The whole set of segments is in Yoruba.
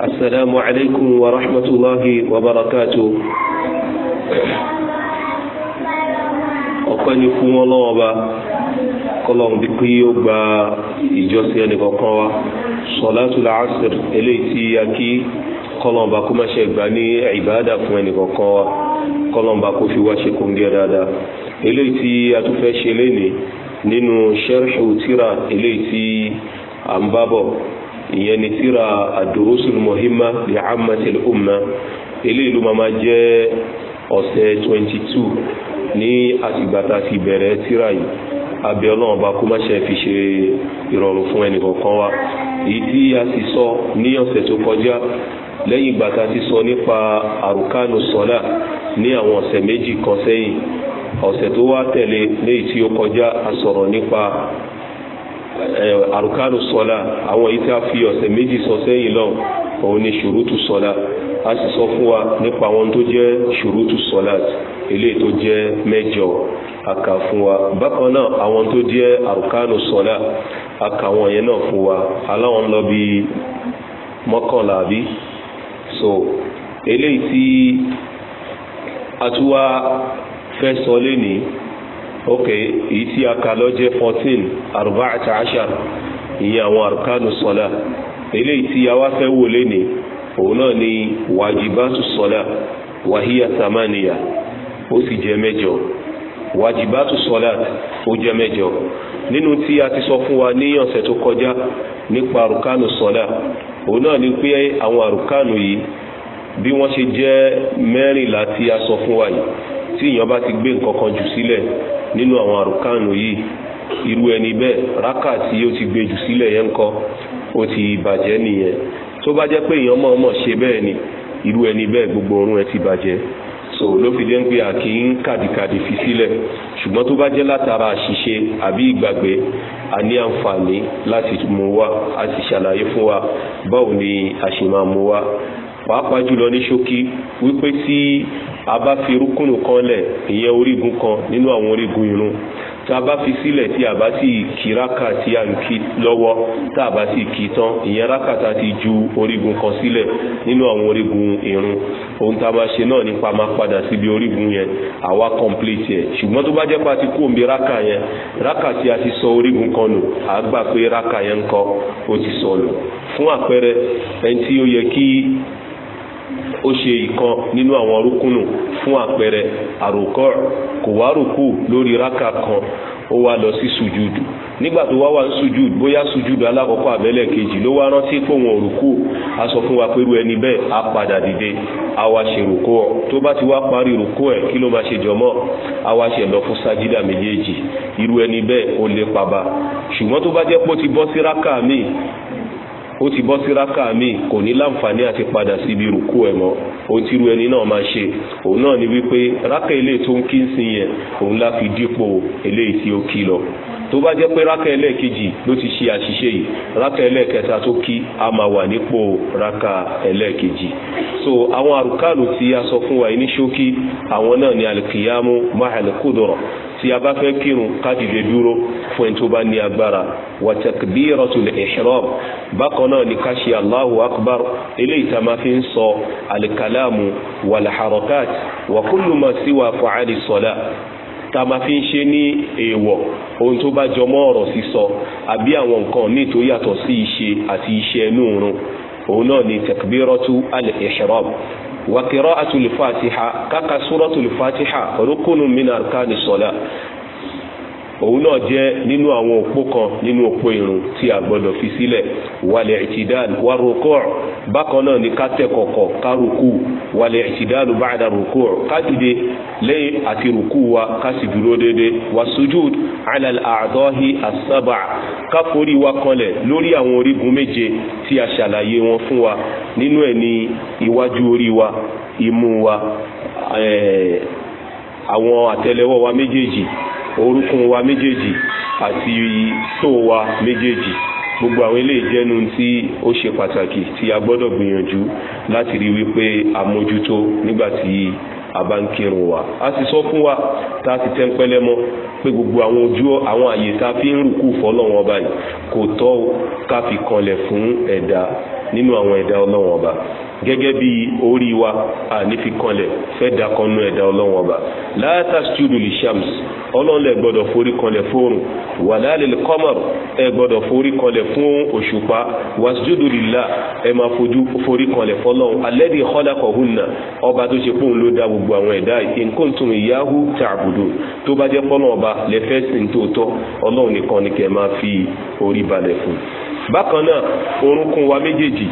السلام عليكم ورحمة الله وبركاته ọpẹ́ ni fún ọlọ́wọ́n ba kọlọ́n bí kí ó gba ìjọsìn ẹnìkọ̀ọ̀kan wa sọ̀látù làásìr eléyìí tí a kí kọlọ́n ba kó má ṣe gbà ní ìbáàdà fún ẹnìkọ̀ọ̀kan wa kọlọ́n ba kó fi wá ṣe kóńgẹ́ dáadáa eléyìí tí a tún fẹ́ ṣe lénìí nínú sẹ́rìṣù tíra eléyìí tí à ń bábọ̀ ìyẹn ni tíra àdúrósùn mọ̀hímà ní umma ma twenty two Ni asigbata si bẹ̀rẹ̀ sira yi. abẹ ọlọ́run ba kó má ṣe fi ṣe ìrọ̀rùn fún ẹnì kọ̀ọ̀kan wa ya tí ní ọ̀sẹ̀ tó kọjá ti sọ nípa àrùkánu sọ́là ní àwọn ọsẹ méjì kan àrùkánù sọlá àwọn èyí tí a fi ọ̀sẹ̀ méjì sọ sẹ́yìn lọ òun ni ṣùrùtù sọlá a sì sọ fún wa nípa àwọn tó jẹ́ ṣùrùtù sọlá eléyìí tó jẹ́ a aka fún wa bákan náà àwọn tó jẹ́ àrùkánù a aka àwọn yẹn náà fún wa aláwọn lọ bí mọ́kànlá bí so eléyìí tí a tún wá fẹ́ sọ lénìí ok èyí tí a kà lọ jẹ́ fourteen arba'ata ashar ìyẹn àwọn arkanu sọlá eléyìí tí a wá fẹ́ wò léni òun náà ni wàjibátù sọlá wàhíyà samaniya ó sì jẹ́ mẹ́jọ wàjibátù sọlá ó jẹ́ mẹ́jọ nínú tí a ti sọ fún wa ní ọ̀sẹ̀ tó kọjá nípa arkanu sọlá òun náà ni pé àwọn arkanu yìí bí wọ́n ṣe jẹ́ mẹ́rìnlá tí a sọ fún wa yìí tí èèyàn bá ti gbé nǹkan kan jù sílẹ̀ nínú àwọn àrùkánù yìí irú ẹni bẹ́ẹ̀ rákà tí ó ti gbé jù sílẹ̀ yẹn ńkọ́ ó ti bàjẹ́ nìyẹn tó bá jẹ́ pé èèyàn mọ̀ọ́mọ̀ ṣe bẹ́ẹ̀ ni irú ẹni bẹ́ẹ̀ gbogbo orun ẹ ti bàjẹ́ so ló fi jẹ́ pé a kì í kàdìkàdì fi sílẹ̀ ṣùgbọ́n tó bá jẹ́ látara àṣìṣe àbí ìgbàgbé a ní àǹfààní láti mú wá a sì ṣàlàyé fún wa báwo ni a ṣe máa mú wá pàápàá jùlọ ní ṣókí wípé tí a bá fi rúkúnù kan lẹ̀ ìyẹn orígun kan nínú àwọn orígun irun tá a bá fi sílẹ̀ tí a bá sì kí rákà tí a ń kí lọ́wọ́ tá a bá sì kí tán ìyẹn rákà tá a ti ju orígun kan sílẹ̀ nínú àwọn orígun irun ohun tá a máa ṣe náà nípa máa padà síbi orígun yẹn àwa complete yẹn ṣùgbọ́n tó bá jẹ́ pé a ti kú òǹbí rákà yẹn rákà tí a ti sọ orígun kan nù à gbà pé rákà yẹn ń kọ́ ó ti sọnù fún àpẹẹrẹ ẹni tí ó yẹ kí ó ṣe ìkan nínú àwọn rúkúnù fún àpẹẹrẹ àròkọ kò wá rùkú lórí rákà kan ó wá lọ sí sùjúdù nígbà tó wá wà ń sùjúdù bóyá sùjúdù alákọ̀ọ́kọ́ àbẹ́lẹ̀ kejì ló wá rántí pé òun òrùkú a sọ fún wa pẹ̀lú ẹni bẹ́ẹ̀ a padà dìde a wá ṣe rùkú ọ̀ tó bá ti wá parí rùkú ẹ̀ kí ló máa ṣe jọmọ́ a wá ṣe lọ fún sájídà méjèèjì irú ẹni bẹ́ẹ̀ ó lè paba ṣùgbọ́n tó bá jẹ́ pé ó ti bọ́ sí rákà míì ó ti bọ́ sí rákà míì kò ní láǹfààní àti padà síbi rùkú ẹ̀ mọ́ ohun tí irú ẹni náà máa ṣe òun náà ni wípé rákà ilé tó ń kí ń sin yẹn òun la fi dípò eléyìí tí ó kí lọ tó bá jẹ́ pé rákà ẹlẹ́ẹ̀kejì ló ti ṣe àṣìṣe yìí rákà ẹlẹ́ẹ̀kẹta tó kí a máa wà nípò rákà ẹlẹ́ẹ̀kejì so àwọn àrùkálù tí a sọ fún wa yìí ní ṣókí àwọn náà ni alikiyamu mahalekudoro tí a bá fẹ́ kírun ká dìde dúró fún ẹni tó bá ní agbára wa takbiratul ihram bákan náà ni ká ṣe allahu akbar eléyìí tá a máa fi ń sọ alikalamu wal harakat wa kullu ma siwa fa'ali sọlá ta ma fi ń ṣe ní èèwọ̀ ohun tó bá jọmọ́ ọ̀rọ̀ sísọ àbí àwọn nǹkan míì tó yàtọ̀ sí iṣẹ́ àti iṣẹ́ inú òun náà ni takbiratu al-ihram wa qira'atul fatiha kaka suratul fatiha rukunun min arkani sola òun náà jẹ́ nínú àwọn òpó kan nínú òpó irun tí a gbọ́dọ̀ fi sílẹ̀ wàlẹ̀ ìtìdáàn wà rúkọ́ bákan náà ni ká tẹ̀ kọ̀kọ̀ ká rúkú wàlẹ̀ ìtìdáàn báàdà rúkọ́ ká dìde lẹ́yìn àti rúkú wa ká sì dúró déédé wà sujud alal àdọ́hí àsábà ká forí wa kanlẹ̀ lórí àwọn orígun méje tí a ṣàlàyé wọn fún wa nínú ẹ̀ ní iwájú orí wa imú wa ẹ̀ẹ́ àwọn àtẹ́lẹwọ́ wa méjèèjì orúnkún wa méjèèjì àti tó wa méjèèjì gbogbo àwọn ilé ìjẹnu tí ó ṣe pàtàkì tí a gbọ́dọ̀ gbìyànjú láti rí wípé àmójútó nígbàtí àbá ń kírun wa a sì sọ fún wa tá a sì tẹ́ ń pẹ́lẹ́ mọ́ pé gbogbo àwọn ojú àwọn àyè tá a fi ń rùkú fọ́lọ́wọ́n báyìí kò tọ́ ká fi kanlẹ̀ fún ẹ̀dá nínú àwọn ẹ̀dá ọlọ́wọ́n ọba gẹ́gẹ́ bí orí wa ànífi kanlẹ̀ fẹ́ dakọ̀nù ẹ̀dá ọlọ́wọ́n ọba látàstúdù lè shams ọlọ́ọ̀lẹ̀ gbọ́dọ̀ forí kanlẹ̀ fóòrùn wà lálẹ́ kọ́mọ̀r ẹ gbọ́dọ̀ forí kanlẹ̀ fún òṣùpá wàsúdù lìlá ẹ máa fojú forí kanlẹ̀ fọlọ́run alẹ́dì kọ́lákọ̀ hùnà ọba tó ṣe fóun ló dá gbogbo àwọn ẹ̀dá ìkóǹtùn ìyáhù tààbùdù tó bá jẹ́ fọlọ́run ọba lẹ́fẹ́ sí ní ọlọ́run nìkan ni kẹ́ máa fi orí balẹ̀ fún un bákan náà orúnkún wa méjèèjì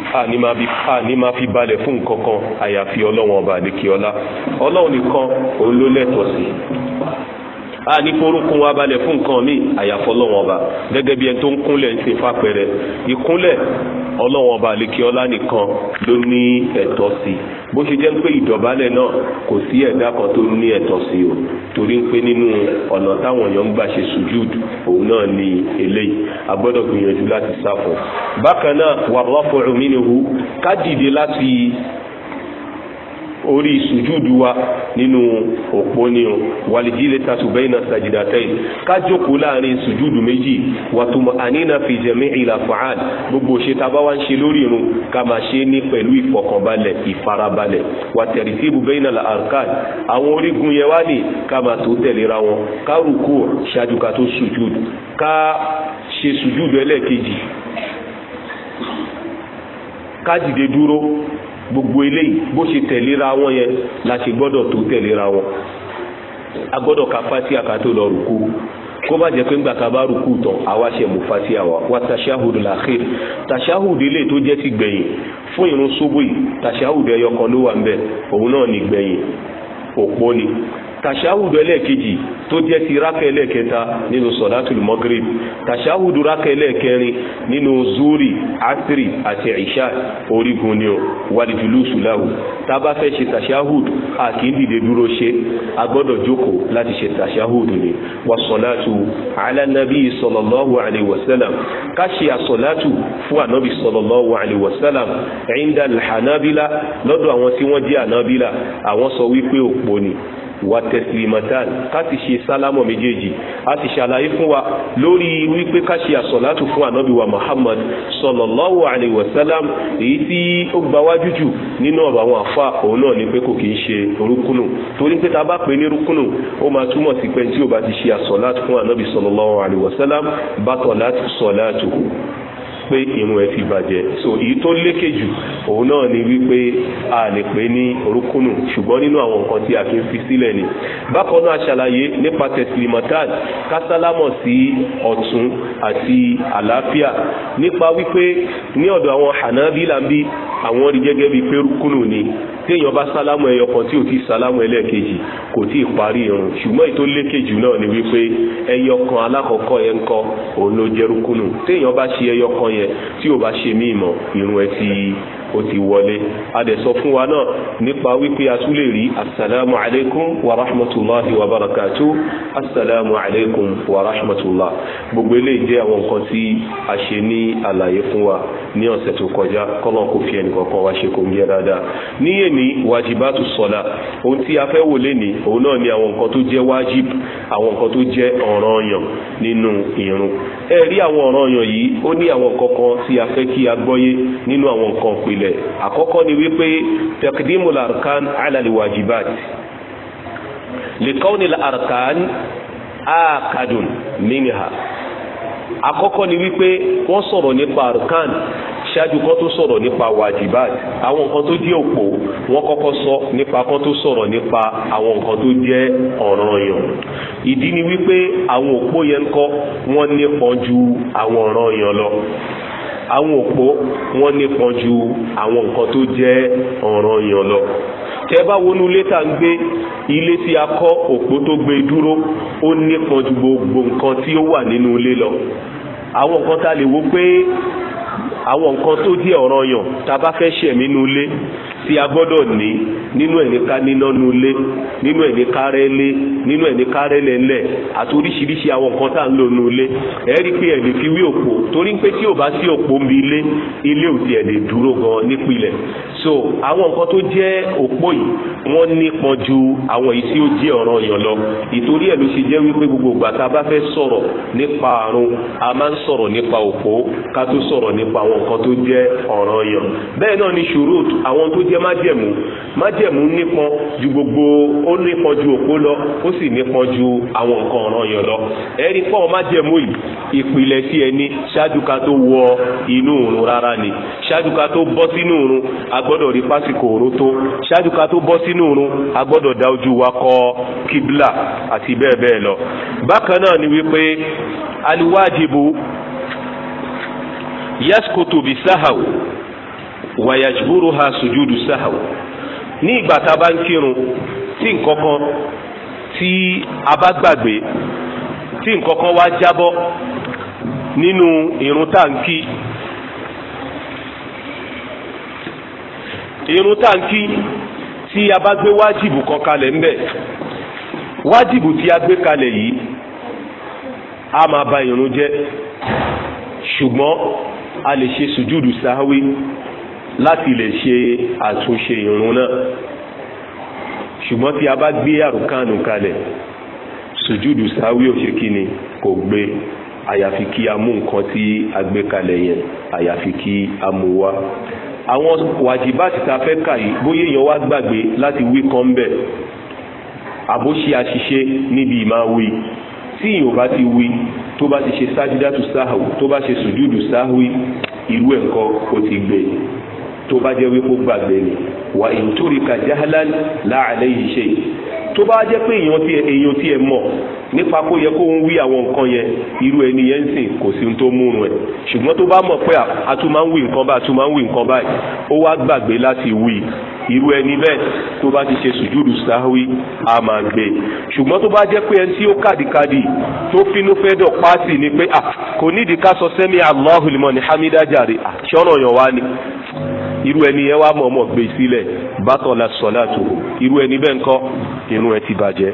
àní máa fi balẹ̀ fún nǹkan kan àyàfi ọlọ́run ọba àdékíọlá ọlọ́run nìkan òun ló lẹ́tọ̀ọ́ sí a ní forúkún wa balẹ̀ fún nǹkan mi àyàfọ́ lọ́wọ́n ọba gẹ́gẹ́ bí ẹni tó ń kúnlẹ̀ ń ṣe fàpẹrẹ ìkúnlẹ̀ ọlọ́wọ́n ọba àlekí ọlá nìkan ló ní ẹ̀tọ́ sí bó ṣe jẹ́ pé ìdọ̀bálẹ̀ náà kò sí ẹ̀dá kan tó ní ẹ̀tọ́ sí o torí pé nínú ọ̀nà táwọn èèyàn ń gbà ṣe sùjúd òun náà ni eléyìí a gbọ́dọ̀ gbìyànjú láti sá fún bákan náà wà rọ́pò orí sùjúdù wa nínú òpó ni o wàlìjílẹ tasùbẹ iná sàjìdàtẹ kájókòó láàrin sùjúdù méjì wàtúmọ àníná fìjẹmí ìlà fàáàd gbogbo ṣe tá a bá wá ń ṣe lórí irun ká máa ṣe ní pẹ̀lú ìfọkànbalẹ̀ ìfarabalẹ̀ wàtẹrìtì ibùbẹ iná la arkan àwọn orígun yẹn wá ní ká máa tó tẹ̀léra wọn ká ṣáájú ká tó sùjúdù ká ṣe sùjúdù ẹlẹ́ẹ̀kejì ká dìde dúró gbogbo eléyìí bó ṣe tẹ̀léra wọn yẹn la ṣe gbọ́dọ̀ tó tẹ̀léra wọn a gbọ́dọ̀ ka fatia ká tó lọ rùkú kó bá jẹ́ pé ńgbà ká bá rùkú tán àwa ṣe mú fatia wa wa tashahudu l'akhir tashahudu ilé tó jẹ́ ti gbẹ̀yìn fún irun ṣubú yìí tashahudu ẹyọ ló wà ń bẹ̀ òun náà ní gbẹ̀yìn òpó ni tàṣáhùdù ẹlẹ́ẹ̀kejì tó jẹ́ ti rákà ẹlẹ́ẹ̀kẹta nínú sọ̀látùlù mọ́gírib tàṣáhùdù rákà ẹlẹ́ẹ̀kẹrin nínú zuri asiri àti ìṣá orígun ni ó wàlìjúlù sùláwù tá a bá fẹ́ ṣe tàṣáhùdù a kì í dìde dúró ṣe a gbọ́dọ̀ jókòó láti ṣe tàṣáhùdù ni wàsọ̀látù alánàbí sọlọ́lọ́wù àlewọ̀sálàm ká ṣe àsọ̀látù fún ànábì sọlọ́lọ́wù àlewọ̀sálàm ẹ̀yìn dàlhànábílà lọ́dọ̀ àwọn tí wọ́n jẹ́ ànábílà àwọn sọ wípé òpó ni wà tẹsílímọ̀tán ká sì ṣe sálámọ̀ méjèèjì a ti ṣàlàyé fún wa lórí wípé ká ṣe àsọ̀látù fún ànábì wa muhammad sallallahu alayhi wa sallam èyí tí ó gbawájú jù nínú ọ̀rọ̀ àwọn àfa òun náà ni pé kò kì í ṣe rúkúnù torí pé ta bá pè ní rúkúnù ó máa túmọ̀ sí pé tí ó bá ti ṣe àsọ̀látù fún ànábì sallallahu alayhi wa sallam batalat pé irun ẹ ti bàjẹ́ so èyí tó lékè jù òun náà ni wípé a lè pè ní orúkúnù ṣùgbọ́n nínú àwọn nǹkan tí a kì í fi sílẹ̀ ni bákan náà ṣàlàyé nípa tẹ̀sílímọ̀tàn kásálámọ̀ sí ọ̀tún àti àlàáfíà nípa wípé ní ọ̀dọ̀ àwọn hànábílà ń bí àwọn rí gẹ́gẹ́ bíi pé orúkúnù ni téèyàn bá sálámù ẹyọ kan tí ò ti sálámù ẹlẹ́ẹ̀kejì kò tí ì parí irun ṣùgbọ́n ètò lékejì náà ni wípé ẹyọ kan alákọ̀ọ́kọ́ yẹn ń kọ́ òun ló jẹ́rúkúnù téèyàn bá ṣe ẹyọ kan yẹn yẹn tí ò bá ṣe mí ìmọ̀ irun ẹ ti ó ti wọlé a dẹ̀ sọ fún wa náà nípa wípé a tún lè rí assalamu alaikum wa rahmatulahi wa barakatu assalamu alaikum wa rahmatulah gbogbo eléyìí jẹ́ àwọn nǹkan tí a ṣe ní àlàyé fún wa ní ọ̀sẹ̀ tó kọjá kọ́lọ́n kò fi ẹnì kankan wá ṣe kò ń yẹ dáadáa ní èní wajibatu sọlá ohun tí a fẹ́ wò léni òun náà ni àwọn nǹkan tó jẹ́ wájib àwọn nǹkan tó jẹ́ ọ̀ranyàn nínú ìrun ẹ rí àwọn ọ̀ranyàn yìí ó ní àwọn nǹkan kan tí a fẹ́ kí a gbọ́yé nínú àwọn nǹkan ìpìlẹ̀ àkọ́kọ́ ni wípé taqdimul arkan ala liwajibat likaunil arkan akadun minha àkọ́kọ́ ni wípé wọ́n sọ̀rọ̀ nípa arkan ṣáájú kan tó sọ̀rọ̀ nípa wajibat àwọn nǹkan tó jẹ́ òpó wọ́n kọ́kọ́ sọ nípa kan tó sọ̀rọ̀ nípa àwọn nǹkan tó jẹ́ ọ̀ranyàn ìdí ni wípé àwọn òpó yẹn kọ́ wọ́n nípọn ju àwọn ọ̀ranyàn lọ àwọn òpó wọ́n nípọn ju àwọn nǹkan tó jẹ́ ọ̀ranyàn lọ tẹ́ bá wọnú létà ń gbé ilé tí a kọ́ òpó tó gbé dúró ó nípọn ju gbogbo nǹkan tí ó wà nínú ilé lọ àwọn nǹkan tá lè wo pé àwọn nǹkan tó jẹ́ ọ̀ranyàn tá a bá fẹ́ ṣe mí nu ilé tí a gbọ́dọ̀ ní nínú ẹ̀ ní ká níná nu ilé nínú ẹ̀ ní kárẹ́ lé nínú ẹ̀ ní kárẹ́ lẹ́lẹ̀ àti oríṣiríṣi àwọn nǹkan tá à ń lò nu ilé ẹ rí i pé ẹ̀ fi wí òpó torí pé tí ò bá sí òpó mi ilé ilé ò tiẹ̀ lè dúró gan nípìnlẹ̀ so àwọn nǹkan tó jẹ́ òpó yìí wọ́n nípọn ju àwọn èyí tí ó jẹ́ ọ̀ranyàn lọ ìtorí ẹ̀ ló ṣe jẹ́ wípé gbogbo ìgbà tá a bá fẹ́ sọ̀rọ̀ nípa àrùn a máa ń sọ̀rọ̀ nípa òpó ká tó sọ̀rọ̀ n nípa àwọn nǹkan tó jẹ́ ọ̀ràn yàn bẹ́ẹ̀ náà ni ṣurut àwọn tó jẹ́ májẹ̀mú májẹ̀mú nípọn ju gbogbo ó nípọn ju òpó lọ ó sì nípọn ju àwọn nǹkan ọ̀ràn yàn lọ ẹ̀rí pọ̀ májẹ̀mú yìí ìpìlẹ̀ sí ẹni ṣáájú ká tó wọ inú òrùn rárá ni ṣáájú ká tó bọ́ sínú òrùn a gbọ́dọ̀ rí pásíkò òrùn tó ṣáájú ká tó bọ́ sínú òrùn a gbọ́dọ̀ dá ojú wa kọ kíbla àti bẹ́ẹ̀ bẹ́ẹ̀ lọ bákan náà ni wípé aliwájibu yaskutu bi sahaw wàyàjúbúrú ha sùjúdù sahaw ní ìgbà tá a bá ń kírun tí nǹkan kan tí a bá gbàgbé tí nǹkan kan wá jábọ́ nínú irun tá à ń kí irun tá à ń kí tí a bá gbé wájìbù kan kalẹ̀ ńbẹ̀ wájìbù tí a gbé kalẹ̀ yìí a máa ba irun jẹ́ ṣùgbọ́n a lè ṣe sùjúdù sáháwí láti lè ṣe àtúnṣe ìrun náà ṣùgbọ́n tí a bá gbé àrùkánù kalẹ̀ sùjúdù sáháwí ò ṣe kí ni kò gbé àyàfi kí a mú nǹkan tí a gbé kalẹ̀ yẹn àyàfi kí a mú wá àwọn wàjibáti ta fẹ́ kà yìí bóyá èèyàn wá gbàgbé láti wí kan bẹ̀ àbóṣe àṣìṣe níbi ìmáa tí èèyàn bá ti wí tó bá ti ṣe sájúdátù sáhàwù tó bá ṣe sùjúdù sáhàwì irú ẹ̀ nǹkan ó ti gbé tó bá jẹ́ wípé ó gbàgbé ni wà ìtòríkà jahalan láàlẹ́ yìí ṣe tó bá jẹ́ pé èèyàn tí èèyàn tí ẹ mọ̀ nípa kó yẹ kó ń wí àwọn nǹkan yẹn irú ẹni yẹn ń sìn kò sí tó múrun ẹ̀ ṣùgbọ́n tó bá mọ̀ pé a tún máa ń wí nǹkan bá a tún máa ń wí nǹkan báyìí ó wá gbàgbé láti wí irú ẹni bẹ́ẹ̀ tó bá ti ṣe sùjúdù sáwí a máa gbé ṣùgbọ́n tó bá jẹ́ pé ẹni tí ó kàdìkadì tó finú fẹ́ dọ̀ pàṣì ni pé kò nídìí ká sọ sẹ́mi Allahu hamida jàre ṣọ́nà yàn wá irú ẹni yẹn wá mọ̀ọ́mọ̀ gbé sílẹ̀ bátọ̀lá sọ̀láàtù irú ẹni bẹ́ẹ̀ ńkọ́ inú ẹ ti bàjẹ́.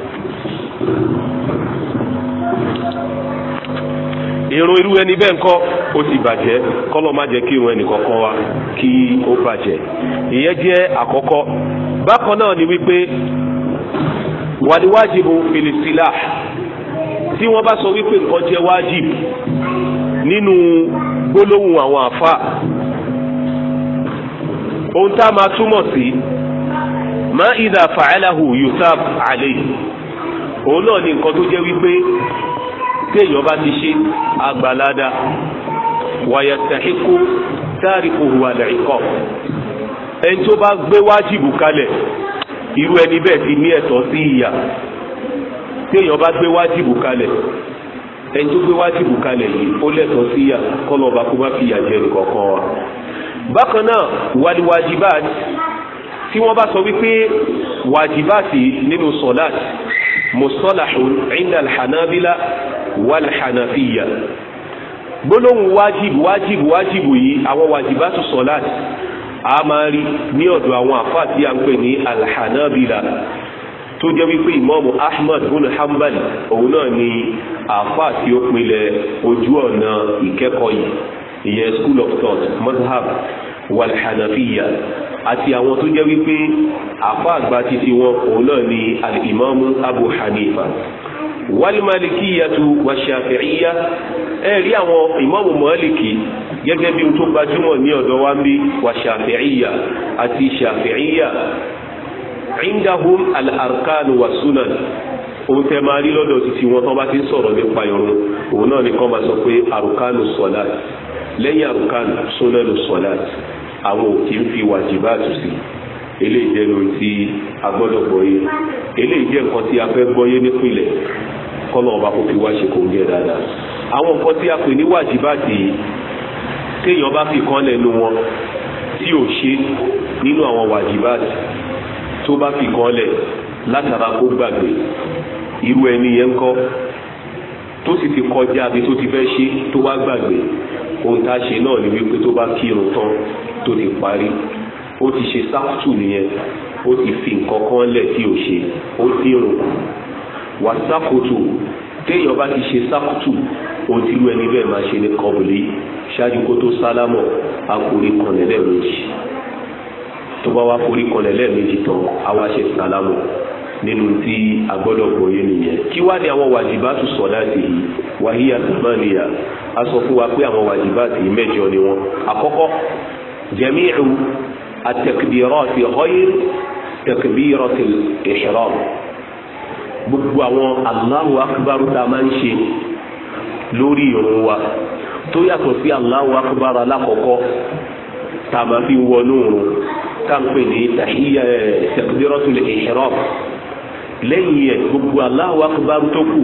irun irú ẹni bẹ́ẹ̀ ńkọ́ ó ti bàjẹ́ kọ́lọ́ má jẹ́ kí irun ẹnì kọ̀ọ̀kan wa kí ó bàjẹ́ ìyẹn jẹ́ àkọ́kọ́ bákan náà ni wípé wàdíwájìbù fìlìsílà tí wọ́n bá sọ wípé nǹkan jẹ́ wájìbù nínú gbólóhùn àwọn àfa ohun tá a máa túmọ̀ sí má ìdá fàáláhù yusuf alẹ́ òun náà ni nǹkan tó jẹ́ wípé téèyàn bá ti ṣe àgbàládá wàyàtàkíkú táàríkù àlẹ́kọ̀ ẹni tó bá gbé wájìbù kalẹ̀ irú ẹni bẹ́ẹ̀ ti ní ẹ̀tọ́ sí ìyà téèyàn bá gbé wájìbù kalẹ̀ ẹni tó gbé wájìbù kalẹ̀ yìí ó lẹ́tọ̀ọ́ sí ìyà kọ́lọ́ba kó má fi ìyà jẹ nìkọ̀ọ̀kan wa bákan náà wàlíwàjibáàt tí wọ́n bá sọ wípé wàjibáàtì nínú sọ̀láàt mùsọ̀láhùn inda alhànábílà wàlhànáfíyà gbólóhùn wájìbù wájìbù wájìbù yìí àwọn wàjibáàtù sọ̀láàt a máa rí ní ọ̀dọ̀ àwọn àfáà tí a ń pè ní alhànábílà tó jẹ́ wípé ìmọ̀mù ahmad bin hanbal òun náà ni àfáà tí ó pinlẹ̀ ojú ọ̀nà ìkẹ́kọ̀ọ́ yìí ìyẹn school of thought mazhab walhanafiya àti àwọn tó jẹ́ wípé àfa àgbà títí wọn òun náà ni al-imamu abu hanifa walimalikiyatu washafi'iya ẹ rí àwọn ìmáàmù mọ́lìkì gẹ́gẹ́ bí ohun tó gbajúmọ̀ ní ọ̀dọ̀ wa ń bí washafi'iya àti shafi'iya indahum al-arkan ohun tẹ máa rí lọ́dọ̀ títí wọn tó bá ti sọ̀rọ̀ nípa ìrun òun náà ni kọ́ máa sọ pé arkanu salat lẹ́yìn àrùkàn sólẹ́nu sọ́láàt àwọn òkè ń fi wàjìbá àtúnṣe eléyìí jẹ́ lórí tí a gbọ́dọ̀ gbọ́yé eléyìí jẹ́ nǹkan tí a fẹ́ gbọ́yé nípìnlẹ̀ kọ́nà ọba kò fi wá ṣe kò ń jẹ́ dáadáa àwọn nǹkan tí a pè ní wàjìbá tì í téèyàn bá fi kan lẹ́nu wọn tí ò ṣe nínú àwọn wàjìbá tì tó bá fi kan lẹ̀ látara kó gbàgbé irú ẹni yẹn ń kọ́ tó sì ti kọjá àbí tó ti fẹ́ ṣe tó wá gbàgbé ohun tá a ṣe náà ni wípé tó bá kírun tán tó ti parí ó ti ṣe sáfùtù nìyẹn ó ti fi nǹkan kan lẹ̀ tí ò ṣe ó ti rùn wà sákòtò téèyàn bá ti ṣe sákòtù ohun tí irú ẹni bẹ́ẹ̀ máa ṣe ní kọ́bùlì ṣáájú kó tó sálámọ̀ àkórí kanlẹ̀ lẹ́ẹ̀mejì tó bá wá forí kanlẹ̀ lẹ́ẹ̀mejì tán á wá ṣe sálámọ̀ nínú tí a gbọ́dọ̀ gbọ́yé nìyẹn kí wá ní àwọn wàjibátù sọ̀láàtì yìí wàhíyà tàmánìyà a sọ fún wa pé àwọn wàjibátù yìí mẹ́jọ ni wọn àkọ́kọ́ jamiu atẹkbirọti ghayr tẹkbirọti ihram gbogbo àwọn Allahu akbar tá a máa ń ṣe lórí ìrun wa tó yàtọ̀ sí Allahu akbar alákọ̀ọ́kọ́ tá a máa fi wọnú ìrun tá a ń pè ní tàhíyà eh, tẹkbirọti ihram lẹ́yìn ẹ̀ gbogbo Allahu akbar tó kù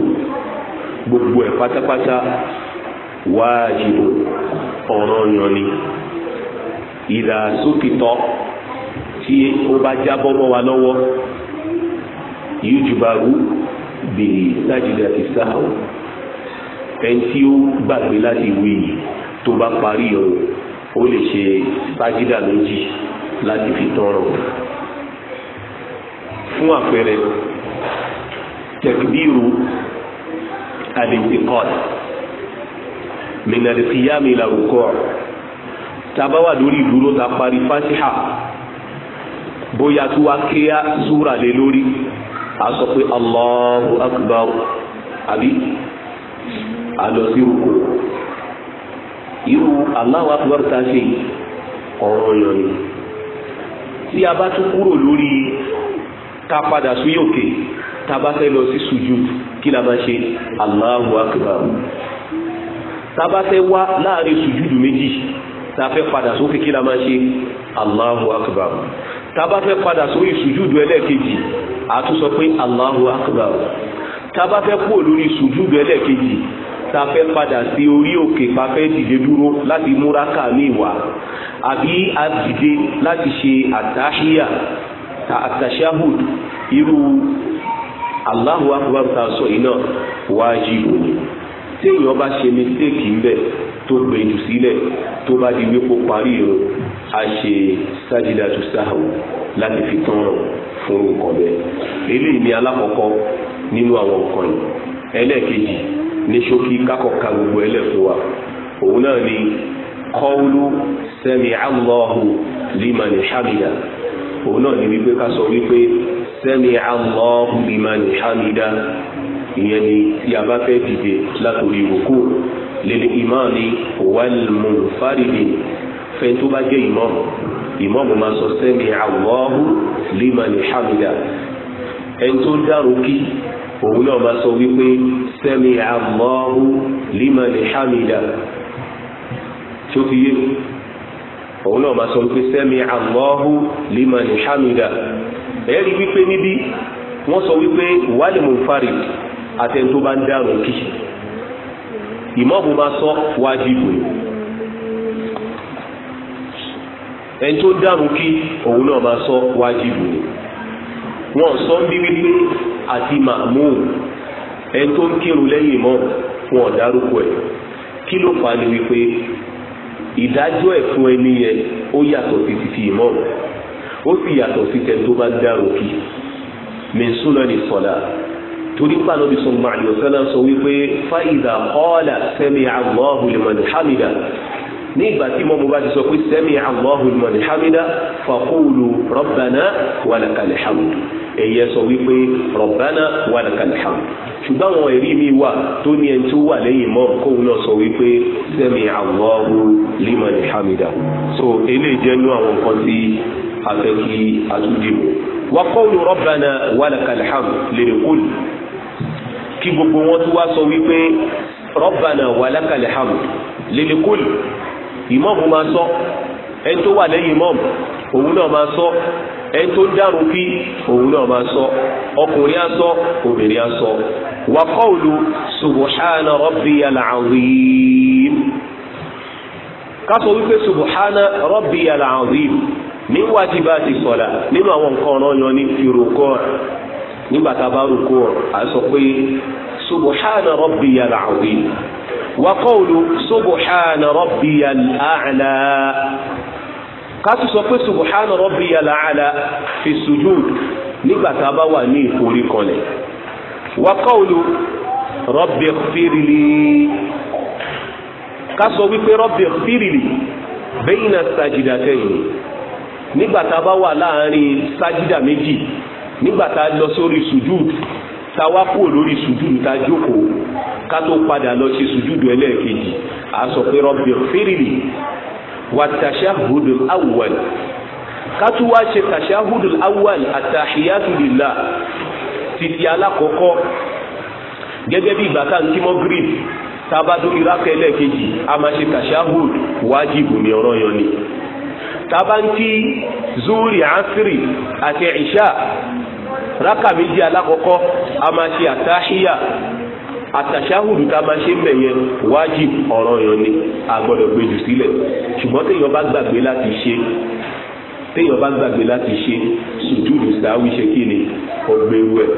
gbogbo ẹ̀ pátápátá wájibù ọ̀ranyàn ni ìdá sókìtọ́ tí ó bá jábọ́ mọ́ wa lọ́wọ́ yujbaru bèrè sájìdá ti sáhàwó ẹni tí ó gbàgbé láti wí tó bá parí ọ̀rọ̀ ó lè ṣe sájìdá méjì láti fi tọrọ fún àpẹẹrẹ tẹkibiru alintikọl minalikiyami larukọ taba wà lórí ìdúró ta parí fatiha bóyá tí wàá kéya súra lé lórí a sọ pé allahu akbar àbí alọsí rúkú irú allahu akbar ta ṣe ọ̀rọ̀ yọ̀nyí tí a bá tún kúrò lórí ká padà sí òkè tàbá fẹ́ lọ sí sùjú kí la máa ṣe Allahu akbar tàbá fẹ́ wá láàrin sùjúdù méjì tàbá fẹ́ padà sókè kí la máa ṣe Allahu akbar tàbá fẹ́ padà sórí sùjúdù ẹlẹ́ẹ̀kejì àtún pé Allahu akbar ta àtàṣáhùd irú Allahu akbar ta sọ iná wájibù ni tí èèyàn bá ṣe mistake ń bẹ̀ tó gbẹ̀jù sílẹ̀ tó bá di wípé parí irun a ṣe sájídàtú sáhù láti fi tán fún nǹkan bẹ́ẹ̀ eléyìí ni alákọ̀ọ́kọ́ nínú àwọn nǹkan yìí ẹlẹ́ẹ̀kejì ní ṣókí kákọ̀ọ́ka gbogbo ẹlẹ́fún wa òun náà ni kọ́ọ̀lù sami'a Allahu liman hamida òun náà ni wípé ká sọ wípé sẹ́mi Allahu liman hamida ìyẹn ni tí a bá fẹ́ dìde látòrí ìwòkú lèlè ìmáàmì wàlmùfárìdì fẹ́ni tó bá jẹ́ ìmáàmù ìmáàmù máa sọ sẹ́mi Allahu liman hamida ẹni tó dárò kí òun náà máa sọ wípé sẹ́mi Allahu liman hamida tó fi yé òun náà máa sọ wípé sẹ́mi lima liman hamida ẹ̀rí wípé níbí wọ́n sọ wípé wàlẹ̀ mùfárì àtẹni tó bá ń dárùn kí ìmáàmù máa sọ wájibù ẹni tó dárùn kí òun náà máa sọ wájibù wọ́n sọ ń bí wípé àti màmú ẹni tó ń kírun lẹ́yìn mọ́ fún ọ̀dárúkọ ẹ̀ kí ló fà ní wípé ìdájọ́ ẹ̀ fún ẹni yẹn ó yàtọ̀ sí ti ti ìmọ̀ ó sì yàtọ̀ sí tẹ̀ tó bá dárò kí mẹ́sùlọ́ ní sọ̀dá torí pàánù bí sọ̀rọ̀ màlúù sọ́lá sọ wípé fáìdà kọ́ọ̀là sẹ́mi àgbọ̀hùn lè mọ̀lú hàmìdà ní ìgbà tí mọ́mú bá ti sọ pé sẹ́mi Allahu liman hamida faqulu rabbana walakal hamd èyí ẹ sọ wípé rabbana walakal hamd ṣùgbọ́n àwọn ẹ̀rí mi wà tó ní ẹni tó wà lẹ́yìn mọ́ kóun náà sọ wípé sẹ́mi Allahu liman hamida so eléyìí jẹ́ nú àwọn nǹkan tí afẹ́kí atúndìmọ̀ kí gbogbo wọn tó wá sọ wípé rabbana walakal lè ìmọ̀mù máa sọ ẹni tó wà lẹ́yìn owu òun náà máa sọ ẹni tó dárun kí òun náà máa sọ ọkùnrin á sọ obìnrin á sọ wa qawlu subuhana rabbiyal azim kásọ wípé subhana rabbiyal azim ní wájibáti sọ̀la nínú àwọn nǹkan ọ̀ràn yan ní ìrókò ọ̀rọ̀ nígbà tá a bá rókò ọ̀rọ̀ à wa qawlu subhana rabbiyal a'la kátó sọ pé subhana rabbiyal a'la fi sujud nígbà tá a bá wà ní ìforí kanlẹ̀ wa qawlu rabbi ighfirli ká sọ wípé rabbi ighfirli bayna sajidatayn nígbà tá a bá wà láàrin sájídà méjì nígbà tá a lọ sórí sujud ta wá kúrò lórí sùjúdù ta jókòó ká tó padà lọ ṣe sùjúdù ẹlẹ́ẹ̀kejì a sọ pé rọ́bì fírìlì wà tàṣàhùdù awwal ká tún wá ṣe tàṣàhùdù awwal àtàhíyàtù títí alákọ̀ọ́kọ́ gẹ́gẹ́ bí ìgbà ń kí mọ́ green tá ẹlẹ́ẹ̀kejì a máa ṣe tàṣàhùd wájibù ní ọ̀rọ̀ yọ ni tá zuri asiri àti ìṣá rákà méjì alákọ̀ọ́kọ́ a máa ṣe àtàhíyà àtàṣáhùdù tá a máa ṣe ń bẹ̀ yẹn wájib ọ̀ràn yẹn ni a gbọ́dọ̀ gbé jù sílẹ̀ ṣùgbọ́n téèyàn bá gbàgbé láti ṣe téèyàn bá gbàgbé láti ṣe sùjúdù sáwí ṣe kí ni ọgbẹ́rú ẹ̀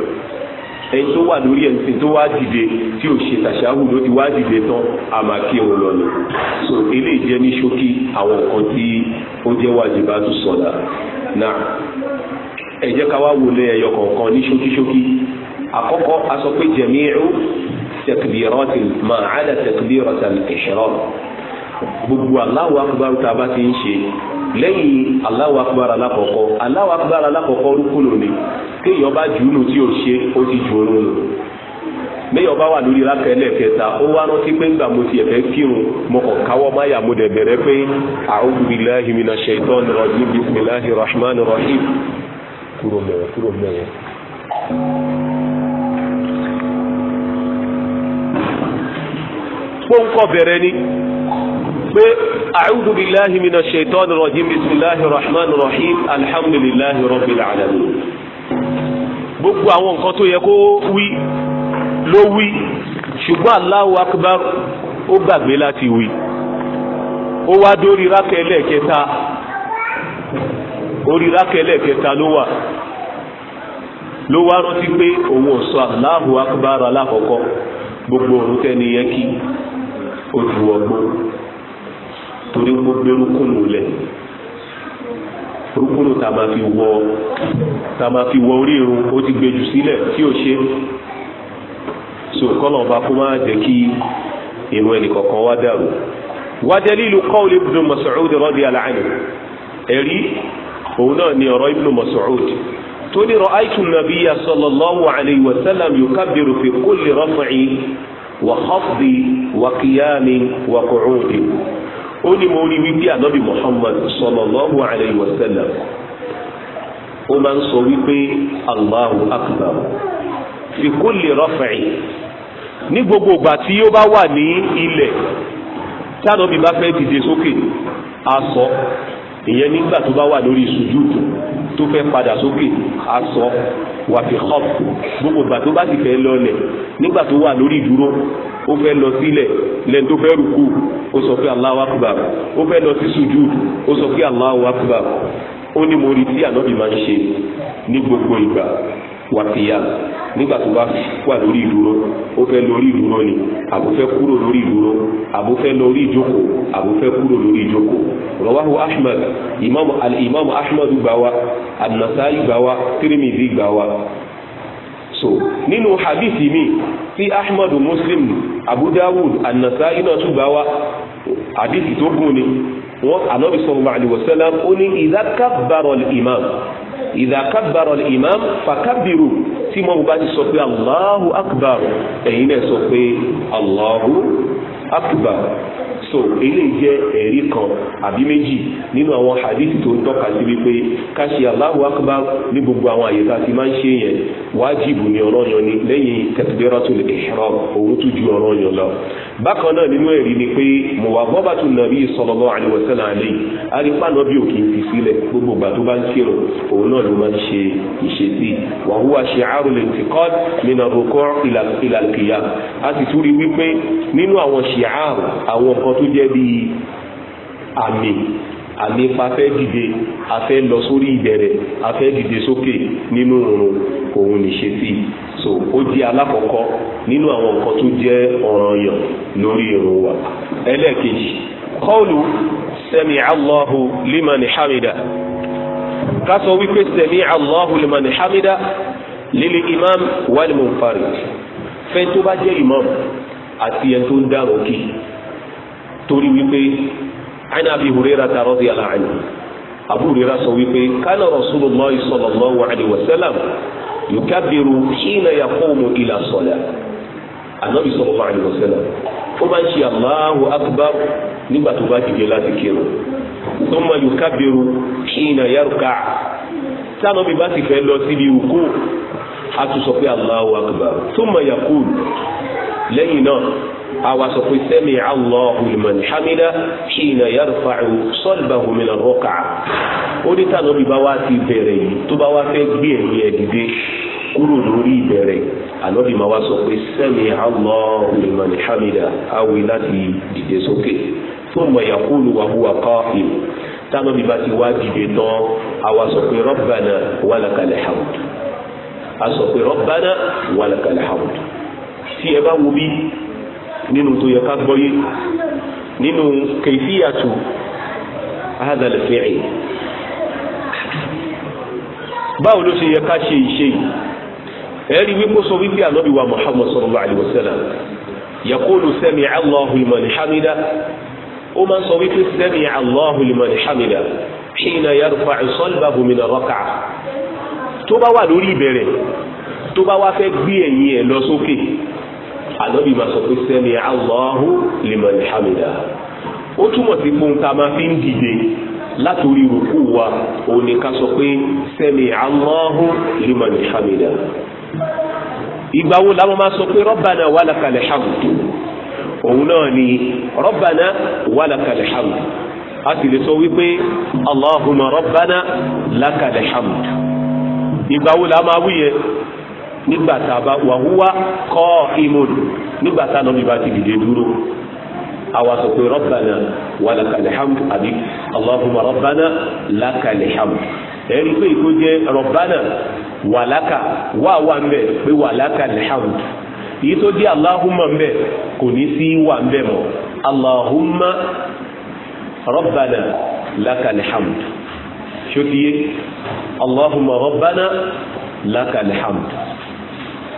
ẹni tó wà lórí ẹni tó wá dìde tí ò ṣe tàṣáhùdù ó ti wá dìde tán a máa kí òun lọ ni so eléyìí jẹ́ ní ṣókí àwọn nǹkan tí ó jẹ́ wájibátù sọ̀dà náà ẹ jẹ́ ká wá wọlé ẹyọ kọ̀ọ̀kan ní ṣókíṣókí àkọ́kọ́ a sọ pé jẹ̀míìrú tẹkbìrọ́tì máa àdà tẹkbìrọ́tà ìṣẹ̀rọ̀ gbogbo Allahu akbar tá a bá ti ń ṣe lẹ́yìn Allahu akbar alákọ̀ọ́kọ́ Allahu akbar alákọ̀ọ́kọ́ rúkúlù ni kéèyàn bá jùúnù tí ò ṣe ó ti jù oorun nù méèyàn bá wà lórí rákà ẹlẹ́ẹ̀kẹta ó wá rántí pé ńgbà mo ti ẹ̀fẹ́ kírun mo kàn káwọ́ máyà mo dẹ̀ bẹ̀rẹ̀ pé a'udhu billahi minash shaitani rajim bismillahir rahmanir rahim kúrò mẹ́rin kúrò mẹ́rin. pọ́ńkọ́ bẹ̀rẹ̀ ni pé a'udhu billahi minash shaitani rajim bismillahir rahmanir rahim alhamdulillahi rabbil alamin. gbogbo àwọn nǹkan tó yẹ kó wí ló wí ṣùgbọ́n Allahu akbar ó gbàgbé láti wí ó wá dórí rákẹ́ lẹ́ẹ̀kẹta orí rákẹ́lẹ̀ kẹta ló wà ló wá rántí pé òun ò sọ Allahu akbar alákọ̀ọ́kọ́ gbogbo òun tẹ́ni yẹ kí ojú ọgbọ́n torí ó gbé rúkúnù lẹ̀ rúkúnù tá máa fi wọ tá máa fi wọ orí irun ó ti gbé jù sílẹ̀ tí ò ṣe so kọ́lọ̀ ọba kó máa jẹ́ kí irun ẹnì kọ̀ọ̀kan wá dàrú wájẹ́ lílu qawli Ibn Mas'ud radiyallahu anhu ẹ̀rí òun náà ni ọ̀rọ̀ ibnu Mas'ud tó ní ra'aytu nabiyya sallallahu alayhi wa sallam yukabbiru fi kulli raf'in wa khafdin wa qiyamin wa qu'udin ó ní mo rí wípé ànábì Muhammad sallallahu alayhi wa sallam ó máa ń sọ wípé Allahu akbar fi kulli raf'in ní gbogbo tí ó bá wà ní ilẹ̀ tí ànábì bá fẹ́ dìde sókè á ìyẹn nígbà tó bá wà lórí sùjúùtù tó fẹ́ padà sókè aṣọ wàfi hop gbogbo ìgbà tó bá sì fẹ́ lọlẹ̀ nígbà tó wà lórí ìdúró ó fẹ́ lọ sílẹ̀ lẹ́nu tó fẹ́ rúkú ó sọ pé Allahu Akbar ó fẹ́ lọ sí sùjúùtù ó sọ pé Allahu Akbar ó ní mo rí tí ànábì máa ń ṣe ní gbogbo ìgbà wàkìyà nígbà tó bá wà lórí ìdúró ó fẹ́ lórí ìdúró ni àbò fẹ́ kúrò lórí ìdúró àbò fẹ́ lórí ìjókòó àbò fẹ́ kúrò lórí ìjókòó rọwáhu ahmed imam al-imam ahmed gbà wá an gbà wá Tirmidhi gbà wá so nínú hadithi mi tí ahmed muslim abu dawud an-Nasa'i náà tún gbà wá hadithi tó gùn ni wọn anabi sallallahu alaihi wasallam ó ní idha kabbara ìdá kábàárọ̀ imam fàkábìrù tí mo bá ti sọ pé Allahu akbar ẹ̀yin náà sọ pé Allahu akbar so eléyìí jẹ́ ẹ̀rí kan àbí méjì nínú àwọn hadithi tó ń tọ́ka sí wípé ká ṣe Allahu akbar ní gbogbo àwọn àyè tá a ti máa ń ṣe yẹn wájìbù ní ọ̀ranyàn ni lẹ́yìn takbiratul ihram òun tún ju ọ̀ranyàn lọ bákan náà nínú ẹ̀rí ni pé muwazabatu nabi sallallahu alaihi wasallam alayhi arípa náà bí òkè fi sílẹ̀ gbogbo ìgbà tó bá ń kírun òun náà ló máa ń ṣe ìṣesí wa huwa shi'arul intiqad min ar-ruku' ila al a sì tún rí wípé nínú àwọn shi'ar àwọn jẹ́ bí àmì àmì pa fẹ́ dìde a fẹ́ lọ sórí ìbẹ̀rẹ̀ a fẹ́ dìde sókè nínú òun òun nìṣe sí so ó jẹ́ alákọ̀ọ́kọ́ nínú àwọn nǹkan tó jẹ́ ọ̀ranyàn lórí irun wa ẹlẹ́ẹ̀kejì kọ́ọ̀lù sẹ́mi Allahu limani hamida ká sọ wípé sẹ́mi Allahu limani hamida lílé imam wal munfarid fẹ́ tó bá jẹ́ imam àti ẹ̀ tó ń dárò kìí torí wípé ana abi hurera ta rọ́ọ̀dì aláàánú abu hurera sọ wípé kánà rasulullahi sallallahu alaihi wasallam yukabiru hina yaqumu ila sọlá anabi sallallahu alaihi wasallam ó máa ń ṣe Allahu akbar nígbà tó bá dìde láti kírun thumma yukabiru hina yarka tánàbí bá ti fẹ́ lọ síbi ìwúkú a Allahu akbar thumma yaqul lẹ́yìn náà àwa sọ pé sẹ́mi Allahu liman hamida hina yarfa'u salbahu min ar-ruk'a oníta náà bí bá wá ti bẹ̀rẹ̀ yìí tó bá wá fẹ́ gbé ẹ̀yìn ẹ̀ dìde kúrò lórí ìbẹ̀rẹ̀ ànábì máa wá sọ pé sẹ́mi Allahu liman hamida awi láti dìde sókè thumma yaqulu wa huwa qa'im táwọn bíbá ti wá dìde tán àwa sọ pé rabbana walakal hamd nínú tó yẹ ká gbọ́yé nínú kèfíyàtù hadal fi'l báwo ló ṣe yẹ ká ṣe ìṣe yìí ẹ̀rí wípé sọ wípé ànábì wa muhammad sallallahu alayhi wa sallam yakulu sami'a allahu liman hamida ó máa ń sọ wípé sami'a allahu liman hamida hina yarfa'u salbahu min ar tó bá wà lórí ìbẹ̀rẹ̀ tó bá wá fẹ́ gbé ẹ̀yìn ẹ̀ lọ sókè ànábì máa sọ pé sẹ́mi Allahu liman hamida ó túmọ̀ sí pé nǹkan máa fi ń dìde látòrí rúkú wa òun ni ká sọ pé sẹ́mi Allahu liman hamida ìgbà wo làwọn máa sọ pé rabbana walakal hamdu òun náà ni rabbana walakal hamdu a sì lè sọ wípé Allahumma rabbana lakal hamdu ìgbà wo làwọn máa wí nígbà tá a bá wà wúwá kọ́ ìmọ̀lù nígbà tá a nọ́bí bá ti dìde dúró àwa sọ pé rọ́bànà wà lákàlẹ̀ hàmù àbí allahumma rọ́bànà lákàlẹ̀ hàmù ẹ̀rí pé ìkó jẹ́ rọ́bànà wà lákà wà wà ń bẹ̀ pé wà lákàlẹ̀ hàmù tó jẹ́ allahumma ń kò ní sí wà ń bẹ̀ allahumma rọ́bànà lákàlẹ̀ hàmù ṣó allahumma rọ́bànà lákàlẹ̀ hàmù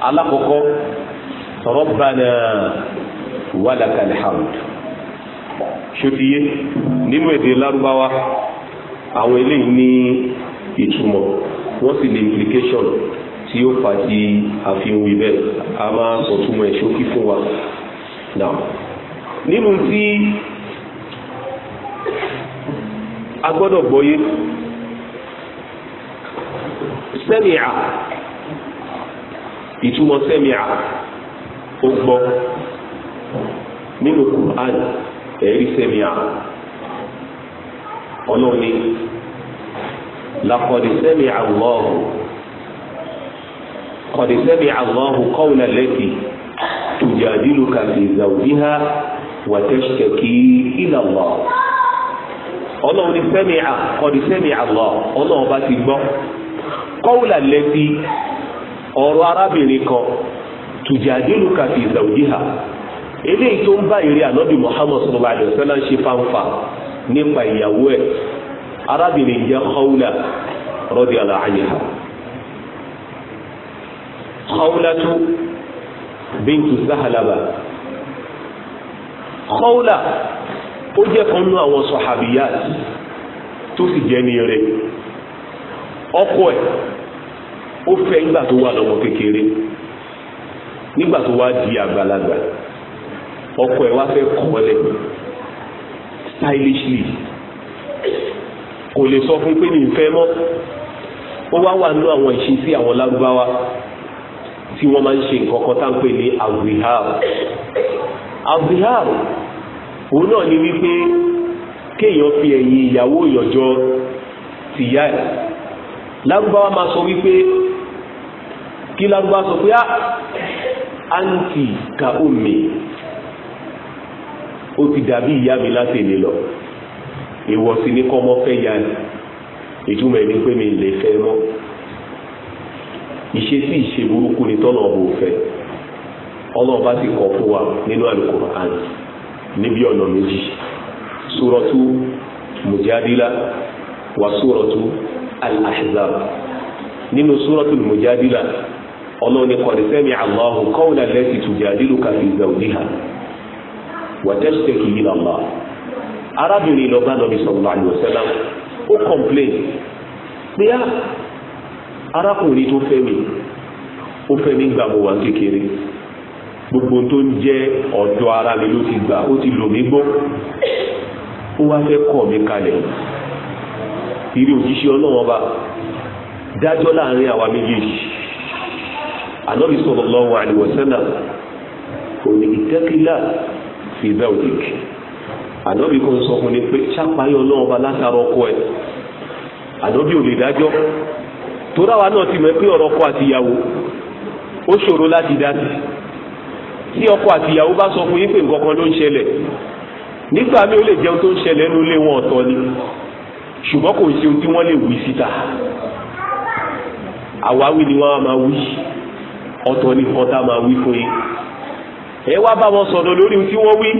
alákọ̀ọ́kọ́ rabbana walakal hamd ṣòtìyé nínú èdè lárúbáwá àwọn eléyìí ní ìtumọ̀ wọ́n sì lè implication tí ó fà ti àfihàn ibẹ̀ a máa sọ túmọ̀ wa now nínú tí a gbọ́dọ̀ gbọ́yé sẹ́mìà ìtumọ̀ sẹ́mìà ó gbọ́ nínú Qur'an ẹ̀rí sẹ́mìà ọlọ́ni lakọ̀dì sẹ́mìà Allahu kọ̀dì sẹ́mìà Allahu qawla lati tujadiluka fi zawjiha wa tashtaki ila Allah ọlọ́run ní sẹ́mìà kọ̀dì sẹ́mìà Allah ọlọ́run bá ti gbọ́ qawla lati ọ̀rọ̀ arábìnrin kan tùjàdínlù kàfi ìzàwùjíhà eléyìí tó ń bá ìrè ànábì Muhammad sallallahu alaihi wasallam ṣe fáńfà nípa ìyàwó ẹ̀ arábìnrin jẹ́ Khawla radiyallahu anha Khawlatu bintu Sahlaba Khawla ó jẹ́ kan nú àwọn sọ̀hábíyàt tó sì jẹ́ ní rẹ̀ ọkọ ẹ̀ ó fẹ́ nígbà tó wà lọ́mọ kékeré nígbà tó wá di àgbàlagbà ọkọ ẹ̀ wá fẹ́ kọ́lẹ̀ stylishly kò lè sọ fún pé ní ìfẹ́ mọ́ ó wá wà nínú àwọn ìṣesí àwọn lárúbáwá tí wọ́n máa ń ṣe nǹkan kan tá ń pè ní azihar azihar òun náà ni wípé kéèyàn fi ẹ̀yìn ìyàwó ìyànjọ tìyá ẹ̀ lárúbáwá máa sọ wípé kí lárúbáwá sọ pé àǹtí ka omi ó ti dàbí ìyá mi láti èlé lọ ìwọ sí ní kọ́mọ fẹ́ ya ìtumọ̀ ẹni pé mi lè fẹ́ mọ́ ìṣesí ìṣe burúkú ni tọ́nà ọ̀bù fẹ́ ọlọ́run ti kọ̀ fún wa nínú níbi ọ̀nà méjì wà al-ahzab nínú suratul mujadila ọlọ́ni qad sami'a Allahu qawla allati tujadiluka fi zawjiha wa tashtaki ila Allah arábìnrin lọ́ba lọ́bi sallallahu alaihi wasallam ó complain pé á arákùnrin tó fẹ́ mi ó fẹ́ mi gbà mo wà kékeré gbogbo tó ń jẹ́ ọ̀dọ́ ara mi ló ti gbà ó ti lò mí gbọ́ ó wá fẹ́ kọ̀ mí kalẹ̀ ìrí òjíṣẹ́ ọlọ́wọ́n bá dájọ́ láàrin àwa méjèèjì ànábì sallallahu alaihi wasallam òní ìtẹ́kílà fi zawjik ànábì kan sọ fún ni pé ṣàpáyọ ọlọ́wọ́n bá látara ọkọ ẹ̀ ànábì ò lè dájọ́ torí àwa náà ti mọ̀ pé ọ̀rọ̀ ọkọ àtìyàwó ó ṣòro láti dá sí tí ọkọ àtìyàwó bá sọ fún yín pé nǹkan kan ló ń ṣẹlẹ̀ nígbà míì ó lè jẹun tó ń ṣẹlẹ̀ nínú ilé wọn ọ̀tọ̀ ni ṣùgbọ́n kò ṣe ohun tí wọ́n lè wí síta àwáwí ni wọ́n máa wí ọ̀tọ̀ ni ọ̀tá máa wí fún yín ẹ wá bá wọn sọ̀rọ̀ lórí ohun tí wọ́n wí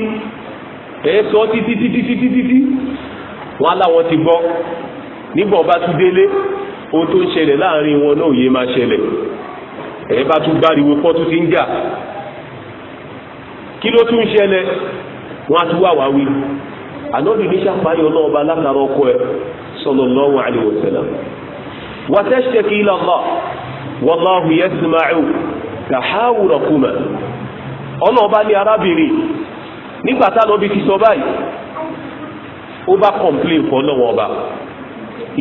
ẹ sọ títí títí títí títí wọn aláwọn ti gbọ́ nígbà ọba tún délé ohun tó ń ṣẹlẹ̀ láàrin wọn náà yé máa ṣẹlẹ̀ ẹ bá tún gbáriwo pọ́ ti ń jà kí ló tún ṣẹlẹ̀ wọn á tún wà wá wí ànábì ní sàfàyè ọlọ́ọ̀ba látara ọkọ ẹ sallallahu alaihi wasallam. wa tashtaki ila Allah wallahu yasma'u tahawurakuma ọlọ́ọ̀ba ní arábìnrin nígbà tá ànábì ti sọ báyìí ó bá kọ̀m̀plé fọlọ́wọ́ ọba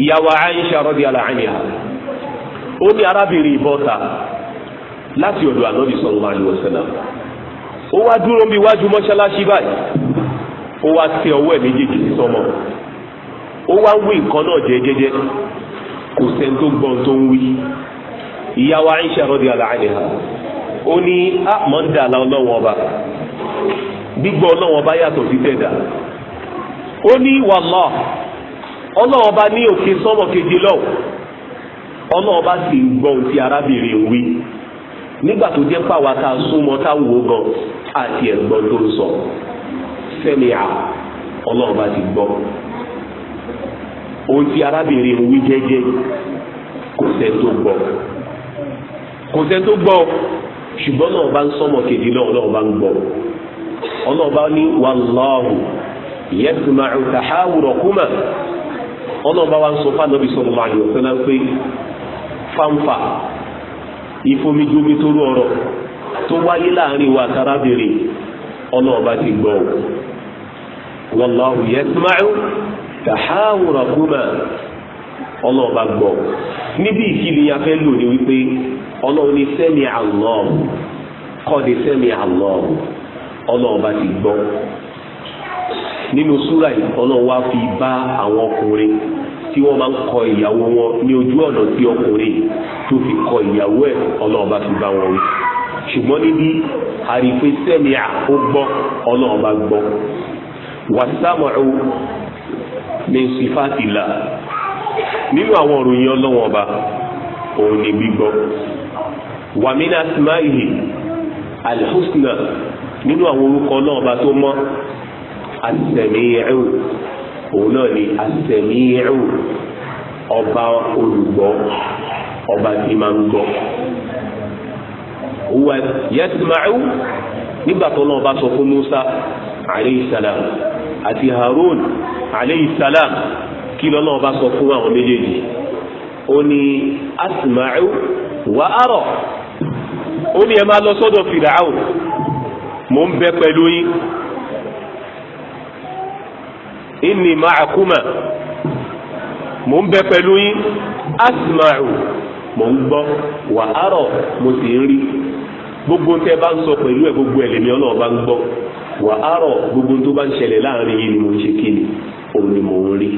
ìyàwó Aisha radiyallahu anha ó ní arábìnrin ìbọn láti ọ̀dọ̀ ó wá dúró bí wájú mọ́ṣáláṣí báyìí ó wá sí ọwọ́ ẹ̀ méjèèjì sí sọmọ ó wá wí nǹkan náà jẹ́jẹ́jẹ́ kò sẹ́ni tó gbọ́n tó ń wí ìyá wa Aisha radiyallahu ó ní ọba gbígbọ́ ọlọ́wọ́n ọba yàtọ̀ sí tẹ̀dà. ó ní wàlọ́ ọlọ́wọ́n ọba ní òkè sọmọ kejì lọ́wọ́ ọlọ́wọ́n ọba sì gbọ́ ohun sẹ́mi à ọlọ́run ti gbọ́ ohun tí arábìnrin wí jẹ́jẹ́ kò sẹ́ tó gbọ́ kò sẹ́ tó gbọ́ ṣùgbọ́n náà ń sọmọ kejì náà ọlọ́run ń gbọ́ ní wàláhù yasma'u tahawurakuma ọlọ́run bá ń sọ fáànàbí sọ̀rọ̀ máa yọ̀ pé fáńfà ọlọ́run ọba ti gbọ́ o wallahu yasma'u tahawurakuma ọlọ́run bá gbọ́ o níbi ya a fẹ́ lò ní wípé ọlọ́run sẹ́mi Allah kọ́ sẹ́mi Allah ọlọ́run ti gbọ́ nínú súrà yìí ọlọ́run kọ ìyàwó wọn ní ojú ọ̀nà tí ọkùnrin kọ ìyàwó ẹ̀ fi bá wọn ṣùgbọ́n níbi àrífẹ́ sẹ́mi àkó gbọ́ ọlọ́run bá gbọ́ wàsámọ̀ọ́ min sifatila nínú àwọn òròyìn ọlọ́wọ́n ọba òun ni gbígbọ́ wàmínà asma'ihi alhusna nínú àwọn orúkọ náà ọba tó mọ́ asẹ̀míẹ̀rù òun náà ni asẹ̀míẹ̀rù ọba olùgbọ́ ọba tí máa ń gbọ́ huwa yasma'u nígbà tó náà bá sọ fún Musa aleyhisalaam àti Harun aleyhisalaam kí lọ́nà ọba sọ fún àwọn méjèèjì ó ní asma'u wa ara ó ní ẹ máa lọ sọ́dọ̀ Fir'aun mò ń bẹ pẹ̀lú yín inni ma'akuma mò ń bẹ pẹ̀lú yín asma'u mò ń gbọ́ wà árọ̀ mo sì ń rí gbogbo tẹ bá ń sọ pẹ̀lú ẹ̀ gbogbo ẹ̀ lèmi ọlọ́ọ̀ bá ń gbọ́ wà árọ̀ gbogbo tó bá ń ṣẹlẹ̀ láàrin yìí ni mo ń ṣe kí ni òun ni mò ń rí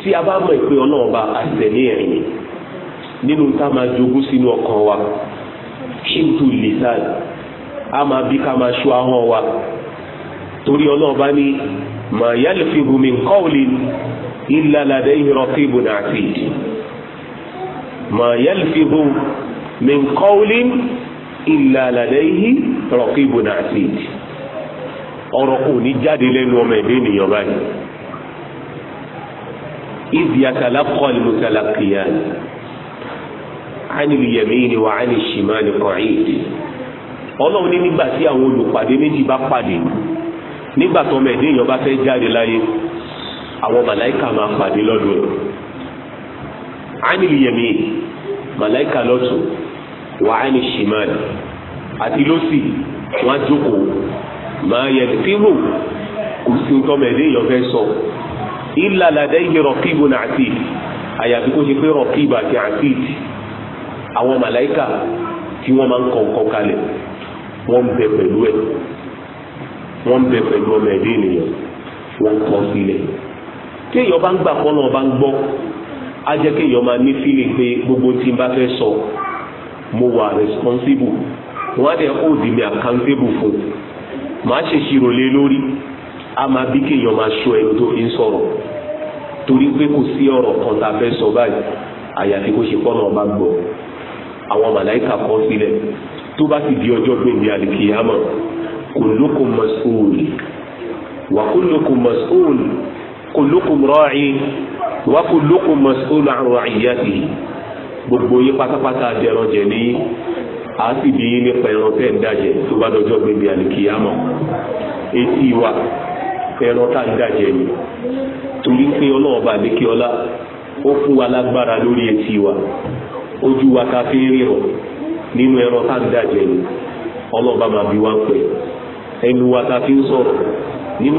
tí a bá mọ̀ pé ọlọ́ọ̀ bá àtẹ̀lé ẹ̀yìn nínú tá a máa jogún sínú ọkàn wa ṣíntù lisan a máa bí ká máa ṣọ́ ahọ́n wa torí ọlọ́ọ̀ bá ní màá yálẹ̀ fi bùnmi kọ́ọ̀lì illa ladayhi raqibun atid mà yalfihu min qawlin illa ladayhi raqibun atid ọ̀rọ̀ kò ní jáde lẹ́nu ọmọ ẹ̀dẹ́ ènìyàn báyìí idh yatalaqqa al-mutalaqqiyan anil yamini wa anil shimali qa'id ọlọ́run ní nígbà tí àwọn olùpàdé méjì bá pàdé nígbà tó ọmọ ẹ̀dẹ́ ènìyàn bá jáde láyé àwọn màláìkà máa pàdé lọ́dọ̀ ẹ̀ ani liyemi màláìka lọ́tún wà ani shimali àti lọ́sì wọ́n á jókòó máa yẹ fíhù kò sí tọ́mọ ẹ̀dẹ́ èèyàn fẹ́ sọ illa ladayhi raqibun atid àyàfi kó ṣe pé raqib àti atid àwọn màláìka tí wọ́n máa ń kọ nǹkan kalẹ̀ wọ́n ń bẹ pẹ̀lú ẹ̀ wọ́n ń bẹ pẹ̀lú ọmọ ẹ̀dẹ́ ènìyàn wọ́n ń kọ́ sílẹ̀ tí èèyàn bá ń á jẹ́ kéèyàn máa ní fílì pé gbogbo tí n bá fẹ́ sọ mo wà responsible wọ́n á dẹ̀ hold mi accountable fún màá ṣèṣirò lé lórí á máa bí kéèyàn máa ṣọ́ ẹni tó fi ń sọ̀rọ̀ torí pé kò sí ọ̀rọ̀ kan tá a fẹ́ sọ báyìí àyàfi kó ṣe pọ́nà ọba gbọ́ àwọn màláìkà kọ́ sílẹ̀ tó bá ti di ọjọ́ gbèǹde àlìkìyàmọ̀ kullukum mas'ul wa kullukum mas'ul kullukum ra'i. wa kullukum mas'ulun arụ ra'iyyatihi gbogbo yín pátápátá jẹran jẹ ní a sì bí yín nípa ẹran tẹ́ ń dájẹ tó bá dọjọ́ gbẹ̀gbẹ̀ etí wa ẹran tá ń dájẹ ni torí pé ọlọ́ọ̀bà àdékíọlá ó fún wa lágbára lórí etí wa ojú wa ta fi ń ríran nínú ẹran tá ń dájẹ ni ọlọ́ọ̀bà máa bí wa ń pè ẹnu ta fi ń sọ̀rọ̀ nínú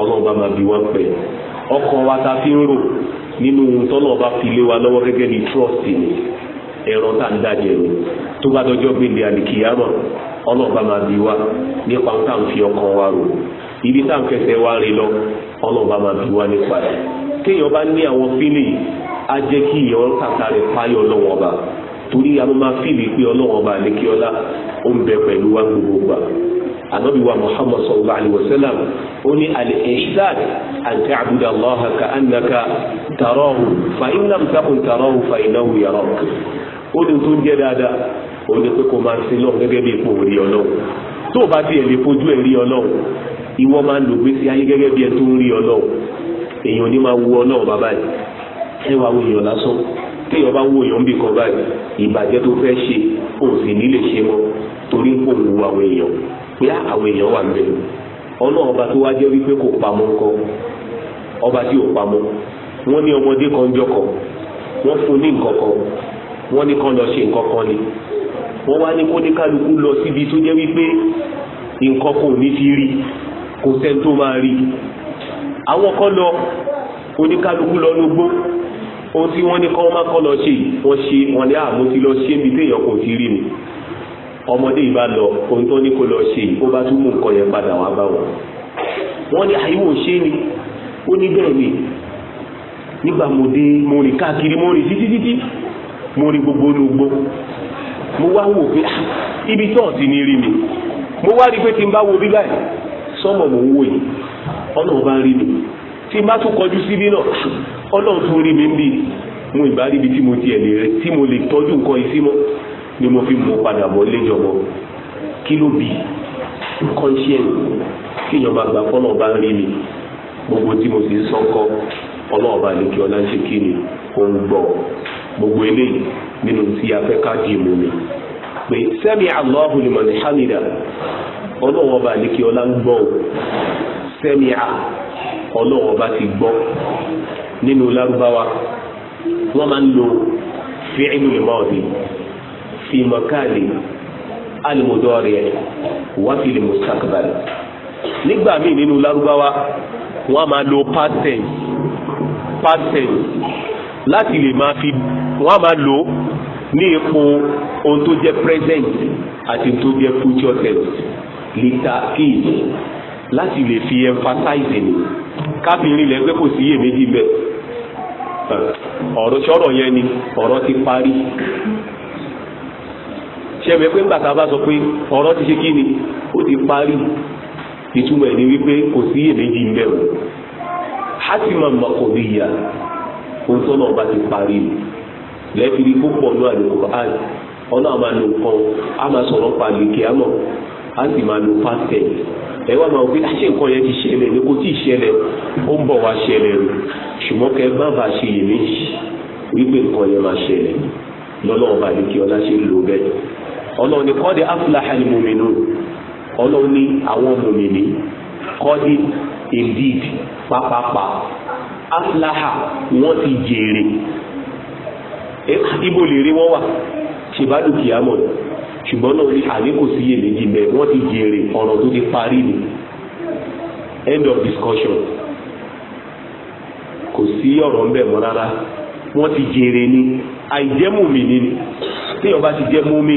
ọlọ́run bá máa bí wá ta fi ń rò nínú ohun tọ́lọ̀ fi lé lọ́wọ́ gẹ́gẹ́ trust ni ẹ̀rọ tá ń dájẹ́ ni tó bá dọjọ́ gbélé àdìkìyàmọ̀ máa bí wá nípa ohun tá fi wa ibi tá ń lọ máa bí wá nípa rẹ̀ bá ní àwọn fílì á jẹ́ kí kàkà rẹ̀ páyọ̀ torí máa fílì pé ó ń bẹ anabi wa muhammad sallallahu alaihi wa sallam ó ní al-ihsan an ta'buda allaha ka annaka tarahu fa in lam takun tarahu fa innahu yarak ó ní tó ń jẹ́ dáadáa ó ní pé kó máa ń sin lọ́wọ́ gẹ́gẹ́ bí ipò òrí ọlọ́run tó o bá tiẹ̀ lè fojú ẹ̀ rí ọlọ́run ìwọ máa ń lò gbé sí ayé gẹ́gẹ́ bí ẹ tó ń rí ọlọ́run èèyàn ní máa wu ọlọ́run wo èèyàn lásán téèyàn bá wo èèyàn bí kan báyìí ìbàjẹ́ tó fẹ́ ṣe òun sì ṣe mọ́ torí ń pòun àwọn èèyàn pé àwọn èèyàn wà níbẹ̀ ọlọ́run ọba tó wá jẹ́ wípé kò pamọ́ ńkọ́ ọba tí ò pamọ́ wọ́n ní ọmọdé kan jọkọ̀ wọ́n fún ní nǹkan kan wọ́n ní kán lọ ṣe nǹkan kan ni wọ́n wá ní kó ní kálukú lọ síbi tó jẹ́ wípé nǹkan kò ní fi rí kò sẹ́ni tó máa rí àwọn kan lọ oníkálukú lọ lógbó ohun tí wọ́n ní kán má kán lọ ṣe wọ́n ṣe wọ́n ní àmú ti lọ ṣe níbi téèyàn kò ti rí mi ọmọdé ìbá lọ ohun tó ní kó lọ ṣe ó bá tún mú nǹkan yẹn padà wá bá wọn wọn ní àyíwò ṣé ni ó ní bẹ́ẹ̀ ni nígbà mo dé mo rìn káàkiri mo rìn títí títí mo rìn gbogbo ológbó mo wá wò pé ah, ibi tó ọ̀tí ni rí mi mo wá rí pé tí n bá wo bí báyìí sọ́mọ̀ mo ń wò yìí ọlọ́run bá rí mi tí n bá tún kọjú síbí náà ah, ọlọ́run tún rí mi ń bí mo ìbá rí ibi tí mo tiẹ̀ lè rẹ tí mo lè tọ́jú nǹkan yìí ni mo fi mú padà bọ̀ ilé ìjọba kí ló bì kọ́ńṣíẹ̀nì kí ìyọ̀nba àgbà fọ́nà bá rí mi gbogbo tí mo sì ń sọ́kọ́ ọlọ́ọ̀bá àlejò ọlá ń ṣe kí ni ó ń gbọ́ gbogbo eléyìí nínú tí a fẹ́ ká di ìmú mi pé sẹ́mi Allahu liman hamida ọlọ́wọ́ bá ní kí ọlá ń gbọ́ ò sẹ́mi à ọlọ́wọ́ bá ti gbọ́ nínú lárúbáwá wọ́n máa ń lo fi'lul madi fi makani alimudọ́ọ̀rì ẹ̀ wá fi lè mustakbal nígbà míì nínú lárúbáwá wọ́n á máa lo past tense past tense láti lè máa fi wọ́n á máa lo ní ipò ohun tó jẹ́ present àti tó jẹ́ future tense lita kii láti lè fi emphasize ni káfíìnrin lẹ́gbẹ́ kò sí iyèméjì bẹ́ẹ̀ ọ̀rọ̀ sọ̀rọ̀ yẹn ni ọ̀rọ̀ ti parí ṣẹ̀mẹ̀ pé ńgbà a bá sọ pé ọ̀rọ̀ ti ṣe kí ni ó ti parí ìtumọ̀ ẹ̀ wípé kò sí èméjì ń bẹ̀rù hátìmọ̀ mọ̀kòdìyà tó náà bá ti parí lẹ́fìrí púpọ̀ náà ní Quran ọ̀nà àmà a máa sọ̀rọ̀ pa àlèkè àmọ́ a sì máa pàṣẹ máa àṣẹ ah, nǹkan yẹn ti ṣẹlẹ̀ ní kò tí ì ṣẹlẹ̀ ó ń bọ̀ wá ṣẹlẹ̀ rẹ̀ ṣùgbọ́n kẹ má bàa ṣe wípé nǹkan yẹn máa ṣẹlẹ̀ ọlá ṣe lo bẹ́ẹ̀ ọlọ́run ní kọ́ọ̀dì afúláhà ni mòmìnú ọlọ́run ní àwọn mòmìnì kọ́ọ̀dì indeed pápápá afúláhà wọ́n ti jèrè ibo lè rí wọ́n wà ṣèbádùn kìámọ̀ ṣùgbọ́n náà ní àlékò sí iyèméjì bẹ́ẹ̀ wọ́n ti jèrè ọ̀rọ̀ tó ti parí ni end of discussion kò sí ọ̀rọ̀ ń bẹ̀ mọ́ rárá wọ́n ti jèrè ni àìjẹ́mùmí ni tí ọba ti jẹ́ múmi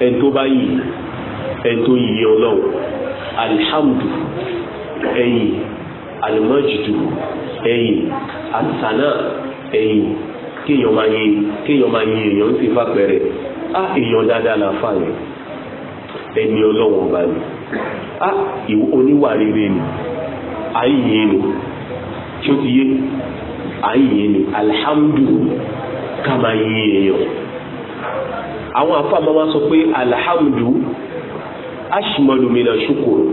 ẹni tó bá yìí ẹni tó yìí ọlọ́run alihamdu ẹ̀yìn alimọ́jìdù ẹ̀yìn asana ẹ̀yìn kéèyàn máa yin kéèyàn máa yin èèyàn ń ti fà pẹ̀rẹ̀ á ah, èèyàn dáadáa là fà yẹn ẹni ọlọ́run ọba ni á ah, oníwà rere ni à ń yin ni tí ó ti yé à ni alihamdu ká máa yin èèyàn àwọn àfàmọ́ wa sọ pé alhamdu ashmalu mina shukuru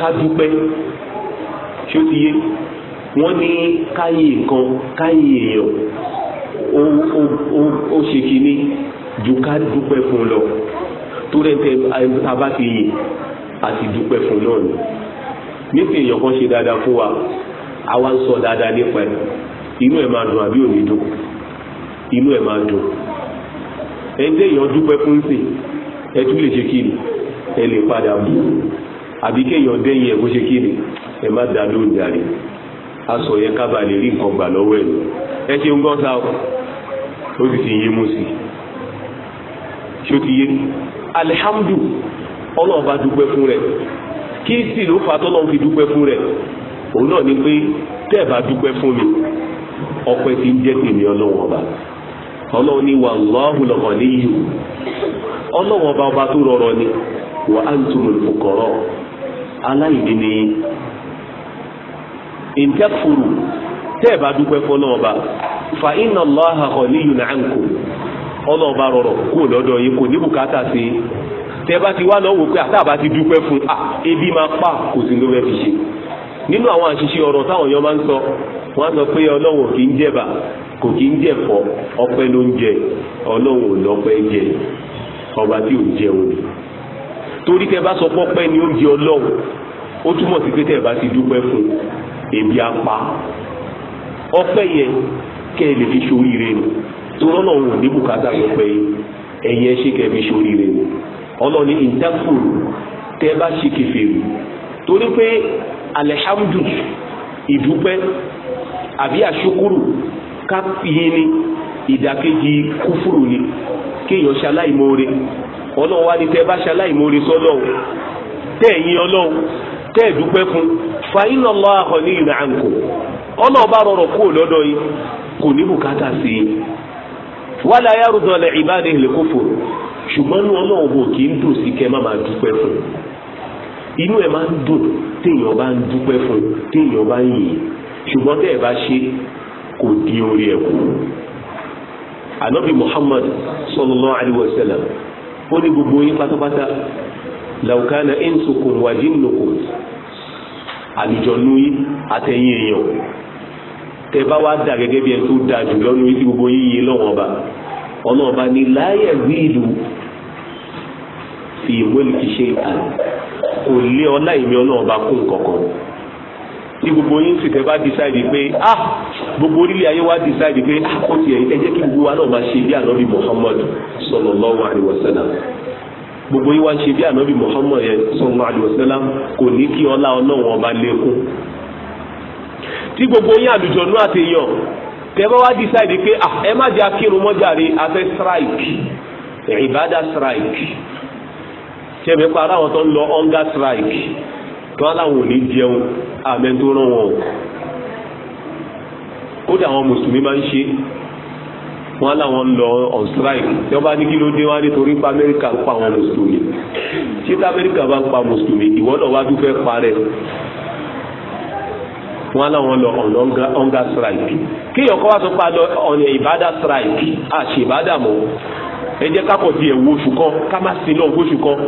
ká dúpẹ́ ṣé ó ti yé wọ́n ní káyé nǹkan káyé èèyàn ó ṣe kínní ju ká dúpẹ́ fún lọ tó rẹ́tẹ́ abá ti yìn àti dúpẹ́ fún náà ni nípa èèyàn kan ṣe dáadáa fún wa àwa ń sọ dáadáa nípa inú ẹ̀ máa dùn àbí òní dùn inú ẹ̀ máa dùn ẹ̀ńtẹ́ èèyàn dúpẹ́ fún sìn ẹ lè ṣe kíni ẹ lè padà mú àbí kéèyàn dẹ́yìn ẹ̀ kó ṣe kíni ẹ má dá lóhùn darí aṣọ yẹn kábà lè rí nǹkan gbà lọ́wọ́ ẹ̀ ẹ ṣe ń gbọ́n sá ó sì ti yé mú sí alihamdu fún kí sì ló fa fi fún òun náà ni pé tẹ́ẹ̀ bá fún mi ti ọba ọlọ́run ní wallahul ghaniyyu ọlọ́run ọba ọba tó rọrọ ni wa ni tẹ́ ẹ̀ bá dúpẹ́ fa rọrọ̀ kú lọ́dọ̀ yìí kò ní bùkátà sí tẹ́ bá ti wá lọ́wọ́ ah, dúpẹ́ fún ah, ebi máa pa kò sí ló fẹ́ fi ṣe nínú àwọn àṣìṣe ọ̀rọ̀ táwọn máa ń wọ́n sọ pé ọlọ́wọ̀ kì í kò kì í ọpẹ́ ló ń jẹ ọlọ́wọ̀ lọ́pẹ́ jẹ ọba tí ò jẹun torí tẹ bá sọ pọ́pẹ́ ni ó jẹ ọlọ́wọ̀ ó túmọ̀ sí pé tẹ bá ti dúpẹ́ fún ebi apá ọpẹ́ yẹn kẹ́ ẹ lè fi ṣoríire ni tó lọ́lọ́run ní bùkátà lọ́pẹ́ ẹ̀yẹ ṣe kẹ́ ẹ fi ṣoríire ni ọlọ́ni ìdákùrù tẹ bá ṣe kẹfẹ́ rí torí pé alihamudu ìdúpẹ́ àbí àṣukúrù ká yín ni ìdàkejì kúfùrù ni kéèyàn ṣaláìmoore ọlọ́run wá ní tẹ́ bá ṣaláìmoore sọ́lọ́run tẹ́ tẹ ọlọ́run tẹ́ ẹ̀ dúpẹ́ fún fa inna Allah ghaniyun ọlọ́run bá rọrọ̀ kúrò lọ́dọ̀ yìí kò ní bùkátà sí i wala yarda li ibadihi al-kufr ṣùgbọ́n ní ọlọ́run bò kì dùn sí kẹ́ má máa dúpẹ́ fún inú ẹ̀ máa ń dùn téèyàn bá ń dúpẹ́ fún téèyàn bá ń ṣùgbọ́n tẹ́ ẹ bá ṣe kò dín orí ẹ̀ kù muhammad sallallahu alaihi wa sallam ó ní gbogbo yín pátápátá laukana insukum wa jinnukum àlùjọ̀nú yín àtẹ̀yìn èèyàn tẹ bá wá dà gẹ́gẹ́ bí ẹni tó da jù lọ́nu yín tí gbogbo yín yín lọ́wọ́n ọba ọ̀nà ọba ní láyẹ̀ rí ìlú fi ìwé kìí ṣe kò lé ọlá ìmí ọlọ́ọ̀ba kún kankan tí gbogbo yín sì fẹ́ bá decide pé ah gbogbo orílẹ̀ ayé wa decide pé ah kò tiẹ̀ ẹ jẹ́ kí gbogbo wa náà máa ṣe bí ànábì Muhammad sallallahu alaihi wasallam gbogbo yín wá ń ṣe bí ànábì Muhammad yẹn sallallahu alaihi wasallam kò ní kí ọlá ọlọ́run ọba lékún tí gbogbo yín àlùjọ̀nú àtẹ̀yàn tẹ́bọ́ wá decide pé ah ẹ má jẹ́ akírun mọ́jàre afẹ́ strike ìbádà strike tẹ́bẹ̀ pa ara wọn tó ń lọ hunger strike tó aláwọ̀ ò ní jẹun àmẹ́ tó rán wọn kódà àwọn mùsùlùmí máa ń ṣe wọn aláwọn lọ on strike tí wọ́n bá ní kí ló dé wá nítorí pa amẹ́ríkà ń pa àwọn mùsùlùmí tí tá amẹ́ríkà bá ń pa mùsùlùmí ìwọ́n náà wá dúpẹ́ parẹ́ wọn làwọn lọ ọ̀nà strike kéèyàn kọ́ wá sọ pa lọ ọ̀nà ìbádà strike àṣì ìbádà mọ́ ẹ jẹ́ ká pọ̀ di ẹ̀wọ̀ oṣù kan ká má sí lọ́ọ̀ oṣù kan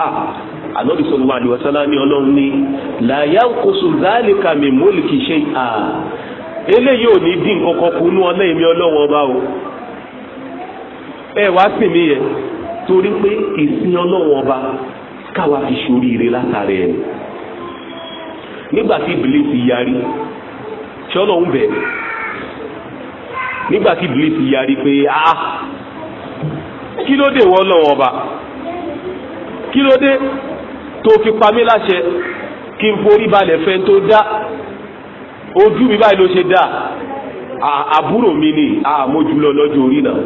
ah, ànábì sọ̀rọ̀ àdìwà sálá ní ọlọ́run ní làyà kóso záàlìkà mi mólìkì ṣe à eléyìí ò ní dín kankan kú nú ọlẹ́yìn mi ọlọ́run ọba o ẹ wá sì mí yẹ torí pé ìsìn ọlọ́run ọba káwa fi ṣoríire látàrí ẹ̀ nígbà tí ìbílísì yarí ṣọ́nà ń bẹ̀ nígbà tí ìbílísì yarí pé a ah, kí ló dé wọ́n lọ́wọ́ ọba kí ló dé tó fi pa mí láṣẹ kí n forí balẹ̀ fẹ́ tó dá ojú mi báyìí ló ṣe dá àbúrò mi ni àmójúlọ lọ́jọ́ orí náà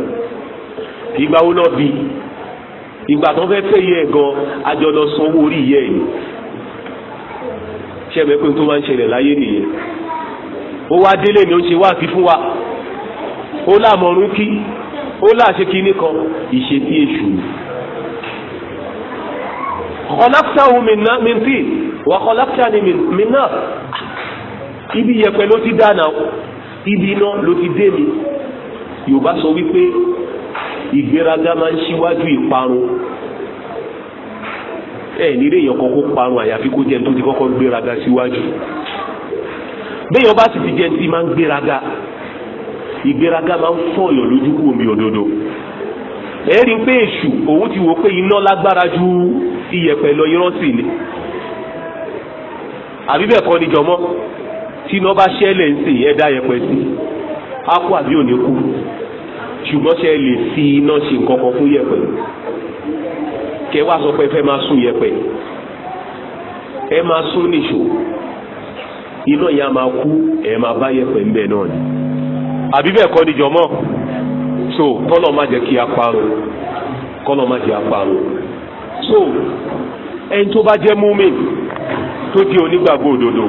ìgbà wo lọ bí ìgbà tó fẹ́ fẹ́ yẹ gan àjọ lọ sanwó orí yẹ yìí ṣẹ́mi pé tó máa ń ṣẹlẹ̀ láyé nìyẹn ó wá délé ni ó ṣe wá àfi fún wa ó láàmọ̀rún kí ó láṣẹ kínní kan ìṣe tí èṣù ni kọlákítàwù min tin wà kọlákítàní min nar ibi yẹ̀pẹ̀ ló ti dáná ibi iná ló ti dé mi yorùbá sọ wípé ìgbéraga máa ń ṣíwájú ìparun ẹ nílé èèyàn kan kó parun àyàfi kó jẹ́ tó ti kọ́kọ́ gbéraga síwájú béèyàn bá sì ti jẹ́ tí máa ń gbéraga ìgbéraga máa ń fọyàn lójú kú omi òdodo. ẹ̀rí pé èṣù òun ti wò pé iná lágbára ju iyẹ̀pẹ̀ lọ irọ́ ni àbí ni jọmọ́ tí iná bá ṣẹlẹ̀ ń sè ẹ̀dá yẹpẹ̀ sí á àbí òní ṣe lè fi iná ṣe fún yẹpẹ̀ kẹ wá sọ pé fẹ́ máa sún yẹpẹ̀ ẹ máa sún nìṣó iná yẹn á máa kú ẹ máa bá yẹpẹ̀ ń ni àbí ni so kọlọ ma jẹ́ kí a kọlọ ma má jẹ́ so ẹni tó bá jẹ múmin tó di onígbàgbọ́ òdodo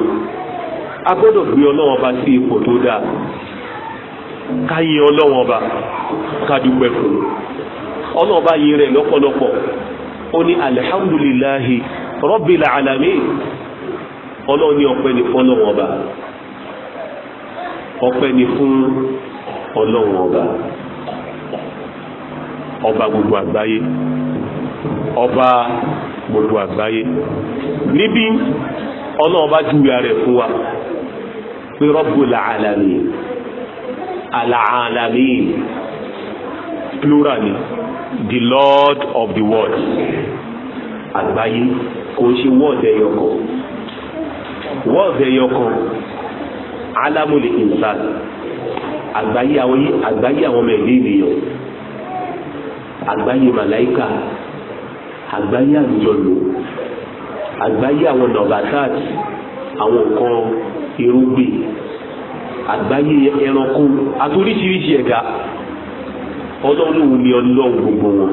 a gbọ́dọ̀ gbé ọlọ́wọ́n ọba sí ipò tó dáa ká yin ọlọ́wọ́n ọba ká dúpẹ́ fún un ọba yin ó ní alihamudulilahi ọba gbogbo àgbáyé ọba gbogbo àgbáyé níbi ọlọ́run bá júwe rẹ̀ fún wa pé Rabbul alamin alaalamin plural ni the lord of the world àgbáyé kò ṣe wọ́ọ̀dù ẹyọkọ̀ wọ́ọ̀dù ẹyọkọ̀ alamuli insan àgbáyé àwọn ẹ̀dẹ́ ènìyàn àgbáyé màláìkà àgbáyé àjọlò àgbáyé àwọn nọbatat àwọn nǹkan irúgbìn àgbáyé ẹranko àti oríṣiríṣi ẹ̀dá ọlọ́run ni ọlọ́run gbogbo wọn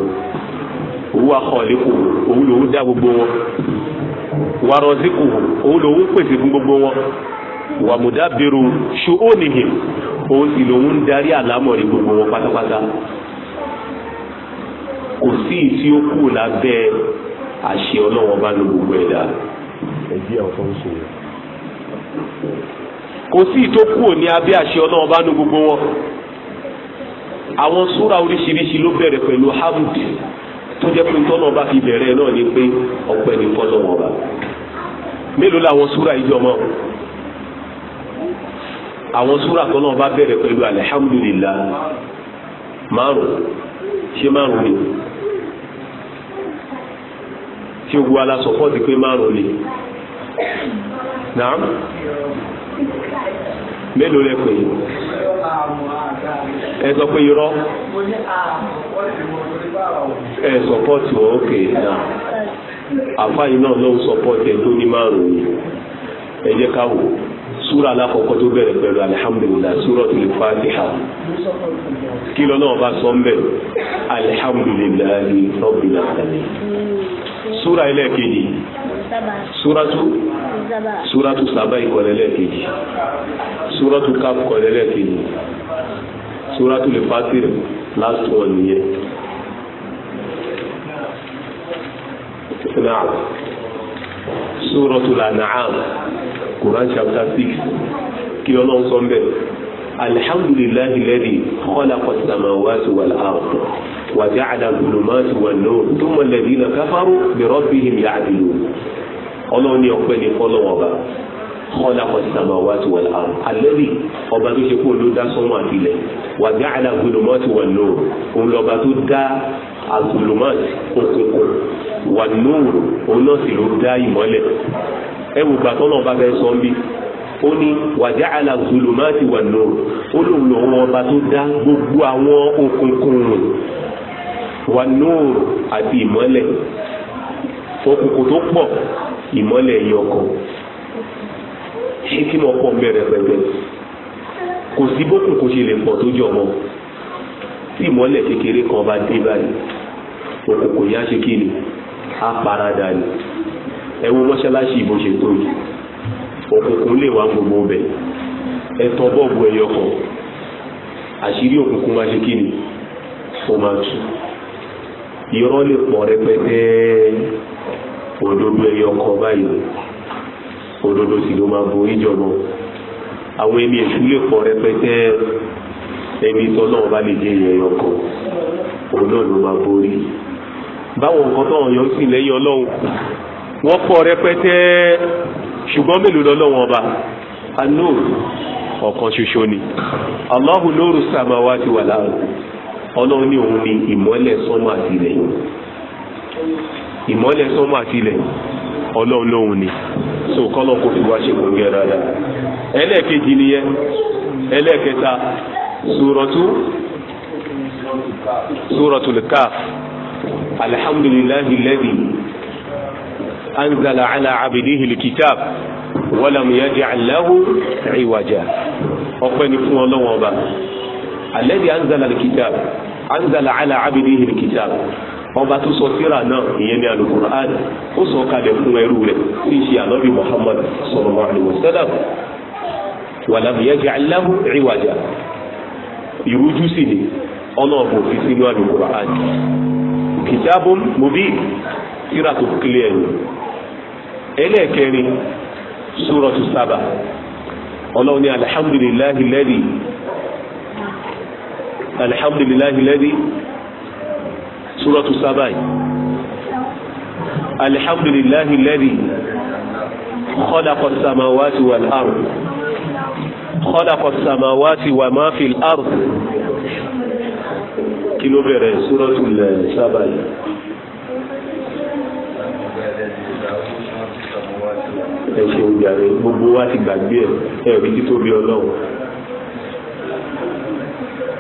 òun akọ̀ọ̀lẹ́kù òun lòun dá gbogbo wọn wàrọ̀síkù òun lòun pèsè fún gbogbo wọn wàmùdábìrù ṣùgbọ́n òun sì lòun darí àlámọ̀rí gbogbo wọn pátápátá kò sí ìtí ó kù lábẹ́ àṣẹ ọlọ́wọ́n bá ló gbogbo ẹ̀dá. ẹbí ọ̀fọ̀ ń sòrò. kò sí ìtó kù ní abẹ́ àṣẹ ọlọ́wọ́n bá ló gbogbo wọn. àwọn súra oríṣiríṣi ló bẹ̀rẹ̀ pẹ̀lú hamd tó jẹ́ pé tọ́nà bá fi bẹ̀rẹ̀ náà ni pé ọpẹ́ ní fọ́lọ́wọ́n bá. mélòó làwọn súra yìí jọmọ́ àwọn súra kan náà bá bẹ̀rẹ̀ pẹ̀lú alihamudulilayi márùn-ún ṣé márùn-ún ni tí ó gbọ́ alásọ̀pọ̀ ti pé márùn lè náà mélòó lẹ pè ẹ sọ pé irọ́ ẹ sọpọ́tì wọn ókè náà àfáàyè náà ló ń sọpọ́tì ẹ tó ní márùn ni ẹ jẹ́ súra alákọ̀ọ́kọ́ tó bẹ̀rẹ̀ pẹ̀lú alihamdulilayi súratul Fatiha kí lọ́nà ọba sọ ń bẹ̀ alihamdulilayi rabbil alamin súra ẹlẹ́ẹ̀kejì súratu súratu sábà ìkọlẹ́lẹ́ẹ̀kejì súratu káp kọlẹ́lẹ́ẹ̀kejì súratul Fatir last one yẹn suratul an'am quran chapter six kí ọlọ́run sọ bẹ́ẹ̀ alhamdulillahi alladhi khalaqa as-samawati wal arda wa ja'ala adh-dhulumati wan-nur thumma alladhina kafaru bi rabbihim ya'dilun ọlọ́run ní ọpẹ́ ní fọlọ́wọ́n ọba khalaqa as-samawati wal arda alladhi ọba tó ṣe kó ló dá sọ́mọ́ àtìlẹ̀ wa ja'ala adh-dhulumati wan-nur òun lọ́ba tó dá azulumat òkùnkùn wà núùrù òun náà sì ló dá ìmọ́lẹ̀ ẹ wò gbà tọ́lọ́ bá fẹ́ sọ ń bí ó ní wàjá alazulumat wà núùrù ó lòun lòun ọba tó dá gbogbo àwọn òkùnkùn wà núùrù àti ìmọ́lẹ̀ òkùnkùn tó pọ̀ ìmọ́lẹ̀ ẹ̀yọ̀ kan ṣé kí mo pọ̀ mẹ́rẹ̀ kò sí bókùn kò ṣe lè pọ̀ tó jọ mọ́ tí ìmọ́lẹ̀ kékeré kan bá dé báyìí òkùnkùn yá ṣe kí ni á parada ni ẹ wo mọ́ṣáláṣí ìbò ṣe tó yìí òkùnkùn lè wá gbogbo ọbẹ̀ ẹ tọ bọ́ọ̀bù ẹyọ kan àṣírí òkùnkùn máa ṣe kí ni ó máa tú irọ́ lè pọ̀ rẹpẹtẹ òdodo ẹyọ kan báyìí òdodo sì ló máa borí jọmọ àwọn ẹni èṣù lè pọ̀ rẹpẹtẹ ẹni tó náà bá lè jẹ́ ìyẹn ọkọ̀ òun náà ló máa borí báwọn nǹkan tó hàn yọ sí lẹ́yìn ọlọ́run wọ́n pọ̀ rẹpẹtẹ ṣùgbọ́n mélòó lọ́lọ́wọ́n ọba anur ọ̀kan ṣoṣo ni Allahu nuru samawati wal ard ọlọ́run ní òun ni ìmọ́lẹ̀ sánmọ̀ àti ilẹ̀ ìmọ́lẹ̀ sánmọ̀ àti ilẹ̀ ọlọ́run lóhun ni so kọ́lọ́ kò fi wá ṣe kò ń gẹ́ dáadáa suratu suratu lkaf alhamdulilahi ladi anzala ala abidihi likitab wàlámù yaj'al lahu iwaja ọpẹ́ ni fún Ọlọ́run ọba alladhi anzala al-kitab anzala ala abidihi al-kitab ọba tó sọ síra náà ìyẹn ní al-Qur'an ó sọ kalẹ̀ fún ẹrú rẹ̀ tí ṣe ànábì Muhammad sallallahu alaihi wasallam wàlámù yaj'al lahu iwaja ìrújú sì ni ọlọ́ọ̀bù òfin sínú àdùnkùrà àjì kìtàbùn mubí síra tó kílẹ̀ ẹ̀yìn ẹlẹ́ẹ̀kẹrin súrọ̀tù sábà ọlọ́run ní alihamdulilahi lẹ́dí alihamdulilahi lẹ́dí súrọ̀tù sábà yìí alihamdulilahi lẹ́dí kọ́dà kọ́ sàmáwá ti wà láàrùn khalaqa as-samawati wa ma fil ard kí ló bẹ̀rẹ̀ suratul Saba yìí. ẹ ṣeun jàre gbogbo wa ti gbàgbé ẹ ẹ̀rí títóbi ọlọ́run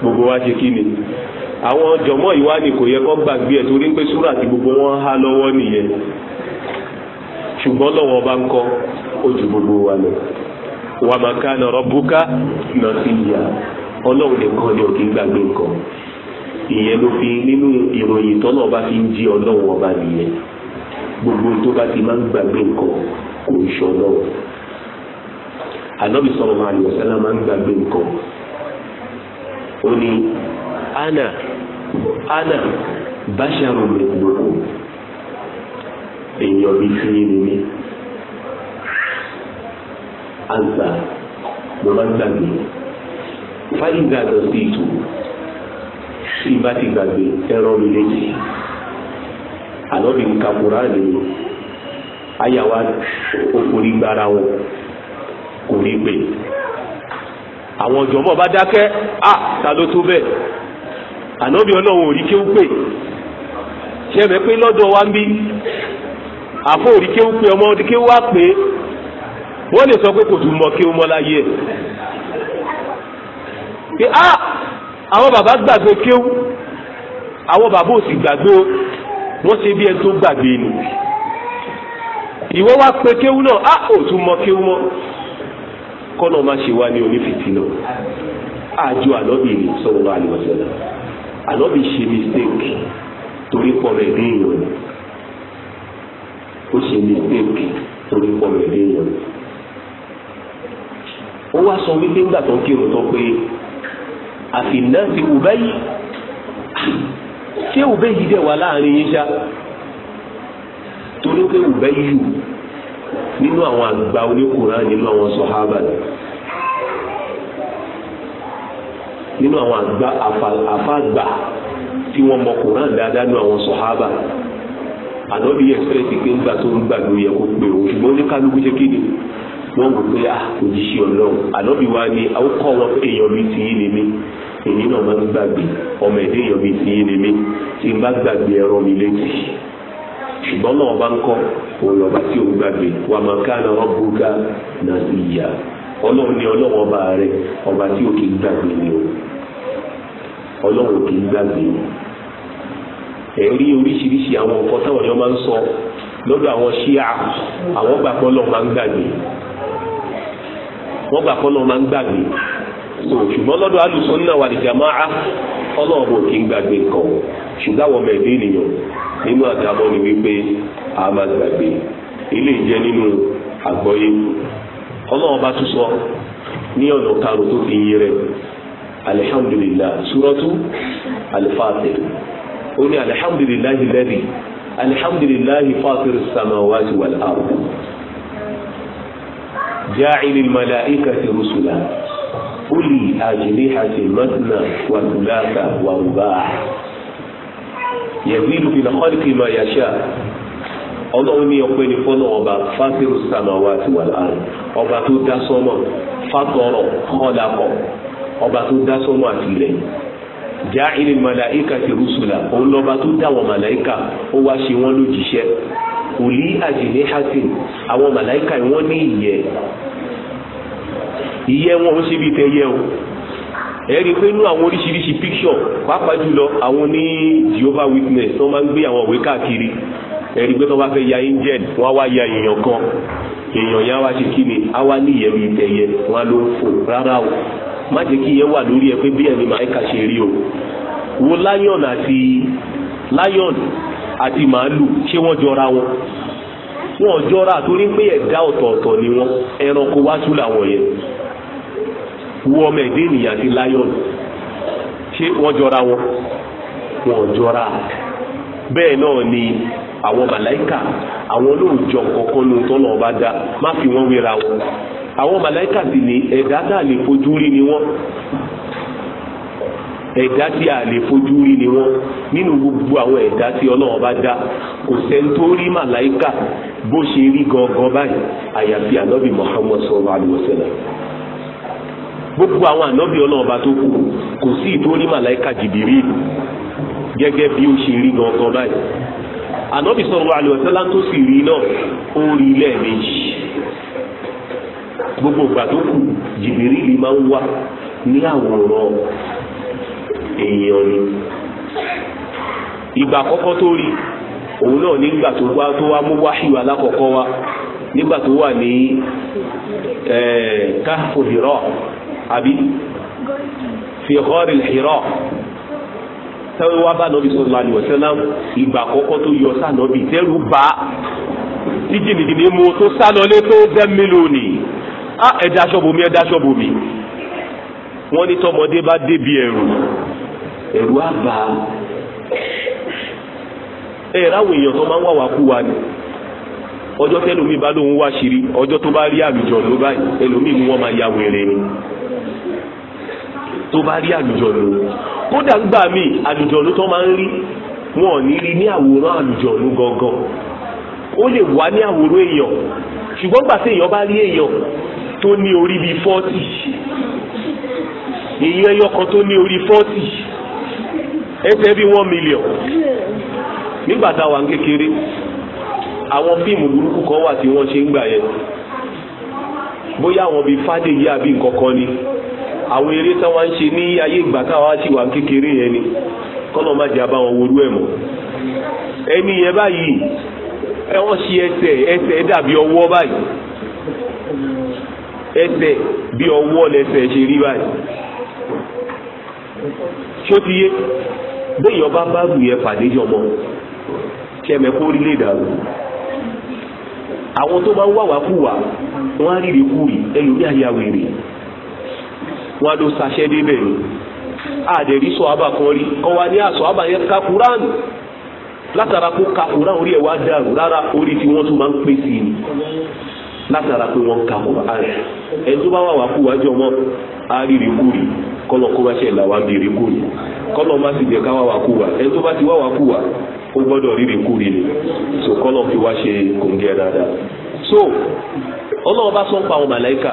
gbogbo wa ṣe kí ni àwọn jọ̀mọ́ ìwá ni kò yẹ kó gbàgbé ẹ̀ torí pé súrà tí gbogbo wọn há lọ́wọ́ nìyẹn ṣùgbọ́n lọ́wọ́ bá ń kọ́ ó gbogbo wa lọ wa ma kana rabbuka nasiya ọlọ́run nìkan ni òkè gbàgbé nǹkan ìyẹn ló fi nínú ìròyìn tọ́nà bá fi ń jí ọlọ́run ọba nìyẹn gbogbo tó bá ti máa ń gbàgbé nǹkan kò ń ṣe ọlọ́run ànábì sallallahu alaihi wasallam máa ń gbàgbé nǹkan ó ní ana ana basharun mithlukum èèyàn bíi fi ní mi àǹsà mo máa ń gbàgbé fáìgbà lọ sí ìtò tí ìbá ti gbàgbé ẹran mi léjì àlọ́bì ń ka kúránì àyàwá okùnrin gbára wọn kò rí pé àwọn ọ̀jọ̀mọ́ bá dákẹ́ à ah, ta ló tó bẹ́ẹ̀ ànábì ọlọ́run ò rí kí ó pè ṣẹ́mi pé lọ́dọ̀ wa ń bí àfọ̀ òrí kí ó pè ọmọ kí ó wá pè é wọ́n lè sọ pé kò tún mọ kí ó mọ láyé ẹ̀ a ah, àwọn bàbá gbàgbé kéwú àwọn bàbá ò sì gbàgbé wọ́n ṣe bí ẹni tó gbàgbé ni ìwọ wá pé kéwú náà a ah, ò tún mọ kéwú mọ́ kọ́nà má ṣe wá ní onífìtínà àjọ ànábì rè sọ́wọ́ àlùwọ̀sẹ̀lá ànábì ṣe mistake torí pọ̀ rẹ̀ ní ìyọ̀nù ó ṣe mistake torí pọ̀ rẹ̀ ní ìyọ̀nù ó wá sọ wípé ńgbà tó ń kírun tán pé àfìnà ti ùbẹ́ yìí ṣé ùbẹ́ yìí dẹ̀ wà láàrin yín ṣá torí pé ùbẹ́ yìí nínú àwọn àgbà oníkùnrin nínú àwọn sọ̀hábà ni nínú àwọn àgbà àfàgbà tí wọ́n mọ kùnrin dáadáa nínú àwọn sọ̀hábà ànábi yẹ fẹ́rẹ́ ti pé ńgbà tó ń gbàgbé yẹ kó pé òun ṣùgbọ́n oníkálukú ṣe kéde. wọ́n wò pé ah òjíṣẹ́ ọlọ́run ànábì ni àwọn wọn èèyàn mi ti yín ni mí èmi náà máa ń gbàgbé ọmọ ẹ̀dẹ́ èèyàn mi ti ni mí tí n ẹ̀rọ mi létí ṣùgbọ́n náà ọba ń kọ́ òun tí òun gbàgbé wà máa ká ọba rẹ ọba tí gbàgbé ni o ọlọ́run kì í gbàgbé ni ẹ̀rí oríṣiríṣi àwọn ọ̀kọ́ táwọn èèyàn máa ń sọ lọ́dọ̀ àwọn ṣíà wọ́n gbà kọ́nà máa ń so ṣùgbọ́n lọ́dọ̀ alùsùn náà wà ní ọlọ́ọ̀bù kì í gbàgbé nǹkan ṣùgbọ́n àwọn ọmọ ẹ̀dẹ́ ènìyàn nínú ni wípé a máa gbàgbé ilé ìjẹ́ nínú àgbọ́yé ọlọ́ọ̀bá tún ní ọ̀nà karùn tó fi yin ní alihamdulilahi alihamdulilahi fatir wal جاعل الملائكة رسلا أولي أجنحة مثنى وثلاث ورباع يزيد في الخلق ما يشاء ọlọ́run ní ọpẹ́ ní fọ́nà ọba fásirù samawati wal ard ọba tó dá sọ́mọ̀ fátọrọ̀ kọ́lákọ̀ ọba tó dá sọ́mọ̀ àtìlẹ́yìn ja'ilil malaikati rusula òun lọ́ba tó wa malaika màláìka ó wá ṣe wọ́n lójíṣẹ́ òlí àjìlẹ̀ hasin àwọn màláìka wọ́n ní ìyẹ́ ìyẹ́ wọn ó ṣe bí tẹ́yẹ o ẹ̀rí pé inú àwọn oríṣiríṣi píkṣọ̀ pàápàá jùlọ àwọn ní Jehovah Witness wọ́n máa ń gbé àwọn òwe káàkiri ẹ̀rí pé tó bá fẹ́ ya angel wọ́n wá ya èèyàn kan èèyàn yẹn wá ṣe kí ni á wá ní ìyẹ́ bí tẹ́yẹ wọ́n ló fò rárá o má jẹ́ kí yẹn wà lórí ẹ pé bí ẹni màáìka ṣe rí o wo lion àti lion àti màálù ṣé wọ́n jọra wọn wọn jọra torí pé ẹ̀dá ọ̀tọ̀ọ̀tọ̀ ni wọn ẹranko wá tú làwọn yẹn wo ọmọ ẹ̀dẹ́ ènìyàn àti lion ṣé wọ́n jọra wọn wọn jọra bẹ́ẹ̀ náà ni àwọn màláìka àwọn olóòjọ kọ̀ọ̀kan ní tọ́lọ̀ ọba dá má fi wọ́n wéra wọn àwọn màláìkà sì ní ẹ̀dá tá a lè fojú rí ni wọ́n ẹ̀dá tí a lè fojú rí ni wọ́n nínú gbogbo àwọn ẹ̀dá tí ọlọ́run bá dá kò sẹ́ni tó rí màláìkà bó ṣe rí gangan báyìí àyàfi ànábì Muhammad sallallahu alaihi wasallam gbogbo àwọn ànábì ọlọ́run bá tó kù kò sí ìtórí màláìkà Jibril gẹ́gẹ́ bí ó ṣe rí gangan báyìí ànábì sallallahu alaihi tó sì rí náà ó rí lẹ́ẹ̀mejì gbogbo ìgbà tó kù jìbìrì yìí máa ń wá ní àwòrán èèyàn ni ìgbà àkọ́kọ́ tó rí òun náà nígbà tó wá tó wá mú wáhíù alákọ̀ọ́kọ́ wá nígbà tó wà ní káfù hìrọ̀ àbí fi hìrọ̀ tẹ́wọ́n wá bá nọ́bì sọ́dọ̀ àlè ọ̀sẹ́lám ìgbà àkọ́kọ́ tó yọ sá tẹ́rù bá tí mú tó sá lọ dẹ́mílò nìyí á ah, ẹ̀dá aṣọ́bù mi ẹ̀dá aṣọ́bù mi wọ́n ní tọmọdé bá débi ẹ̀rù ẹ̀rù á bà á ẹ̀rọ àwọn èèyàn tó máa ń wà wá kú wa ni ọjọ́ tẹ́lómi bá lóun wá ṣiri ọjọ́ tó bá rí àlùjọ ló báyìí ẹlòmíì mú wọn máa ya wèrè ni tó bá rí àlùjọ ló kódà ń gbà mí àlùjọ ló tó máa ń rí wọn ò ní rí ní àwòrán àlùjọ ló gangan ó lè wá ní àwòrán èèyàn ṣùgbọ́n gbà èèyàn bá rí èèyàn tó ní orí bíi fọ́tì èyí ẹyọ kan tó ní orí fọ́tì ẹsẹ̀ bíi one million nígbà táwa ń kékeré àwọn fíìmù burúkú kan wà tí wọ́n ṣe ń gbà yẹn bóyá àwọn bíi fàdéyí àbí nǹkan kan ni àwọn eré tí wọ́n ń ṣe ní ayé ìgbà táwa sì wà kékeré yẹn ni kọ́nà má jẹ́ àbáwọn wọlú ẹ̀ mọ́ ẹni yẹn báyìí ẹ wọ́n ṣe ẹsẹ̀ ẹsẹ̀ dàbí ọwọ́ báyìí ẹsẹ̀ bí ọwọ́ lẹsẹ̀ ṣe rí báyìí ṣó ti yé béèyàn bá báàgù yẹn pàdé jọmọ ṣẹmẹ kó rí lè dàrú àwọn tó bá ń wà wá kú wá wọn á rírì kú rí ẹlòmí àyà wèrè wọn á lọ sàṣẹ débẹ̀ ni àdẹ̀rí sọ àbà kan rí kọ́ wa àsọ àbà yẹn ká kúránù látara kó ka kúránù orí ẹ̀ wá dàrú rárá orí tí wọ́n tún máa ń pèsè ni látara pé wọ́n ń ka Qur'an ẹni tó bá wà wá kú wájú ọmọ á rí rí kú rí kọ́lọ̀ kó bá ṣe là wá bí kọ́lọ̀ má sì jẹ́ ká wá wá kú wá ẹni tó bá ti wá wá kú wá ó gbọ́dọ̀ rí ni so kọ́lọ̀ fi wá ṣe kòǹgẹ́ dáadáa so ọlọ́wọ́ bá sọ́n pa àwọn màláìka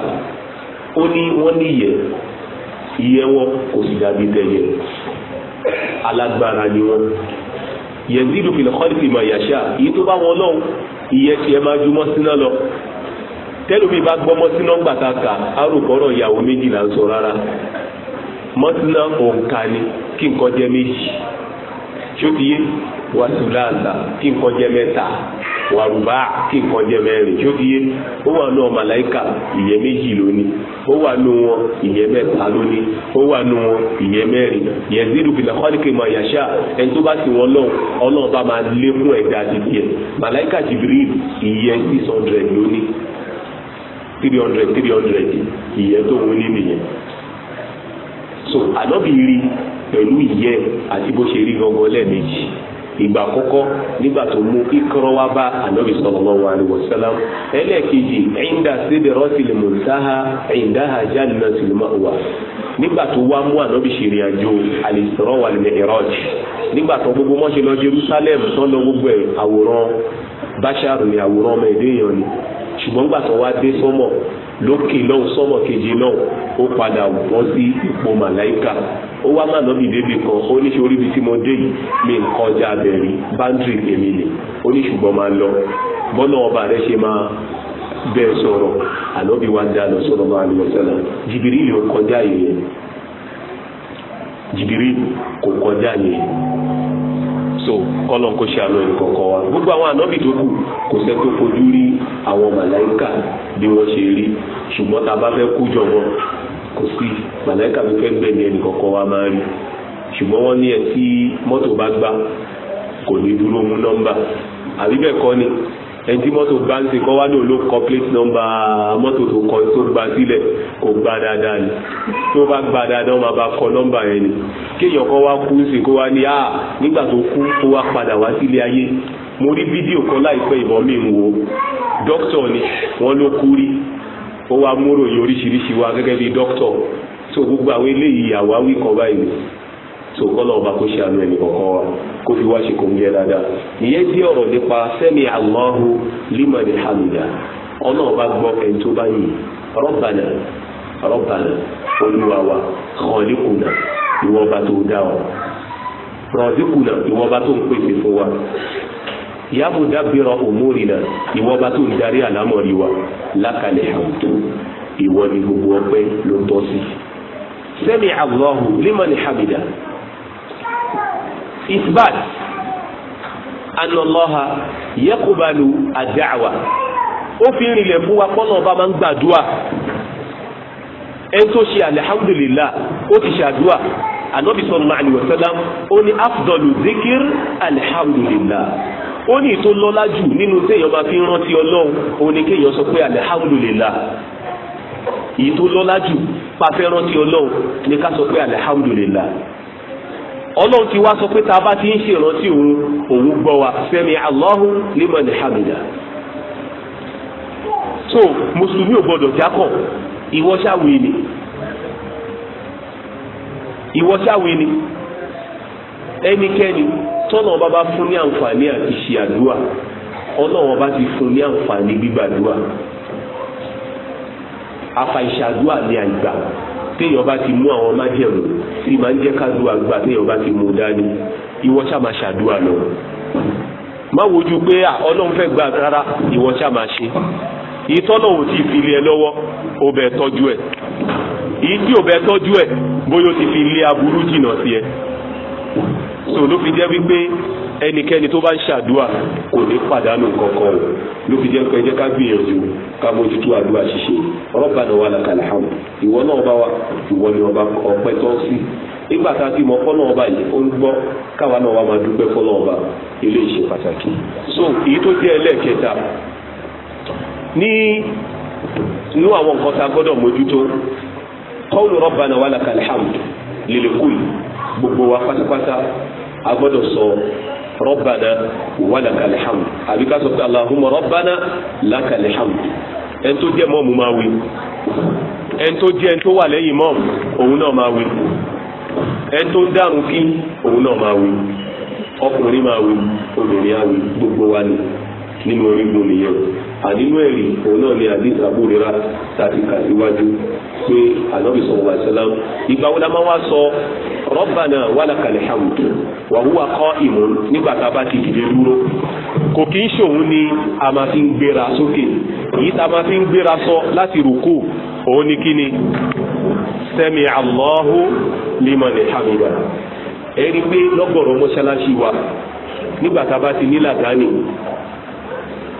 ó ní wọ́n ní ìyẹ́ ìyẹ́ wọn kò sì dàbí tẹ̀yẹ alágbára ni wọn yẹ̀zídùfìlẹ̀ kọ́lìfì mà yàṣà tẹ́lómi bá gbọ́mọ sí nọ́mbà tá a kà arúgbọ́rọ̀ ìyàwó méjì là ń sọ rárá mọ́tínà òǹkà ni kí nǹkan jẹ́ méjì ṣókìyé wàtúláàlà kí nǹkan jẹ́ mẹ́ta wàrúbá kí nǹkan jẹ́ mẹ́rin ṣókìyé ó wà nù ọmọláìkà ìyẹ́ méjì lónìí ó wà nù wọn ìyẹ́ mẹ́ta lónìí ó wà nù wọn ìyẹ́ mẹ́rin yẹzidu bìlà kọ́líkì mà yàṣà ẹni bá ti wọn lọ ọlọ́run bá máa lékún ẹ̀dá dídí ẹ̀ màláìkà jibril ìyẹ́ six hundred lónìí three hundred three hundred ìyẹn tó ń ní nìyẹn so ànábì rí pẹ̀lú ìyẹ́ àti bó ṣe rí gangan lẹ́ẹ̀mejì ìgbà àkọ́kọ́ nígbà tó mú ikọ́rọ́ wá bá ànábì sallallahu alaihi wasallam ẹlẹ́ẹ̀kejì ẹ̀yìndà sidratil muntaha ẹ̀yìndáha jannatul ma'wa nígbà tó wá mú ànábì ṣèrìn àjò al-Isra wal-Mi'raj nígbà tó gbogbo mọ́ṣẹ́ lọ Jerusalem tó lọ gbogbo àwòrán báṣáàrù ni àwòrán ọmọ ẹ̀dẹ́ èèyàn ni ṣùgbọ́n gbà tó wá dé sọ́mọ̀ lókè lọ́hùn sọ́mọ̀ kejì náà ó padà wọ́n sí ipò màláìkà ó wá má lọ́bì débi kan ó ní ṣe orí tí mo dé yìí mi nǹkan já bẹ̀rí báńdìrì èmi nì ó ní ṣùgbọ́n máa lọ bọ́nà ọba rẹ̀ ṣe máa bẹ́ẹ̀ sọ̀rọ̀ ànábì wá dá lọ sọ̀rọ̀ máa lọ sọ̀rọ̀ jìbìrì lè kọjá yìí jìbìrì kò kọjá yìí so kọ́lọ̀ kó ṣe àánú ẹnìkọ̀ọ̀kan wa gbogbo àwọn ànábì tó kù kò sẹ́ tó fojú rí àwọn màláìkà bí wọ́n ṣe rí ṣùgbọ́n tá a bá fẹ́ kú jọ kò sí màláìkà mi fẹ́ gbẹ̀mí ẹnìkọ̀ọ̀kan wa máa rí ṣùgbọ́n wọ́n ní ẹ tí mọ́tò bá gbá kò ní dúró mú nọ́mbà àbí bẹ́ẹ̀ kọ́ ni ẹtí mọ́tò gbá ń sìn kọ́ wá lò ló kọ plate number mọ́tò tó kọ tó gba sílẹ̀ kò gba dáadáa ni tó bá gba dáadáa wọ́n máa bá kọ nọ́mbà yẹn ni kéèyàn kan wá kú sìn kó wá ní à ah, nígbà tó kú kó wá padà wá sílé ayé mo rí fídíò kan láìpẹ́ ìbọn mi wò ó dókítà ni wọ́n ló kú rí ó wá múròyìn oríṣiríṣi wá gẹ́gẹ́ bí dókítà so gbogbo àwọn eléyìí àwáwí kan báyìí so kọ́lọ̀ ọba kó ṣe àánú ẹnì kọ̀ọ̀kan wa kó fi wá ṣe kò ń jẹ́ dáadáa ìyẹn jẹ́ ọ̀rọ̀ nípa sẹ́mi Allahu liman hamida ọlọ́run bá gbọ́ ẹni tó bá yìí Rabbana Rabbana olúwa wa ìwọ ọba tó dá ọ rọ̀díkùnà ìwọ ọba tó ń pèsè fún wa yàbò dábìrọ̀ òmórìnà ìwọ ọba tó ń darí àlámọ̀rí wa lákàlẹ̀ àwùjọ ìwọ ni gbogbo ọpẹ́ ló tọ́ sí sẹ́mi Allahu liman hamida. إثبات أن الله يقبل ó وفي rìnlẹ̀ fún wa pọ́nà دعوة، máa ń gbàdúà ẹ tó ṣe alihamudulilá ó ti ṣe àdúà anabi sallallahu alaihi wasallam ó ní afdọlù zikir alihamudulilá ó ní ìtò lọ́lá jù nínú téèyàn máa fi ń rántí ọlọ́run òun ni kéèyàn sọ pé alihamudulilá ìtò lọ́lá jù pàfẹ́ rántí ọlọ́run ni ká sọ pé alihamudulilá ọlọ́run ti wá sọ pé tá a bá ti ń ṣèrántí òun òun gbọ́ wa sẹ́mi Allahu liman hamida so mùsùlùmí ò gbọdọ̀ jákọ̀ ìwọ ṣáwìn ni ìwọ ṣáwìn ni ẹnikẹ́ni tọ́nà ọba bá fún ní àǹfààní àti ṣe àdúrà ọlọ́run ọba ti fún ní àǹfààní gbígbàdúrà àfàìṣàdúrà ni àìgbà téèyàn bá ti mú àwọn májẹ̀mú tí máa ń jẹ́ kádùá gbà téèyàn bá ti mú dání ìwọ ṣá máa ṣàdúrà lọ má wojú pé ọlọ́run fẹ́ gbà rárá ìwọ ṣá máa ṣe ìtọ́lọ̀ ò ti fi lé ẹ lọ́wọ́ ó tọ́jú ẹ̀ èyí tí ò tọ́jú ẹ̀ bóyá ó ti fi lé aburú jìnnà sí ẹ so ló fi jẹ́ wípé ẹnikẹ́ni tó bá ń ṣàdúà kò ní pàdánù kankan o ló fi jẹ́ pé ẹ jẹ́ ká gbìyànjú ká mójútó àdúà ṣíṣe Rabbana wa lakal hamd ìwọ náà bá wa ìwọ ni ọba ọpẹ́ tọ́ sí nígbà tá a ti mọ fọ́nà ọba yìí ó ń gbọ́ káwa náà wà máa dúpẹ́ fọ́nà ọba ilé ìṣe pàtàkì so èyí tó jẹ́ ẹlẹ́ẹ̀kẹta ní inú àwọn nǹkan tá a gbọ́dọ̀ mójútó kọ́ọ̀lù Rabbana wa lakal hamd rọ́bànà wàlàkàlì hàmù àbí ká sọ pé aláhùnmọ́ rọ́bànà làkàlì hàmù ẹn tó jẹ́ mọ́ọ̀mù máa wí ẹn tó jẹ́ ẹn tó wà lẹ́yìn mọ́ọ̀mù òun náà máa wí ẹn tó ń kí òun náà máa wí ọkùnrin máa wí obìnrin á wí gbogbo wa ni nínú orígun nìyẹn àdínú ẹ̀rí òun náà ni àdínú àbúrera láti kà síwájú pé ànábì sọ̀rọ̀ àṣẹlám ìgbà wo la máa wá sọ Rabbana walakal hamd wa huwa qa'imun nígbà tá a bá ti dìde dúró kò kí ń ṣòun ni a máa fi ń gbéra sókè èyí tá a máa fi ń gbéra sọ láti rúkú òun ni kí ni sẹ́mi Allahu liman hamida ẹ̀rí pé lọ́gbọ̀rọ̀ mọ́ṣáláṣí wa nígbà tá a bá ti ní làdáni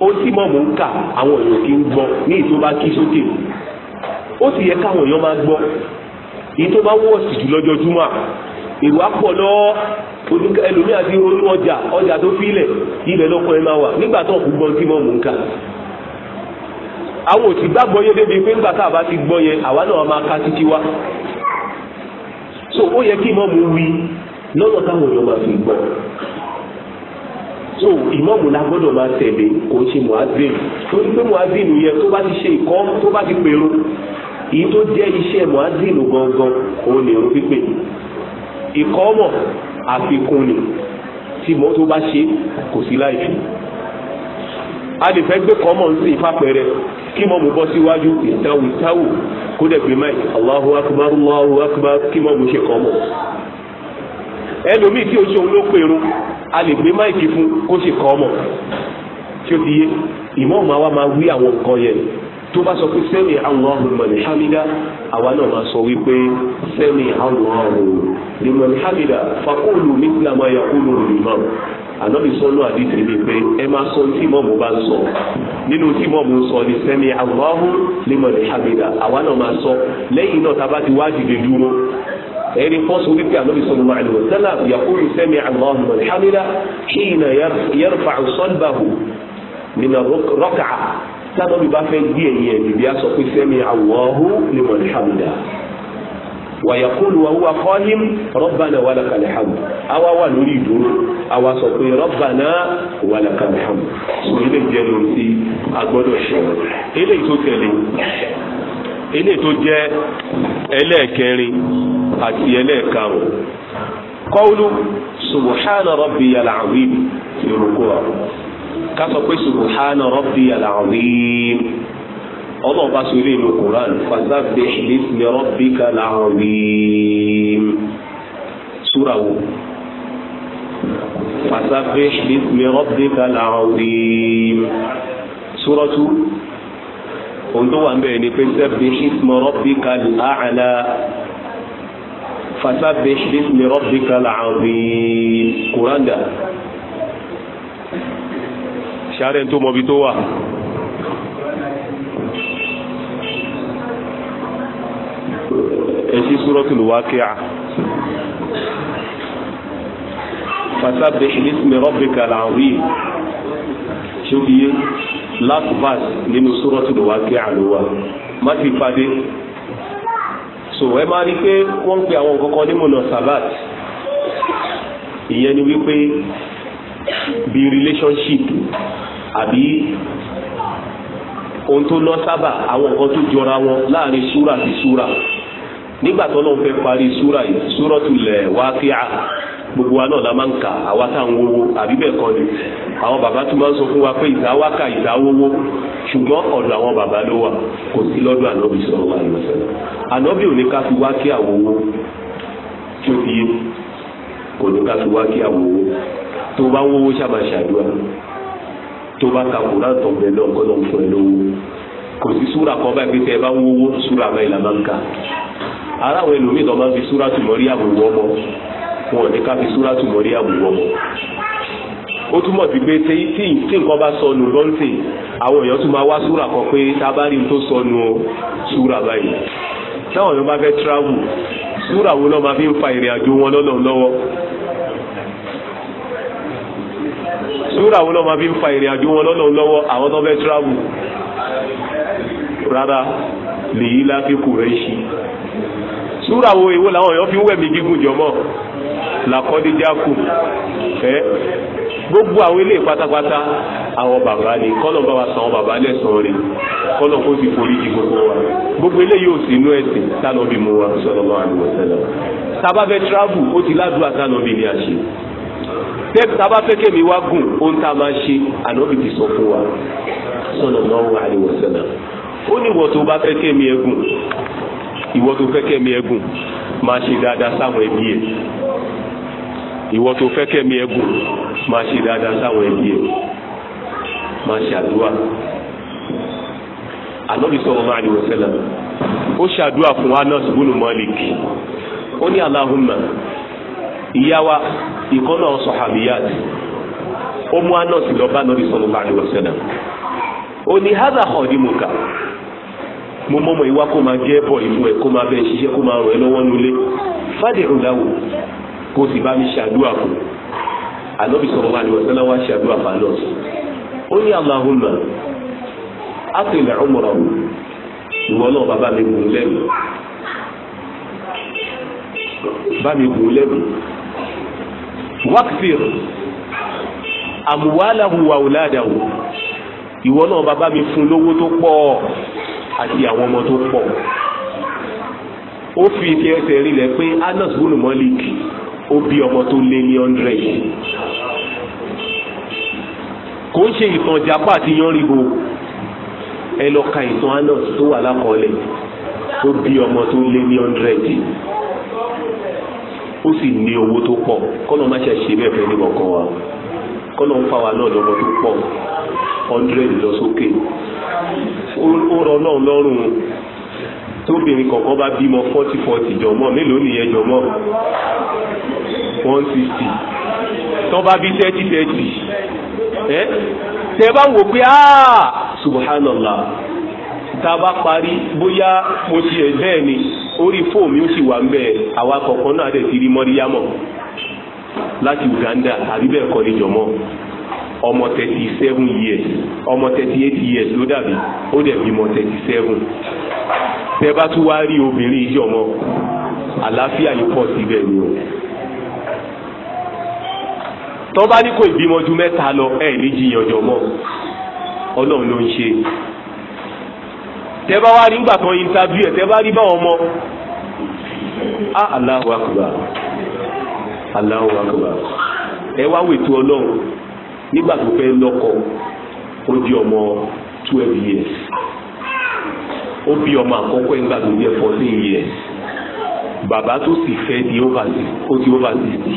ó tí mọ̀mọ́ ń kà àwọn èèyàn kì í gbọ́ ní èyí tó bá kí sókè ó sì yẹ káwọn èèyàn máa gbọ́ èyí tó bá wọ̀sì jù lọ́jọ́júmọ́ èrò àpọ̀ lọ́wọ́ ẹlòmí àti ronú ọjà ọjà tó fílẹ̀ ilẹ̀ lọ́kọ̀ ẹ máa wà nígbà tó kú gbọ́n tí mọ̀ mú ká àwọn òsì gbàgbọ́ yé débi pé nígbà táà bá ti gbọ́ yẹn àwa náà máa ká títí wá so ó yẹ kí mọ̀ mú wí lọ́nà táwọn èèyàn máa fi gbọ́ so ìmọ̀mù la gbọ́dọ̀ máa tẹ̀lé kò ń ṣe muazin torí pé muazin yẹ tó bá ti ṣe ìkọ́ tó bá ti pèrò èyí tó jẹ́ iṣẹ́ muazin gangan òun ni òun pípé ìkọ́ mọ̀ àfikún ni tí mo tó bá ṣe kò sí láì fi adìfẹ́ gbé kọ́ mọ̀ sí ìfapẹ̀rẹ̀ kí mọ̀ bọ́ síwájú ìtawù ìtawù kó dẹ̀ gbé mẹ́ẹ̀ Allahu akbar Allahu akbar kí mọ̀ mú ṣe kọ́ mọ̀ ẹlòmíì tí o ṣe òun ló pèrò a lè gbé máìkì fún kó sì kọ́ ọmọ tí ó ti yé ìmọ̀ọ́mọ́ wa máa wí àwọn nǹkan yẹn tó bá sọ pé sẹ́mi Allahu liman hamida àwa náà máa sọ wípé sẹ́mi Allahu liman hamida faqulu mithla ma yaqulu al-imam ànábì sọ́nù àdìsí ni pé ẹ máa sọ tí mọ́mù bá ń sọ nínú tí mọ́mù ń sọ ni sẹ́mi Allahu liman hamida àwa náà máa sọ lẹ́yìn náà tá a bá ti wá dìde dúró ẹni kan sọ wípé ànábì sallallahu alaihi wa sallam yaqulu sami'a Allahu liman hamidah hina yarfa'u salbahu min ar-rak'ah tánábì bá fẹ́ gbé ẹ̀yìn ẹ̀ bìbí a sọ pé sami'a Allahu liman hamidah wa yaqulu wa huwa qa'im rabbana wa lakal hamd àwa wà lórí ìdúró àwa sọ pé rabbana wa lakal hamd sọ ilé jẹ́ lórí sí agbọ́dọ̀ ṣe eléyìí tó tẹ̀lé eléyìí tó jẹ́ ẹlẹ́ẹ̀kẹrin àti ẹlẹ́ẹ̀karùn kọ́ọ̀lù subuhana rabbiyal azim ìrùkú wa ká sọ pé subuhana rabbiyal azim ọlọ́run bá sọ ilé ìlú Quran fasabbih bismi rabbikal azim súra wo fasabbih bismi rabbikal azim súra tú ohun ni pé sabbih isma rabbikal a'la fasabbih bismi rabbikal azim kùránda ṣàrẹ́ tó mọ̀bí tó wà ẹ̀ṣí suratul waqi'a fasabbih bismi rabbikal azim ṣókìyé last verse nínú suratul waqi'a ló wà má ti fadé so ẹ máa rí pé wọ́n ń pe àwọn nǹkan kan ní mọ̀nà sabat ìyẹn ni wípé bí relationship àbí ohun tó lọ sábà àwọn nǹkan tó jọra wọn láàrin súra sí súra nígbà tó lọ́n fẹ́ parí súra yìí súratul Waqi'ah gbogbo wa náà la máa ń kà àwa tá à ń wowó àbí bẹ́ẹ̀ kọ́ ni àwọn bàbá tún máa ń sọ fún wa pé ìdáwákà ìdáwówó ṣùgbọ́n ọ̀dọ̀ àwọn bàbá ló wà kò sí lọ́dọ̀ ànábì sọ̀rọ̀ wa ìrọ̀sẹ̀lẹ̀ ànábì ò ní ká fi wá kí àwòwó tó fi yé kò ní ká fi wá kí àwòwó tó bá wówó sábà ṣàdúrà tó bá ka kúrán tó bẹ̀ lọ kọ́ lọ́n fún ẹ lówó kò sí súra kan báyìí pé tẹ wọn ò ní ká fi súrátù mọ́ríyàmù wọ́mọ ó túmọ̀ sí pé tí tí tí nǹkan bá sọnù lọ́ǹtì àwọn èèyàn tún máa wá súrà kan pé tá a bá rí tó sọnù súrà báyìí táwọn èèyàn bá fẹ́ travel súrà wo náà máa fi ń fa ìrìn àjò wọn lọ́nà lọ́wọ́ súrà wo náà máa fi ń fa ìrìn àjò wọn lọ́nà lọ́wọ́ àwọn tó fẹ́ travel rárá lèyí láfi kù rẹ̀ ṣí súrà wo èwo làwọn èèyàn fi ń wẹ̀mí gígùn jọmọ́ làkọ́díjákù ẹ gbogbo àwọn ilé pátápátá àwọn bàbá ni kọ́nà bá wa san àwọn bàbá lẹ́sàn-án rẹ̀ kọ́nà kó sì forí jì gbogbo wa gbogbo ilé yóò sí inú ẹ̀sìn tánàbí mu wa sallallahu alaihi wasallam tábàfẹ́ travel ó ti ládùúgbà tánàbí ni a ṣe tẹ́ẹ̀bù tábà fẹ́ kémi wá gùn ohun tá a máa ṣe ànábì ti sọ fún wa sallallahu alaihi wasallam ó ní ìwọ tó bá fẹ́ kémi ẹ̀gùn ìwọ tó fẹ́ kémi ẹ̀gùn máa ṣe dáadáa sáwọn ẹbí ẹ̀ ìwọ tó fẹ́ kẹ́mi ẹgùn máa ṣe dáadáa sáwọn ẹbí ẹ máa ṣe àdúrà ànábì sallallahu alaihi wasallam ó ṣàdúrà fún Anas bùnú Malik ó ní Allahumma ìyá wa ìkọ́nà sọ̀hàbíyàt ó mú Anas lọ bá ànábì sallallahu alaihi wasallam ó ní hadha khadimuka mo mọ́mọ́ ìwá kó máa jẹ́ bọ̀ ìmú ẹ̀ kó máa bẹ́ẹ̀ ṣiṣẹ́ kó máa rọ̀ ẹ́ lọ́wọ́ nulẹ̀ fádìrún kó sì bá mi ṣàdúrà fún ànábì sallallahu alaihi wasallam wá ṣàdúrà fún àlọ́ọ̀sì ó ní Allahumma àtìlẹ̀ ọmọràn ìwọ náà bàbá mi gùn lẹ́nu bá mi gùn lẹ́nu wákìfìr àmúwáláhùn wà wùládàwù ìwọ náà bàbá mi fún lówó tó pọ̀ àti àwọn ọmọ tó pọ̀ ó fi ti ẹsẹ̀ rinlẹ̀ pé Anas bùnú mọ́líkì ó bí ọmọ tó lé ní hundred kò ń ṣe ìtàn japa àti yanribo ẹ lọ ka ìtàn anas tó wà lákọọlẹ ó bí ọmọ tó lé ní hundred ó sì ní owó tó pọ̀ kọ́nà má ṣe ṣe bẹ́ẹ̀ fẹ́ ní kọ̀ọ̀kan wa kọ́nà ń fa wa náà lọ́mọ tó pọ̀ hundred lọ sókè ó rọ náà lọ́rùn tóbìnrin kọ̀ọ̀kan bá bímọ forty forty jọ̀mọ́ mélòó nìyẹn jọ̀mọ́ one fifty. tán bá bí thirty thirty ẹ tẹ bá wò pé subhanallah tá a bá parí bóyá mo ti ẹ̀ bẹ́ẹ̀ ni orí fóònù mi ó sì wà ń bẹ́ẹ̀ àwa kọ̀ọ̀kan náà dẹ̀ ti rí mọ́ríyámọ̀ láti Uganda àbí bẹ́ẹ̀ kọ́ ni jọ̀mọ́ ọmọ thirty seven years ọmọ thirty eight years ló dàbí ó dẹ̀ bímọ thirty seven tẹ bá tún wá rí obìnrin ìjọ̀mọ́ àlàáfíà yìí pọ̀ síbẹ̀ ni o tó bá ní kò ìbímọ ju mẹ́ta lọ ẹ̀ ní jiyànjọ mọ́ ọlọ́run ló ń ṣe tẹ́ bá wá rí ńgbà kan interview ẹ̀ tẹ́ bá rí báwọn ọmọ ah Allahu akbar Allahu akbar ẹ wá wètò ọlọ́run nígbà tó fẹ́ lọ́kọ ó di ọmọ twelve years ó bí ọmọ àkọ́kọ́ ẹ̀ ńgbà tó jẹ́ fourteen years bàbá tó sì fẹ́ di over ó di over sixty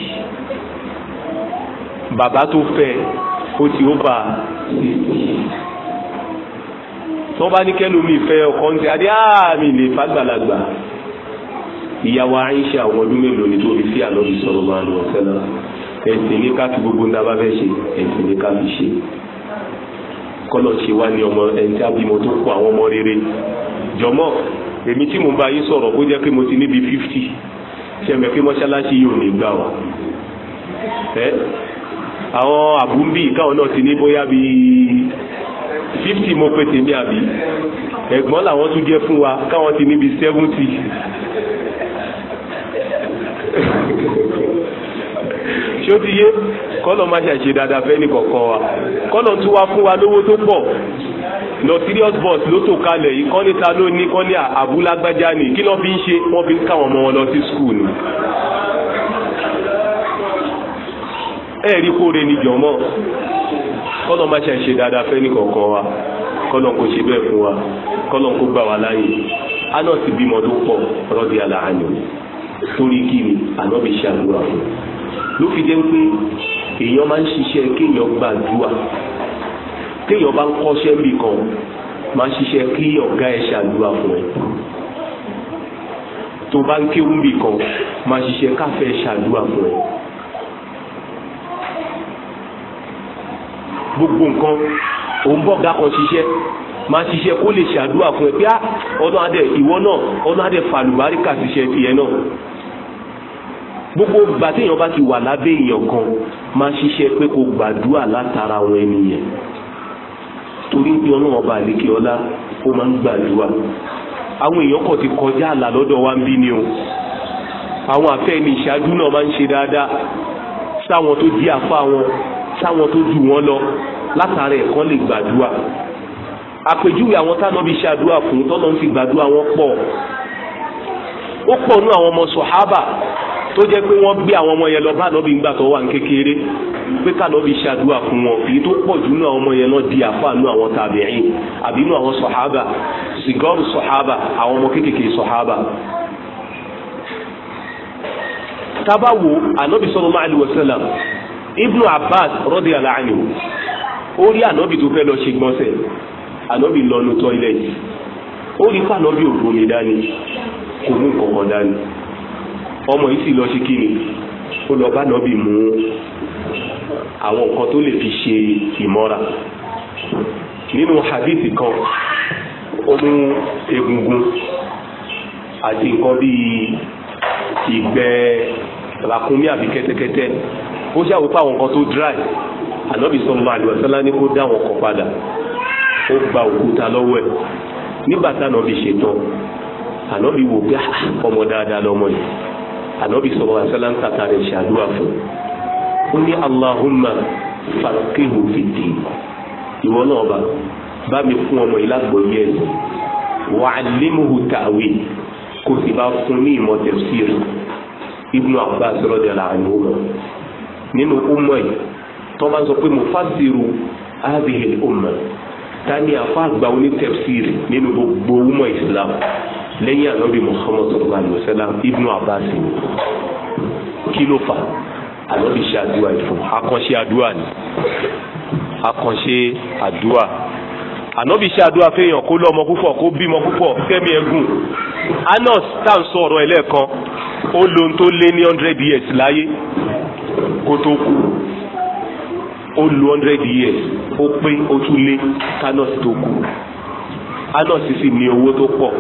bàbá tó fẹ́ ó ti ó bá tó bá ní kẹ́lómi fẹ́ ọkọ ń tẹ adé àmì ah, lè fàgbàlagbà ìyàwó àyíṣe àwọn ọdún mélòó ni tó fi sí àlọ́bí sọ̀rọ̀ máa lọ sẹ́lá ẹ̀sìn ní ká fi gbogbo ńlá bá fẹ́ ṣe ẹ̀sìn ní ká fi ṣe kọ́lọ̀ ṣe wá ní ọmọ ẹni tí a tó kó àwọn ọmọ rere jọmọ èmi tí mo bá yín sọ̀rọ̀ kó jẹ́ pé mo ti níbi fífítì ṣẹ̀mẹ̀ pé mọ́ṣáláṣí yóò ní gbà wá ẹ́ àwọn àbúmbì káwọn náà ti ní bóyá bíi fifty mo pe tèmi àbí ẹ̀gbọ́n làwọn tún jẹ́ fún wa káwọn ti níbi seventy ṣó ti yé kọ́lọ̀ má ṣàṣe dáadáa fẹ́ nìkọ̀ọ̀kan wa kọ́lọ̀ tún wá fún wa lówó tó pọ̀ lọ serious boss, ló tò kalẹ̀ yìí kọ́ni ta ló ní kọ́ni àbúlágbájá ni kí ló fi ń ṣe wọ́n fi ń káwọn ọmọ wọn lọ sí school ni ẹ̀rí kóore ni jọ̀mọ́ kọ́lọ̀ má ṣe ṣe dáadáa fẹ́ ní kọ̀ọ̀kan wa kọ́lọ̀ kò ṣe bẹ́ẹ̀ fún wa kọ́lọ̀ kò gbà wá láàyè aná sì bímọ tó pọ̀ rọ́dí aláàánú torí kí ni àná fi ṣe àdúrà fún ló fi jẹ́ pé èèyàn máa ń ṣiṣẹ́ kéèyàn gbàdúrà kéèyàn bá ń kọ́ṣẹ́ bì kan máa ń ṣiṣẹ́ kí ọ̀gá ẹ̀ ṣàdúrà fún ẹ tó bá ń kéwú bì kan máa ṣiṣẹ́ káfẹ́ ṣàdúrà fún ẹ gbogbo nǹkan òun bọ̀ ga kan ṣiṣẹ́ máa ṣiṣẹ́ kó lè ṣàdúrà fún ẹ pé á ah, ọdún adẹ ìwọ náà ọdún adẹ fàlùbáríkà ṣiṣẹ́ tiẹ̀ náà gbogbo gbà téèyàn bá ti wà lábẹ́ èèyàn kan máa ṣiṣẹ́ pé kó gbàdúrà látara àwọn ènìyàn torí pé ọlọ́run ọba àlékè ọlá ó máa ń gbàdúrà àwọn èèyàn kan ti kọjá àlà lọ́dọ̀ wa ń bí ni o àwọn àfẹ́ ni ìṣáájú náà máa ń ṣe dáadáa sáwọn tó di àfa wọn sáwọn tó jù wọ́n lọ látara ẹ̀kọ́ lè gbàdúrà àpèjúwe àwọn tánàbí ṣe àdúrà fún tọ́lọ́ ń fi gbàdúrà wọn pọ̀ ó pọ̀ nú àwọn ọmọ sọ̀hábà tó jẹ́ pé wọ́n gbé àwọn ọmọ yẹn lọ bá nọ́bí ńgbà tó wà ní kékeré pé ká nọ́bí ṣe àdúrà fún wọn èyí tó pọ̀ jù nú àwọn ọmọ yẹn náà di àfa nú àwọn tàbíìn àbí nú àwọn sọ̀hábà sìgọ́rù sọ̀hábà àwọn ọmọ kékèké sọ̀hábà tabawo anabi sallallahu alaihi ibnu abbas radiyallahu anhu ó rí ànábì tó fẹ́ lọ ṣe gbọ́nsẹ̀ ànábì lọ́nu toilet ó rí pé ànábì ò gbomi dání kò mú nǹkan kan dání ọmọ yìí sì lọ ṣe kí ni ó lọ bá ànábì mú àwọn nǹkan tó lè fi ṣe ìmọ́ra nínú hadith kan ó egungun àti nǹkan bíi ìgbẹ́ ràkúnmí àbí kẹ́tẹ́kẹ́tẹ́ ó ṣàwò pa àwọn nǹkan tó dry ànábì sallallahu alaihi wasallam ní kó dá àwọn kan padà ó gba òkúta lọ́wọ́ ẹ̀ nígbà tánábì ṣetán ànábì wò pé ah, ọmọ dáadáa lọmọ yìí ànábì sallallahu alaihi wasallam ń tàkà rẹ̀ ṣàdúrà fún un ó ní Allahumma faqihu fid-din ìwọ náà bá bá mi fún ọmọ yìí lágbòóyè ẹ̀sìn wa'allimhu ta'wil kò sì bá fún ní ìmọ̀ tafsir Ibnu Abbas radiyallahu anhu nínú ọmọ yìí tó bá ń sọ pé mo fásirù ábìhìl ọmọ ta ni àfa àgbà onítẹ̀síìrì nínú gbogbo ọmọ islam lẹ́yìn ànábì muhammad sallallahu alayhi wa sallam ibnu abbas kí ló fà ànábì ṣe àdúrà ìfún akànṣe àdúrà ni akànṣe àdúrà ànábì ṣe àdúrà fẹ́yàn kó lọ́mọ púpọ̀ kó bímọ púpọ̀ kẹ́mi ẹ̀gùn anas tá à ń sọ ọ̀rọ̀ ẹlẹ́ẹ̀kan ó lo ohun tó lé ní hundred years láyé kó tó kú ó lu hundred years ó pé ó tún lé kánọ́ọ̀sì tó kú anọ́ọ̀sì sì ní owó tó pọ̀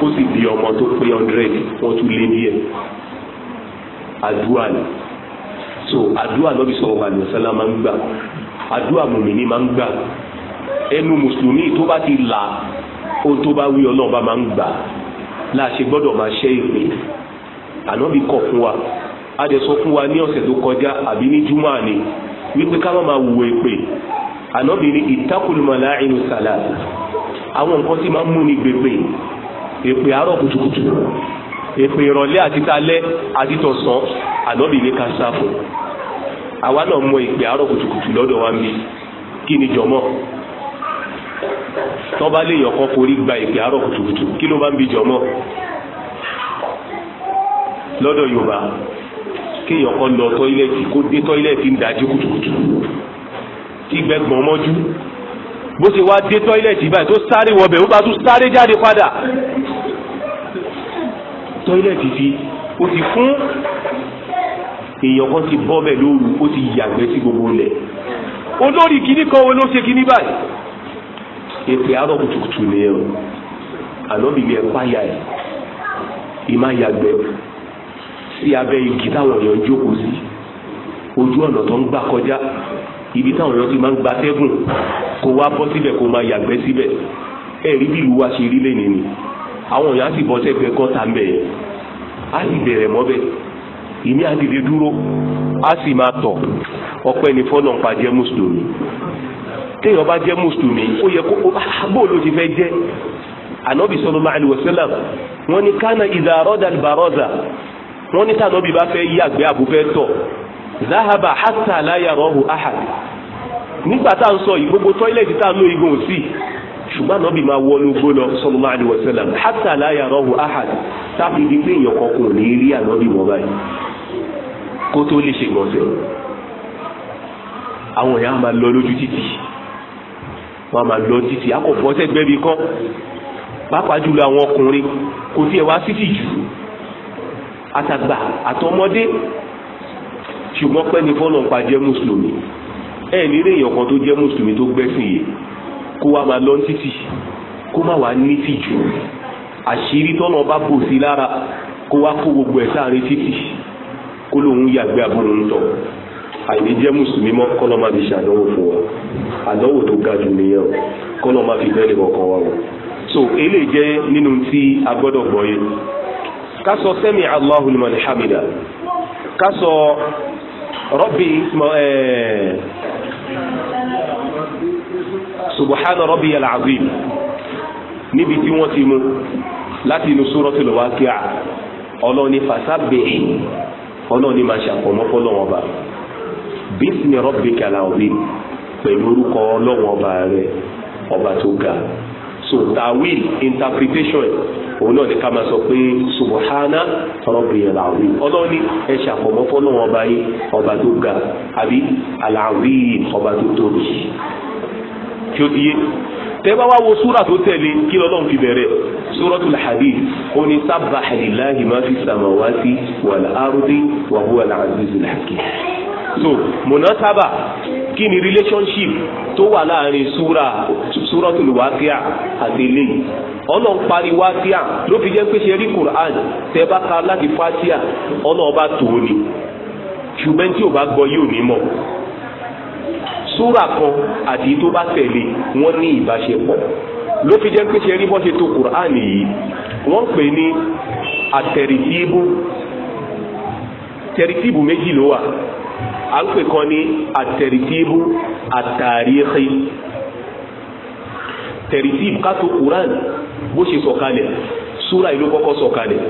kó sì di ọmọ tó pé hundred wọ́n tún lé díẹ̀ àdúrà ni so àdúrà lọ́bi sọ̀rọ̀ wà ní ọ̀sánlá máa ń gbà àdúrà mùmíní máa ń gbà ẹnu mùsùlùmí tó bá ti là ohun tó bá wí ọlọ́ọ̀bá máa ń gbà láàṣẹ gbọ́dọ̀ máa ṣẹ́ ìpè ànábì kọ̀ fún wa a dẹ̀ sọ fún wa ní ọ̀sẹ̀ tó kọjá àbí ní júmọ́ àní wípé ká má máa wùwẹ̀ pé ànábì ìtakùlùmọ̀lá inú sàlá àwọn nǹkan tí máa ń mú ni gbèpè èpè àárọ̀ kùtùkùtù èpè ìrọ̀lẹ́ àti talẹ́ àti tọ̀sán ànábì ní ká sá fún àwa náà mọ èpè àárọ̀ kùtùkùtù lọ́dọ̀ wa mi kí ni jọmọ́ tọ́ba léèyàn kan forí gba èpè àárọ̀ kùtùkùtù kí ló bá ń bi jọmọ́ lọ́dọ̀ Yorùbá kéèyàn kan lọ tọ́ílẹ̀tì kó dé tọ́ílẹ̀tì ń dájú kùtùkùtù tí gbẹ̀gbọ̀n mọ́jú bó ṣe wá dé tọ́ílẹ̀tì báyìí tó sáré wọbẹ̀ ó bá tún sáré jáde padà tọ́ílẹ̀tì ti ó ti fún èèyàn kan ti bọ́ bẹ̀ lóru ó ti yàgbẹ́ sí gbogbo ilẹ̀ olórí kìíní kan wo ló ṣe kìíní báyìí èpè àárọ̀ kùtùkùtù nìyẹn o ànábìbí ẹ̀ páyà ẹ̀ ìmáyàgbẹ́ sí abẹ́ igi táwọn èèyàn jókòó sí ojú ọ̀nà tó ń gbà kọjá ibi táwọn èèyàn ti máa ń gba tẹ́gùn kó wá bọ́ síbẹ̀ kó máa yàgbẹ́ síbẹ̀ ẹ̀rí bí ìlú wa ṣe rí lẹ́ni ni àwọn èèyàn á sì bọ́ sẹ́gbẹ́ gọ́ta ń bẹ̀ yẹn á sì bẹ̀rẹ̀ mọ́bẹ̀ ìní á dìde dúró á sì máa tọ̀ ọpẹ́ ni fọ́nà pa jẹ́ mùsùlùmí téèyàn bá jẹ́ mùsùlùmí ó yẹ kó ah, bó ló ti fẹ́ jẹ́ ànábì sallallahu alaihi wasallam wọ́n ní kánà ìdá àrọ́dà wọ́n ní tànàbí bá fẹ́ yàgbé àbúfẹ́ tọ̀ zahaba hatta la yarahu ahad nígbà tá à ń sọ yìí gbogbo tọ́ílẹ̀tì tá à ń lo igun sí ṣùgbọ́n ànábì máa wọ inú lọ sallallahu alaihi wasallam hatta la yarahu ahad táfi di pé èèyàn ní rí ànábì mọ́ báyìí kó tó lè ṣe àwọn lọ lójú títì wọ́n máa lọ títì gbẹ́bí kan àtàgbà àtọmọdé ṣùgbọ́n pẹ́ ni fọ́nà pa jẹ́ mùsùlùmí ẹ̀ nílé èèyàn kan tó jẹ́ mùsùlùmí tó gbẹ́sìn yìí kó wá máa lọ títì kó má wàá ní tìjú àṣírí tọ́nà bá bò sí lára kó wá kó gbogbo ẹ̀ sáàrin títì kó lóun yàgbé àbúrò ń tọ̀ àìní jẹ́ mùsùlùmí mọ́ kọ́nà máa fi ṣàdánwò fún wa àdánwò tó ga jù nìyẹn kọ́nà máa fi bẹ́ẹ̀ lè kọ̀ọ̀kan wa o so eléyìí jẹ́ nínú tí a gbọ́dọ̀ gbọ́ yẹn ká sọ sẹ́mi Allahu liman hamida ká sọ rọ́bì eh, subhana rọ́bì al-azim níbi tí wọ́n ti mú láti inú suratul waqi'a ọlọ́ọ̀ni fasabbih ọlọ́ọ̀ni máa ṣàpọ̀mọ́pọ́ lọ́wọ́ bá bísí ni rọ́bì kàlà òbí pẹ̀lú orúkọ ọlọ́wọ́ ọba rẹ̀ ọba tó ga so interpretation òun náà ni ká máa sọ pé subahana rabbil azim ọlọ́ọ̀ni ẹ ṣàfọ̀mọ́ fọ́nà ọba yìí ọba tó ga àbí al-azim ọba tó tóbi tí ó ti yé tẹ́bá wá wo súra tó tẹ̀lé kí lọ́lọ́run fi bẹ̀rẹ̀ suratul hadid ó ní sabbaha lillahi ma fi samawati wal ardi wa huwa al-azizul hakim so munasaba kí ni relationship tó wà láàrin súra súratul wákíà àti eléyìí ọlọ́run parí wákíà ló fi jẹ́ pé ṣe rí Qur'an tẹ́ bá ka láti fatia ọlọ́run bá tòó ni ṣùgbọ́n tí ò bá gbọ́ yóò ní mọ̀ súra kan àti tó bá tẹ̀lé wọ́n ní ìbáṣepọ̀ ló fi jẹ́ pé ṣe rí bọ́n ṣe tó Qur'an yìí wọ́n pè ní àtẹ̀rìtìbù tẹ̀rìtìbù méjì ló wà à ń pè kan ní àtẹ̀rìtìbù àtàríhì tẹ̀rìtìbù kátó Quran bó ṣe sọ̀kalẹ̀ súra ìlú kọ́kọ́ sọ̀kalẹ̀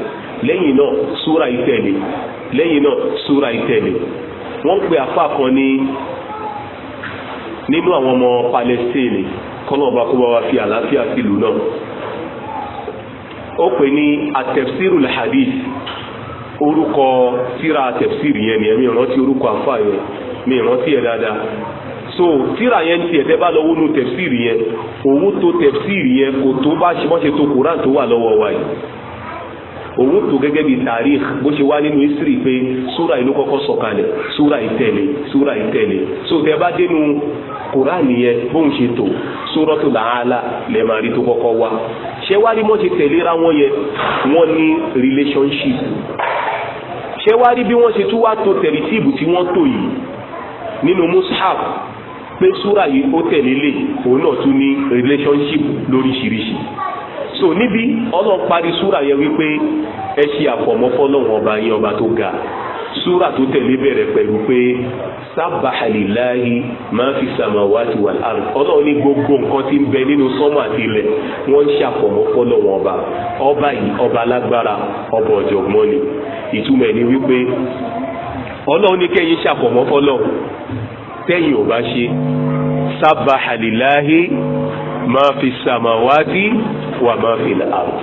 lẹ́yìn náà súra ìtẹ̀lẹ̀ lẹ́yìn náà súra ìtẹ̀lẹ̀ wọ́n pe àfa kan ní nínú àwọn ọmọ Palestine kọ́lọ́ọ̀bá kó bá wa fi àlàáfíà sílùú náà ó pè ní atẹ̀sírù hadith orúkọ tíra tẹ̀síìrì yẹn nìyẹn mi ìrántí orúkọ àfà yẹn mi ìrántí ẹ̀ dáadáa so tíra yẹn ti ẹ̀ tẹ́ bá lọ́wọ́ nu tẹ̀síìrì yẹn òun tó tẹ̀síìrì yẹn kò tó bá ṣe mọ́ṣe tó kùrán tó wà lọ́wọ́ wa yìí òun tó gẹ́gẹ́ bíi tarikh bó ṣe wá nínú history pé súra yìí ló kọ́kọ́ sọ̀kalẹ̀ súra yìí súra yìí so tẹ bá dénú kuraani yẹn bóun ṣe tó Suratul A'la lè máa rí tó kọ́kọ́ wá ṣé wá rí mọ́ ṣe tẹ̀léra wọn yẹn wọ́n ní relationship ṣé wá rí bí wọ́n ṣe tún wá tó tẹ̀rìtìbù tí wọ́n tó yìí nínú mushaf pé súra yìí ó tẹ̀lé lè òun náà tún ní relationship lóríṣiríṣi so níbi ọlọ́run parí súrà yẹn wípé ẹ ṣe àfọ̀mọ́ fọlọ́run ọba yẹn ọba tó ga súrà tó tẹ̀lé bẹ̀rẹ̀ pẹ̀lú pé sábàhà lillahi máa fi samawati wal ard ọlọ́run ní gbogbo nǹkan tí ń bẹ nínú sọ́mọ̀ àti ilẹ̀ wọ́n ń ṣàfọ̀mọ́ fọlọ́run ọba ọba yìí ọba alágbára ọba ọ̀jọ̀gbọ́n ni ìtumọ̀ ẹ̀ ni wípé ọlọ́run ní kẹ́yìn ṣàfọ̀mọ́ fọlọ́run tẹ́yìn ò bá ṣe sábàhà máa fi sàmàwátì wà máa fi àrùn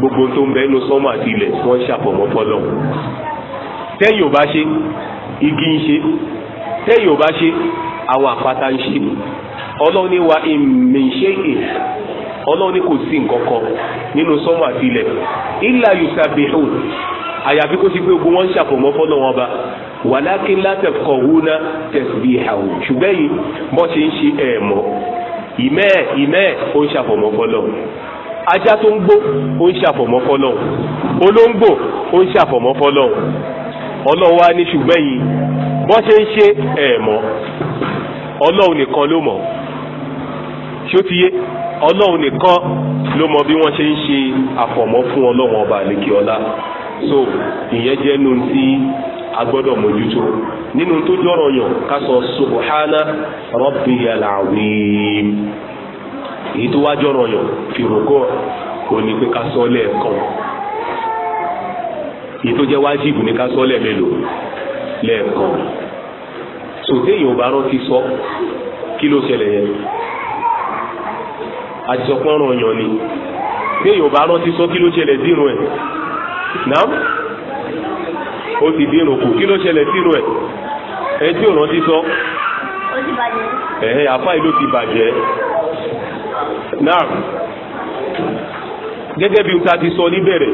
gbogbo tó ń bẹ́ẹ̀ nu sọ́mà àti ilẹ̀ wọ́n ṣàfọ̀mọ́ fọlọ́ tẹ́yìn ò bá ṣe igi ń ṣe tẹ́yìn ò bá ṣe àwọn àpáta ń ṣe ọlọ́run ní wa ìmìṣẹ́ ìhìn ọlọ́run ní kò sí nǹkan kan nínú sọ́mà àti ilẹ̀ ìlà yusabihun àyàfi kó ti pé ogun wọn ń ṣàfọ̀mọ́ fọ́nà wọn ba wàlákínlá tẹ̀kọ̀ wúná tẹ̀síbí ìhàwù ṣùgbẹ́yìn bọ́ ṣe ń ṣe ẹ̀ẹ̀mọ́ ìmẹ́ ẹ̀ ìmẹ́ ẹ̀ ó ń ṣàfọ̀mọ́ fọlọ́ ajá tó ń gbó ó ń ṣàfọ̀mọ́ fọlọ́ olóńgbò ó ń ṣàfọ̀mọ́ fọlọ́ ọlọ́wọ́ á ní ṣùgbọ́n yìí bọ́n ṣe ń ṣe ẹ̀ mọ́ ọlọ́run nìkan ló mọ̀ ṣó ti yé ọlọ́run nìkan ló mọ bí wọ́n ṣe ń ṣe àfọ̀mọ́ fún ọlọ́run ọba àlekè ọlá so ìyẹn jẹ́ nu ti agbọ́dọ̀ mójútó nínú tó jọ̀rọ̀ yàn ká sọ subhana rabbiyal azim èyí tó wá jọ̀rọ̀ yàn fi rògbò kò ní pé ká sọ lẹ́ẹ̀kan èyí tó jẹ́ wájìbù ní ká sọ lẹ́ẹ̀mélòó lẹ́ẹ̀kan sòtéyìn ò bá rántí sọ kí ló ṣẹlẹ̀ yẹn àtisọpọ́nrán yàn ni téyìn ò bá rántí sọ kí ló ṣẹlẹ̀ dírun ẹ̀ ó ti dín irun kù kí ló ṣẹlẹ̀ sínú ẹ̀ ẹ tí òrán ti sọ. ó ti bàjẹ́. ẹ̀hẹ́ àfa ìlú ti bàjẹ́. náà gẹ́gẹ́ bí ta ti sọ níbẹ̀rẹ̀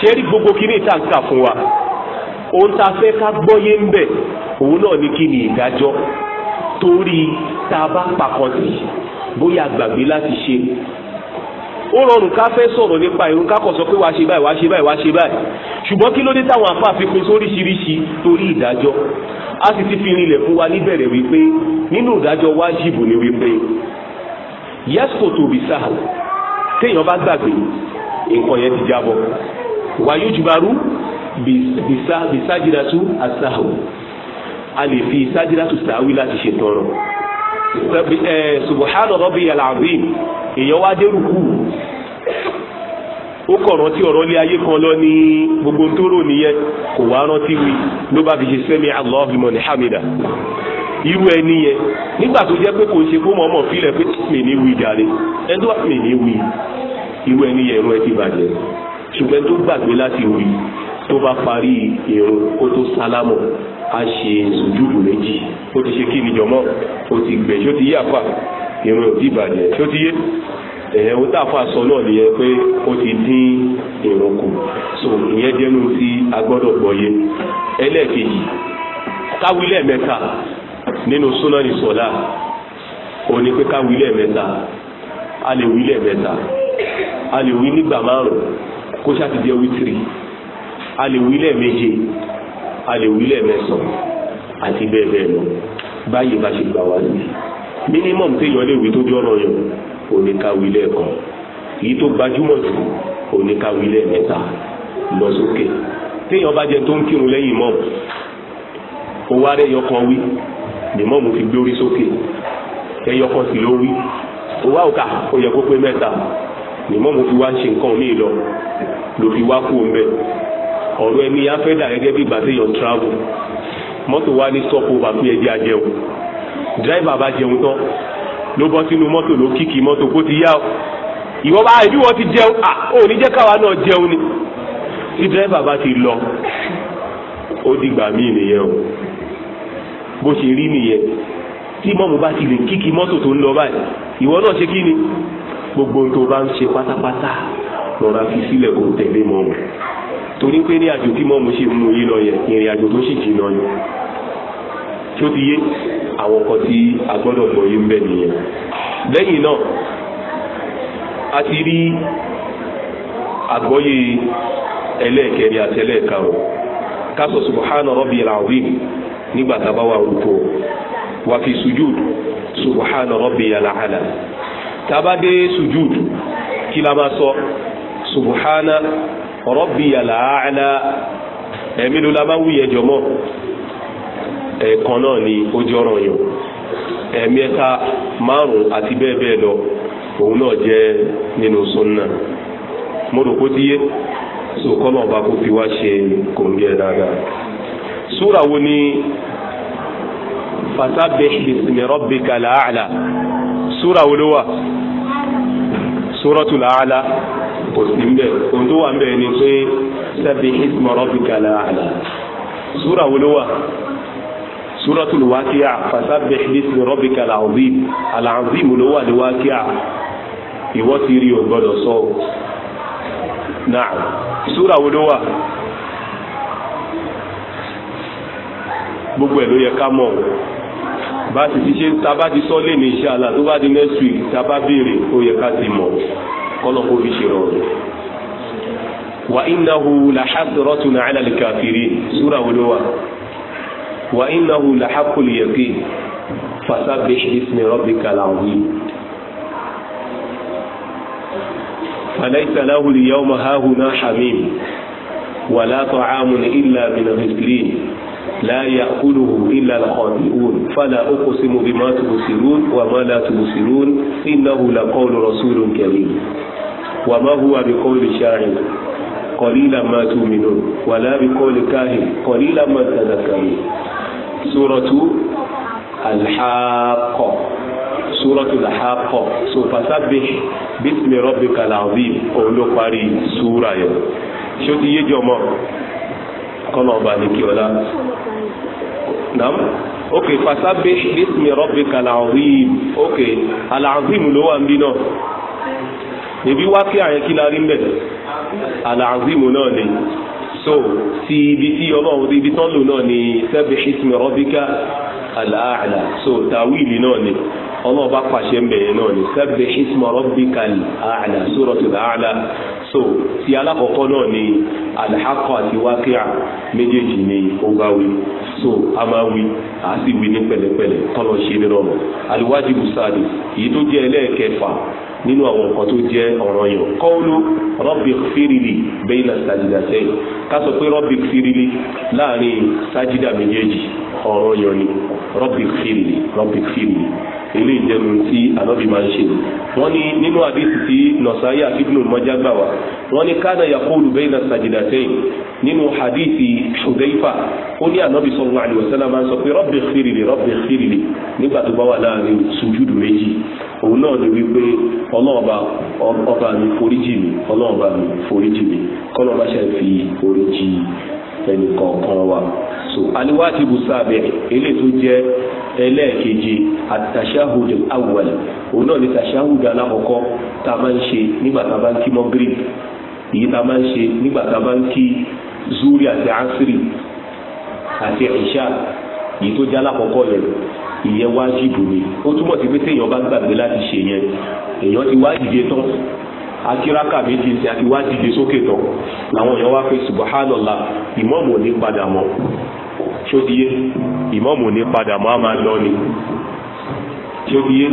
ṣé rí gbogbo kí ní ìtàǹkà fún wa ohun tá a fẹ́ ká gbọ́yé ń bẹ̀ òun náà ní kí ni ìdájọ́ torí tá bá pakọ̀ sí bóyá gbàgbé láti ṣe ó rọrùn ká fẹ́ sọ̀rọ̀ nípa ìrun ká kọ̀ sọ pé wàá ṣe báyìí wàá ṣe báyìí wàá ṣe báyìí ṣùgbọ́n kí ló dé táwọn afá fi pín sóríṣiríṣi torí ìdájọ́ a sì ti fi rinlẹ̀ fún wa níbẹ̀rẹ̀ wípé nínú ìdájọ́ wájìbù ni wípé yẹ́sùkò tòbí sáà téèyàn bá gbàgbé nǹkan yẹn ti jábọ̀ wàyí ojúbarú bìsájìdàtú àsáhù a lè fi sájìdàtú sàáwí láti ṣètọrọ subhana rabbi alazim èèyàn wá dérúkú ó kọ̀ rántí ọ̀rọ̀ lé ayé kan lọ ní gbogbo tó rò nìyẹn kò wá rántí wí ló bá fi ṣe sẹ́mi Allahu liman hamida irú ẹni yẹn nígbà tó jẹ́ pé kò ṣe kó mọ̀ọ́mọ̀ fílẹ̀ pé mi ní wí jàre ẹni tó wà mí ní wí irú ẹni yẹn irun ẹ ti bàjẹ́ ṣùgbọ́n tó gbàgbé láti wí tó bá parí irun kó tó sálámọ̀ a ṣe sùjúdù méjì ó ti ṣe kí ni jọmọ́ ó ti gbẹ̀ ṣó ti yé àfà irun ò ti bàjẹ́ ṣó ti yé ẹ̀yẹ wo tá sọ náà nìyẹn pé ó ti dín irun kù so ìyẹn jẹ́nu tí a gbọ́dọ̀ gbọ́yé ẹlẹ́ẹ̀kejì káwílẹ̀ mẹ́ta nínú súnáni sọ̀lá òní pé káwílẹ̀ mẹ́ta a lè wílẹ̀ mẹ́ta a lè wí nígbà márùn-ún kó ṣáà wítìrì a lè wílẹ̀ méje a lè wílẹ̀ mẹ́sàn-án àti bẹ́ẹ̀ bẹ́ẹ̀ lọ báyìí bá ṣe gbà wá sí mínímọ̀mù téèyàn lè wí tó jẹ́ ọ̀rọ̀ yàn òní ká wílẹ̀ kan èyí tó gbajúmọ̀ jù òní ká wílẹ̀ mẹ́ta lọ sókè téèyàn bá jẹ tó ń kírun lẹ́yìn mọ́mù owó arẹ yọkan wí ni mọ́mù fi gbórí sókè ẹyọkan sì ló wí owó àwòká ó yẹ kó pé mẹ́ta ni mọ́mù fi wá ṣe nǹkan míì lọ ló fi wá kú òun bẹ́ẹ̀ ọ̀rọ̀ ẹni yá fẹ́ dà gẹ́gẹ́ bí ìgbà tí yọ̀ travel mọ́tò wá ní stop over pé ẹjẹ́ ajẹun driver bá jẹun tán ló bọ́ sínú mọ́tò ló kíkì mọ́tò kó ti yá o ìwọ bá ibi wọ́n ti jẹun à ò ní jẹ́ káwa náà jẹun ni tí driver bá ti lọ ó dìgbà míì nìyẹn o bó ṣe rí nìyẹn tí mọ́mù bá ti lè kíkì mọ́tò tó ń lọ báyìí ìwọ náà ṣe kí ni gbogbo ohun tó bá ń ṣe pátápátá lọ́ra fi sílẹ̀ kó tẹ̀lé mọ́mù torí pé ní àjò tí mọ́mú sì mú yí lọ yẹn ìrìn àjò tó sì jìnnà yẹn tí ó ti yé àwọn kan tí a gbọ́dọ̀ gbọ́ yé ń bẹ nìyẹn lẹ́yìn náà a ti rí àgbọ́yé ẹlẹ́ẹ̀kẹrin àti ẹlẹ́ẹ̀karùn ká sọ subhana rabbiyal nígbà tá a bá wà rúkọ wà fi sujud subhana rabbiyal ala tá a bá dé sujud kí la máa sọ subhana. Rabbi al-A'la ẹ̀mí ló la máa ń wúyẹ jọmọ́ ẹ̀ẹ̀kan náà ni ó jẹ́ ọ̀ràn yàn ẹ̀mí ẹ̀ka márùn-ún àti bẹ́ẹ̀ bẹ́ẹ̀ lọ òun náà jẹ́ nínú sunna mo kó ti yé ọba kó fi wá ṣe kòǹgẹ́ dáadáa súra wo ni fasabbih bismi rabbika kò sí ń bẹ ohun tó wà ń bẹ ni pé sẹ́bi ìsìmọ̀rọ̀ fi kàlà àlà súra wo ló wà súra tó lè wá kí a fàṣàbẹ̀ ìsìmọ̀rọ̀ fi kàlà àwùzìm àlà àwùzìm ló wà lè wá kí a ìwọ́ ti rí o gbọ́dọ̀ sọ o náà súra wo ló wà gbogbo ẹ̀ ló yẹ ká mọ̀ bá ti ṣe tá a bá ti sọ lé ní insha Allah tó bá di next week tá a bá béèrè ó yẹ ká ti mọ̀ kọ́lọ́ kó fi ṣe rọrùn. wa innahu la hadratun ala al-kafirin súra wọlé wa wa innahu la haqqul yaqin fasabbih bismi rabbikal azim. falaysa lahu al-yawma hahuna hamim wala ta'amun illa min ghislin la yakuluhu illa al-khati'un fala uqsimu bima tubsirun wa ma la tubsirun innahu la qawlu rasulun karim wà má hùwà bí kọ́ọ̀lì ṣáàrin kọ̀lílà máa tún mi nù wà láàbí kọ́ọ̀lì káàrin kọ̀lílà máa tàdà kàrí. sórọ̀tù alḥàkọ̀ sórọ̀tù alḥàkọ̀ so fasabbih bísí rabbika al-azim òun ló parí sóra yẹn ṣó ti yé jọmọ kọ́nà ọba ní kí ọlá nam ok fasabbih bísí rabbika azim ok al-azim ló wà ń èbí wákì àyẹn kí la rí mbẹ alaazimu náà ni so ti ibi tí ọlọ́run ti ibi tán lò náà ni sẹ́bi ismi rọ́bíkà alaala so tawili náà ni ọlọ́run bá pàṣẹ mbẹ yẹn náà ni sẹ́bi ismi rọ́bíkà alaala suratul aala so ti alákọ̀ọ́kọ́ náà ni alhakọ àti wákíà méjèèjì ni ó bá wí so a máa wí a sì wí ní pẹ̀lẹ́pẹ̀lẹ́ tọ́lọ̀ ṣe ní rọrùn aliwájibu sáàdì èyí tó jẹ́ ẹlẹ́ẹ̀kẹfà nínú àwọn nǹkan tó jẹ́ ọ̀ranyàn kọ́ọ̀lù rọ́bì fírìlì bẹ́yìnà sàjìdà sẹ́yìn ká sọ pé rọ́bì fírìlì láàrin sàjìdà méjèèjì ọ̀ranyàn ni rọ́bì fírìlì rọ́bì fírìlì ilé ìjẹun tí ànábì máa ń ṣe wọ́n ní nínú àdìsí tí nọ̀sáyà ibnu mọ́jà gbà wá wọ́n ní kánà yakulu bayna sajidatẹ́yìn nínú àdìsí Hudayfa ó ní ànábì sallallahu alaihi wasallam máa ń sọ pé rabbi khfirli rabbi khfirli nígbà tó bá wà láàrin sùjúdù méjì òun náà ni wípé ọlọ́ọ̀ba ọba mi foríjì mi ọlọ́ọ̀ba mi foríjì mi kọ́lọ́ọ̀bá ẹnì kọ̀ọ̀kan wa so aliwajibu sábẹ̀ eléyìí tó jẹ́ ẹlẹ́ẹ̀keje àtàṣáhùd awwal òun náà ni tàṣáhùd alákọ̀ọ́kọ́ tá a máa ń ṣe nígbà tá a bá ń kí mọ́gírì èyí tá a máa ń ṣe nígbà tá a bá ń kí zuri àti asiri àti ìṣá èyí tó jẹ́ alákọ̀ọ́kọ́ yẹn ìyẹn wájibu ni ó túmọ̀ sí pé téèyàn bá gbàgbé láti ṣe yẹn èèyàn ti wá dìde tán akíraka méjì ṣe àti wá dìde sókè tán làwọn èèyàn wá pé subahánàlá ìmọ̀mù ò ní padà mọ́ ṣókíyé ìmọ̀mù ò ní padà mọ́ a máa lọ ni ṣókíyé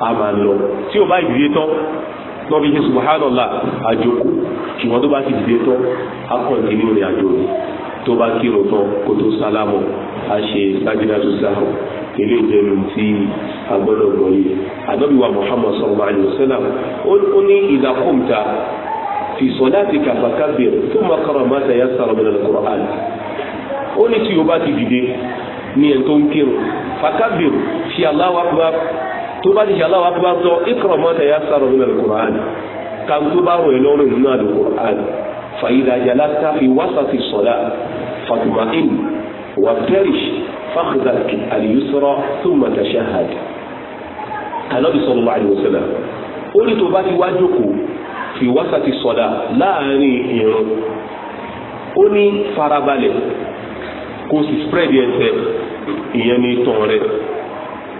a máa lọ tí ò bá ìdílé tán tó fi ṣe subahánàlá àjòkù ṣùgbọ́n tó bá ti dìde tán akọ̀ǹtì nínú ìrìn àjò tó bá kírun tán kó tó sálámù a ṣe sájúdájú sáhùn ilé ìjẹnu tí a gbọ́dọ̀ gbọ́ yìí ànábì wa muhammad sallallahu alayhi wa sallam ó ní idha qumta fi salatika fakabbir thumma qra ma tayassara min al-Qur'an ó ní tí o bá ti dìde ní ẹ̀ tó ń kírun fakabbir fi Allahu akbar tó bá ti ṣe Allahu akbar tọ́ iqra ma tayassara min al-Qur'an kan tó bá rọ̀ ẹ́ lọ́rùn nínú fakhdak al-yusra thumma tashahhad anabi sallallahu alayhi wa sallam ó ní tó bá ti wá jókòó fi wasati sọ̀dà láàrin ìrun ó ní farabalẹ̀ kó sì spread ẹsẹ̀ ìyẹn ní tán rẹ̀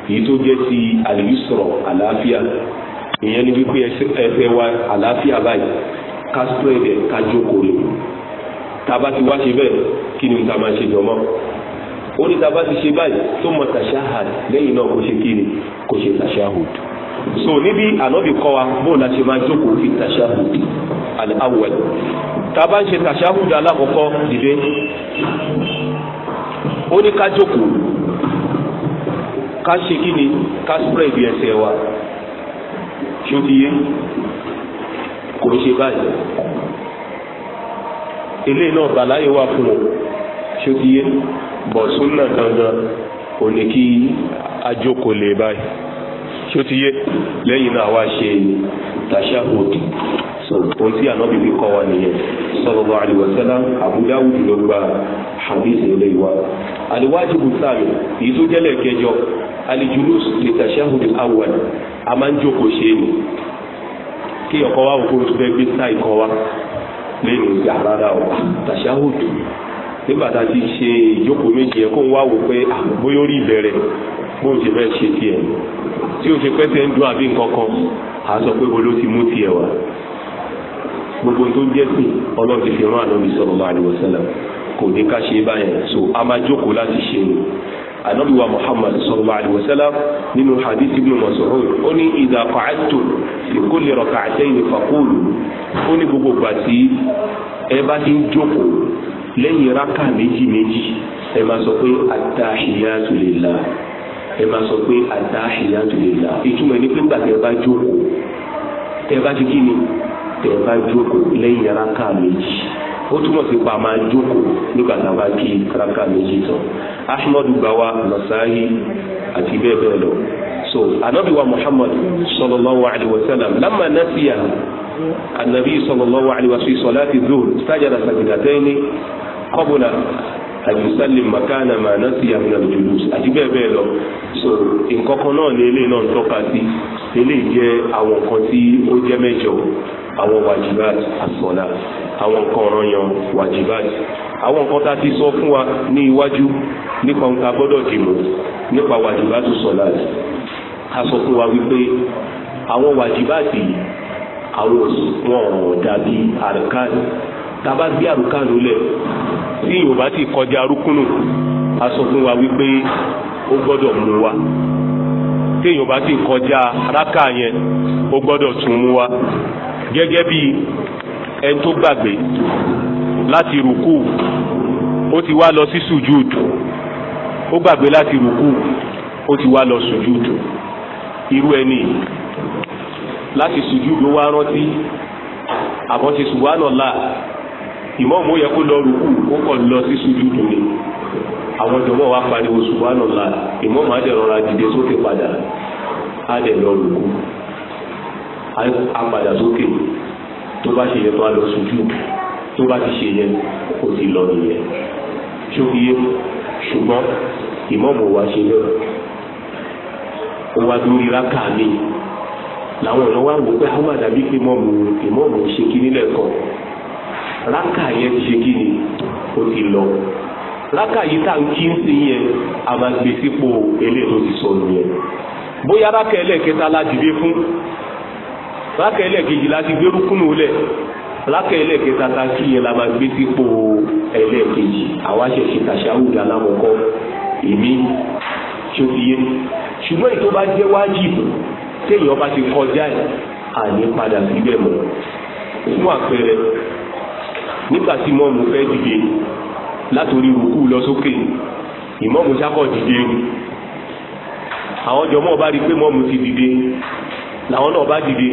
èyí tó jẹ́ ti al-yusra àlàáfíà ìyẹn ní wípé ẹsẹ̀ wa àlàáfíà báyìí ká spread ẹ̀ ká jókòó lò tá a bá ti wá ṣe bẹ́ẹ̀ kí ni ta máa ṣe jọmọ́ ó ní tá a bá ti ṣe báyìí tó mọ tàṣáhàd lẹ́yìn náà kò ṣe kí ni kò ṣe tàṣáhùd so níbi ànábì kọ́ wa bóun la ṣe máa jókòó fi tàṣáhùd al-awwal tá a bá ń ṣe tàṣáhùd alákọ̀ọ́kọ́ dìde ó ní ká jókòó ká ṣe kí ni ká spread ẹsẹ̀ wa ṣó ti yé kò ṣe báyìí eléyìí náà bàláyé wà fún ọ ṣó ti yé bọ̀ súnà gangan ò ní kí ajókòó lè báyìí ṣó ti yé lẹ́yìn náà wá ṣe tashahud ohun tí ànábì fi kọ́ wa nìyẹn sallallahu alaihi wasallam Abu Dawud ló gba hadith ilé wa. al-wajibu sáàmì èyí tó jẹ́lẹ̀ kẹjọ al-julus li tashahud al-awwal a máa ń jókòó ṣe ni kí ọkọ̀ wa òkú fẹ́ gbé sáì kọ́ wa lẹ́nu ìgbà rárá o tashahud nígbà tá a ti ṣe ìjókòó méjì yẹn kó ń wá wò pé ah, bóyá ó rí ìbẹ̀rẹ̀ bó ń ṣe fẹ́ ṣe tiẹ̀ tí ó ṣe pẹ́ tẹ́ ń dún àbí nǹkan kan à sọ pé wo ló ti mú tiẹ̀ wá gbogbo tó ń jẹ́ sìn ọlọ́run ti fi rán ànábi sallallahu alaihi wasallam kò ní ká ṣe báyẹn so a máa jókòó láti ṣe ni ànábi wa muhammad sallallahu alaihi wasallam nínú hadith ibn Mas'ud ó ní idha qa'adtum fi kulli rak'atayn faqulu ó ní gbogbo gbà tí ẹ bá ti ń jókòó lẹ́yìn rákà méjì méjì ẹ máa sọ pé attahiyatu lillah ẹ máa sọ pé attahiyatu lillah ìtumọ̀ ẹni pé gbàgbé ẹ bá jókòó tẹ bá ti kí ni tẹ ẹ bá jókòó lẹ́yìn raka méjì ó túmọ̀ sí pa máa jókòó nígbà tá a bá kí raka méjì tán ahmadu gbawa nasahi àti bẹ́ẹ̀ bẹ́ẹ̀ lọ so anabi wa muhammad sallallahu alayhi wa sallam lamma nasiya anabi sallallahu alayhi wa sallam salati zuhur sajada sajdatayni qabla àyùsálì makana màánà sí àmìnà jùlùs àti bẹ́ẹ̀ bẹ́ẹ̀ lọ so nǹkan kan náà ni eléyìí náà ń tọ́ka sí eléyìí jẹ́ àwọn nǹkan tí ó jẹ́ mẹ́jọ àwọn wajibat àsọ̀lá àwọn nǹkan ọ̀ranyàn wajibat àwọn nǹkan tá a ti sọ fún wa ní iwájú nípa ohun gbọ́dọ̀ dìmú nípa wajibat sọ̀lá a sọ fún wa wípé àwọn wajibat yìí àwọn òsùn dàbí àrùkánì tàbá gbé àrùkánù lẹ̀ tí yorùbá ti kọjá arúkúnù a sọ fún wa wípé ó gbọ́dọ̀ mú wa tí yorùbá ti kọjá rákà yẹn ó gbọ́dọ̀ tún mú wa gẹ́gẹ́ bí ẹni tó gbàgbé láti rùkú ó ti wá lọ sí sùjúùdù ó gbàgbé láti rùkú ó ti wá lọ sùjúùdù irú ẹni láti sùjúùdù wá rántí àbọ̀tí subhanallah ìmọ̀ọ́mù yẹ kó lọ rúkú ó kàn lọ sí sùjúdù ni àwọn jọ̀mọ́ wa pariwo subhanallah ìmọ̀ọ́mù á dẹ̀ rọra dìde sókè padà á dẹ̀ lọ rúkú á padà sókè tó bá ṣe yẹ tó á lọ sùjúdù tó bá ti ṣe yẹ kó ti lọ nìyẹn ṣókìyé ṣùgbọ́n ìmọ̀ọ́mù wa ṣe náà ó wá lórí rákà mi làwọn ọ̀nà wa wò pé àwọn àdàbí pé mọ́ọ̀mù ìmọ̀ọ́mù ṣe kí nílẹ̀ kan rákà yẹn ti ṣe kí ni ó ti lọ rákà yìí tá n kí n sí yẹn a máa gbé sípò eléyìí ti bóyá rákà ẹlẹ́ẹ̀kẹta la fún rákà ẹlẹ́ẹ̀kejì la ti gbérú lẹ̀ rákà ẹlẹ́ẹ̀kẹta tá a yẹn la máa gbé sípò èmi tí ó fi ṣùgbọ́n èyí bá jẹ́ bá ti kọjá ẹ̀ àní padà síbẹ̀ mọ́ fún àpẹẹrẹ nígbà tí mọ́mù fẹ́ dìde látòrí rùkú lọ sókè ìmọ́mù sákọ̀ dìde àwọn jọmọ́ bá rí pé mọ́mù ti dìde làwọn náà bá dìde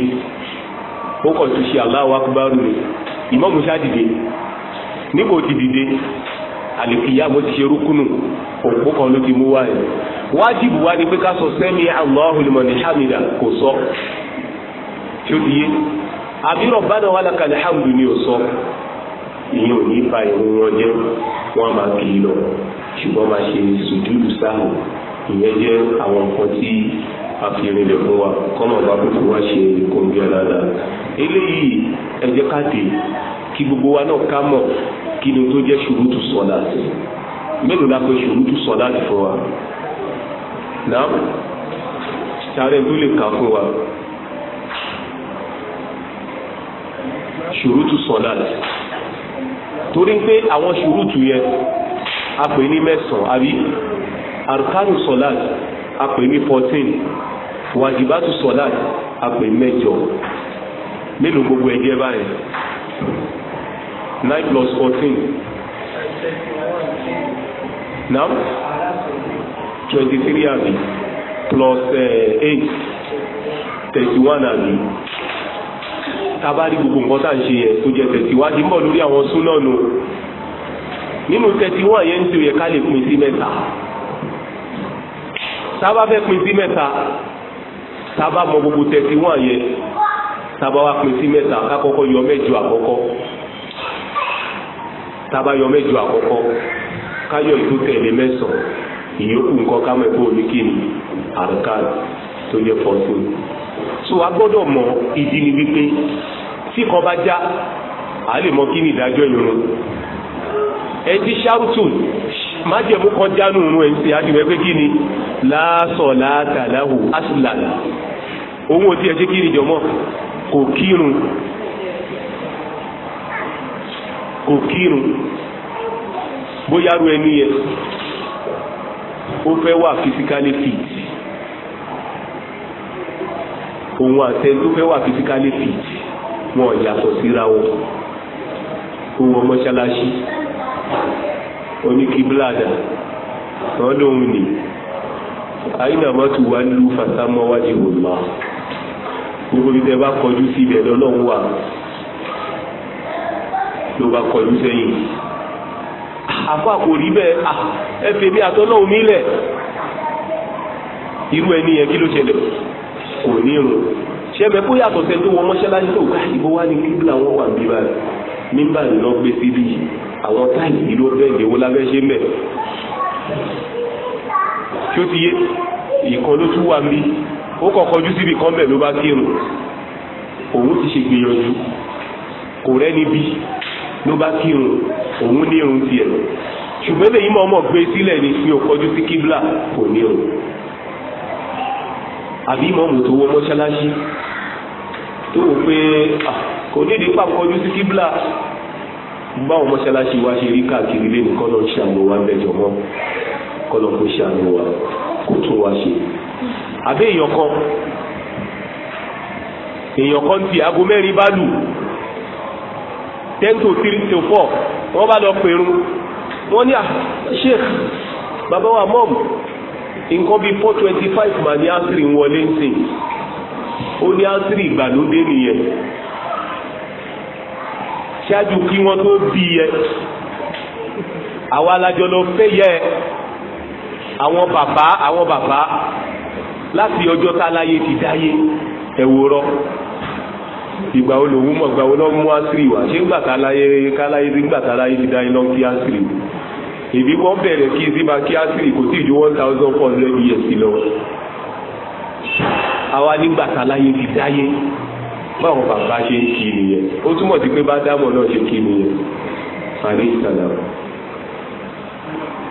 ó kàn tún ṣe Allahu Akbar rẹ̀ ìmọ́mù sá dìde níbo ti dìde àlèkìyà mo ti ṣe rúkúnù òpó kan ló ti mú wá ẹ̀ wájìbù wá ní pé ká sọ sẹ́mi Allahu liman hamida kò sọ tí ó ti yé àbí Rabbana wa lakal hamdu ni ò sọ ìyẹn ò ní ba ìrun wọn jẹ́ wọ́n máa kì í lọ ṣùgbọ́n máa ṣe sùdúrù sáàmù ìyẹn jẹ́ àwọn nǹkan tí a fi rinlẹ̀ fún wa kọ́mọ̀ bá kó fún wa ṣe kòǹgì àdáda eléyìí ẹ jẹ́ ká dé kí gbogbo wa náà ká mọ̀ kí ni tó jẹ́ ṣùrùtù sọ̀dá mélòó la pé ṣùrùtù sọ̀dá fún wa náà sáré tó lè kà fún wa ṣùrùtù sọ̀dá torí pé àwọn ṣùrùtù yẹ a pè ní mẹ́sàn-án àbí arkanu solat a pè ní fourteen wàjibátù solat a pè ní mẹ́jọ mélòó gbogbo ẹ̀jẹ̀ báyìí nine plus fourteen now twenty three àbí plus eh, eight thirty one àbí tabari gbogbo nǹkan tá à ń ṣe yẹ tó jẹ tẹ̀sí wá ti ń bọ̀ lórí àwọn súnà nù nínú tẹ̀sí wọn yẹn ń tó yẹ ká lè pín sí mẹ́ta sábà fẹ́ pín sí mẹ́ta sábà mọ gbogbo tẹ̀sí wọn sábà wá pín sí mẹ́ta ká yọ mẹ́jọ àkọ́kọ́ sábà yọ mẹ́jọ àkọ́kọ́ ká yọ ìtó tẹ̀lé ìyókù nǹkan ká mẹ́kọ́ oníkìní àrùkárù tó yẹ fọ́tún so a gbọ́dọ̀ mọ ìdí ni wípé tí kan bá já a lè mọ kí ni ìdájọ́ ìrun ẹ ti ṣáùtù májẹ̀mú kan dánú ìrun ẹ̀ ń ṣe àdìmọ́ pé kí ni láàsọ̀ látàláhù aslan òun ò tiẹ̀ ṣe kí ni jọ̀mọ́ kò kírun kò kírun bóyá ru ẹni yẹn ó fẹ́ wà fisikálí fìtì òun àtẹni tó fẹ́ wà fisikálì fit wọn ò yàtọ̀ síra wọn òun ọmọ ṣáláṣí oníkíbílàdà wọn lòun ni àyìnàmọ́ tó wà nílùú fàtàmọ́ wájú òlùmọ́ gbogbo ibi tẹ́ bá kọjú sí ibẹ̀ lọ́lọ́run wà ló bá kọjú sẹ́yìn àfọ àkòrí bẹ́ẹ̀ ẹ fèmí àtọ́lọ́hún nílẹ̀ irú ẹni yẹn kí ló ṣẹlẹ̀ kò nírun ṣẹ́bẹ̀ kó yàtọ̀ sẹ́ tó wọ mọ́ṣáláṣí tó ká ìbò wá ní kíbla wọn wà bíbá rẹ̀ nígbà náà gbé síbí àwọn táyì yìí ló bẹ́ẹ̀ lè wó lábẹ́ ṣe mẹ́ tí ó ti yé ìkan ló tún wà mí ó kọ̀kọ́ jú síbi kan bẹ̀ ló bá kírun òun ti ṣe gbìyànjú kò rẹ́ni bí ló bá kírun òun ní irun tiẹ̀ ṣùgbọ́n lèyí mọ́ gbé sílẹ̀ ni mi ò kọjú sí kíbla kò ní irun àbí ìmọ̀mù tó wọ mọ́ṣáláṣí tó wò pé kò nídìí pàkọjú sí kíbla báwọn mọ́ṣáláṣí wa ṣe rí káàkiri lé nìkan náà ṣàmù wa bẹ̀jọ̀ mọ́ kọ́nà kó ṣàmù wa kó tún wa ṣe. àbẹ́ èèyàn kan èèyàn kan ti aago mẹ́rin bá lù ten to three to four wọ́n bá lọ pèrún wọ́n ní à sheikh bàbá wa mọ́ọ̀mù nǹkan bíi four twenty five mà ní àṣírí wọlé ń sìn ó ní àṣírí ìgbàlódé nìyẹn ṣáájú kí wọ́n tó bí yẹ àwa alájọ lọ fẹ́ yẹ àwọn bàbá àwọn bàbá láti ọjọ́ tá láyé ti dáyé ẹ̀wòrọ́ ìgbà wo lòun mọ̀ gbà wo lọ́ mú àṣírí wá ṣé ń gbà tá láyé ká láyé ti gbà tá láyé ti dáyé lọ́ kí àṣírí wò ìbí wọ́n bẹ̀rẹ̀ kí síba kí ásìrì kò sí ju one thousand four hundred years lọ. àwa nígbà táláyé ti dáyé báwọn bàbá ṣe ń kí nìyẹn ó túmọ̀ sí pé bá dámọ̀ náà ṣe kí nìyẹn àlẹ́ ìsàlámù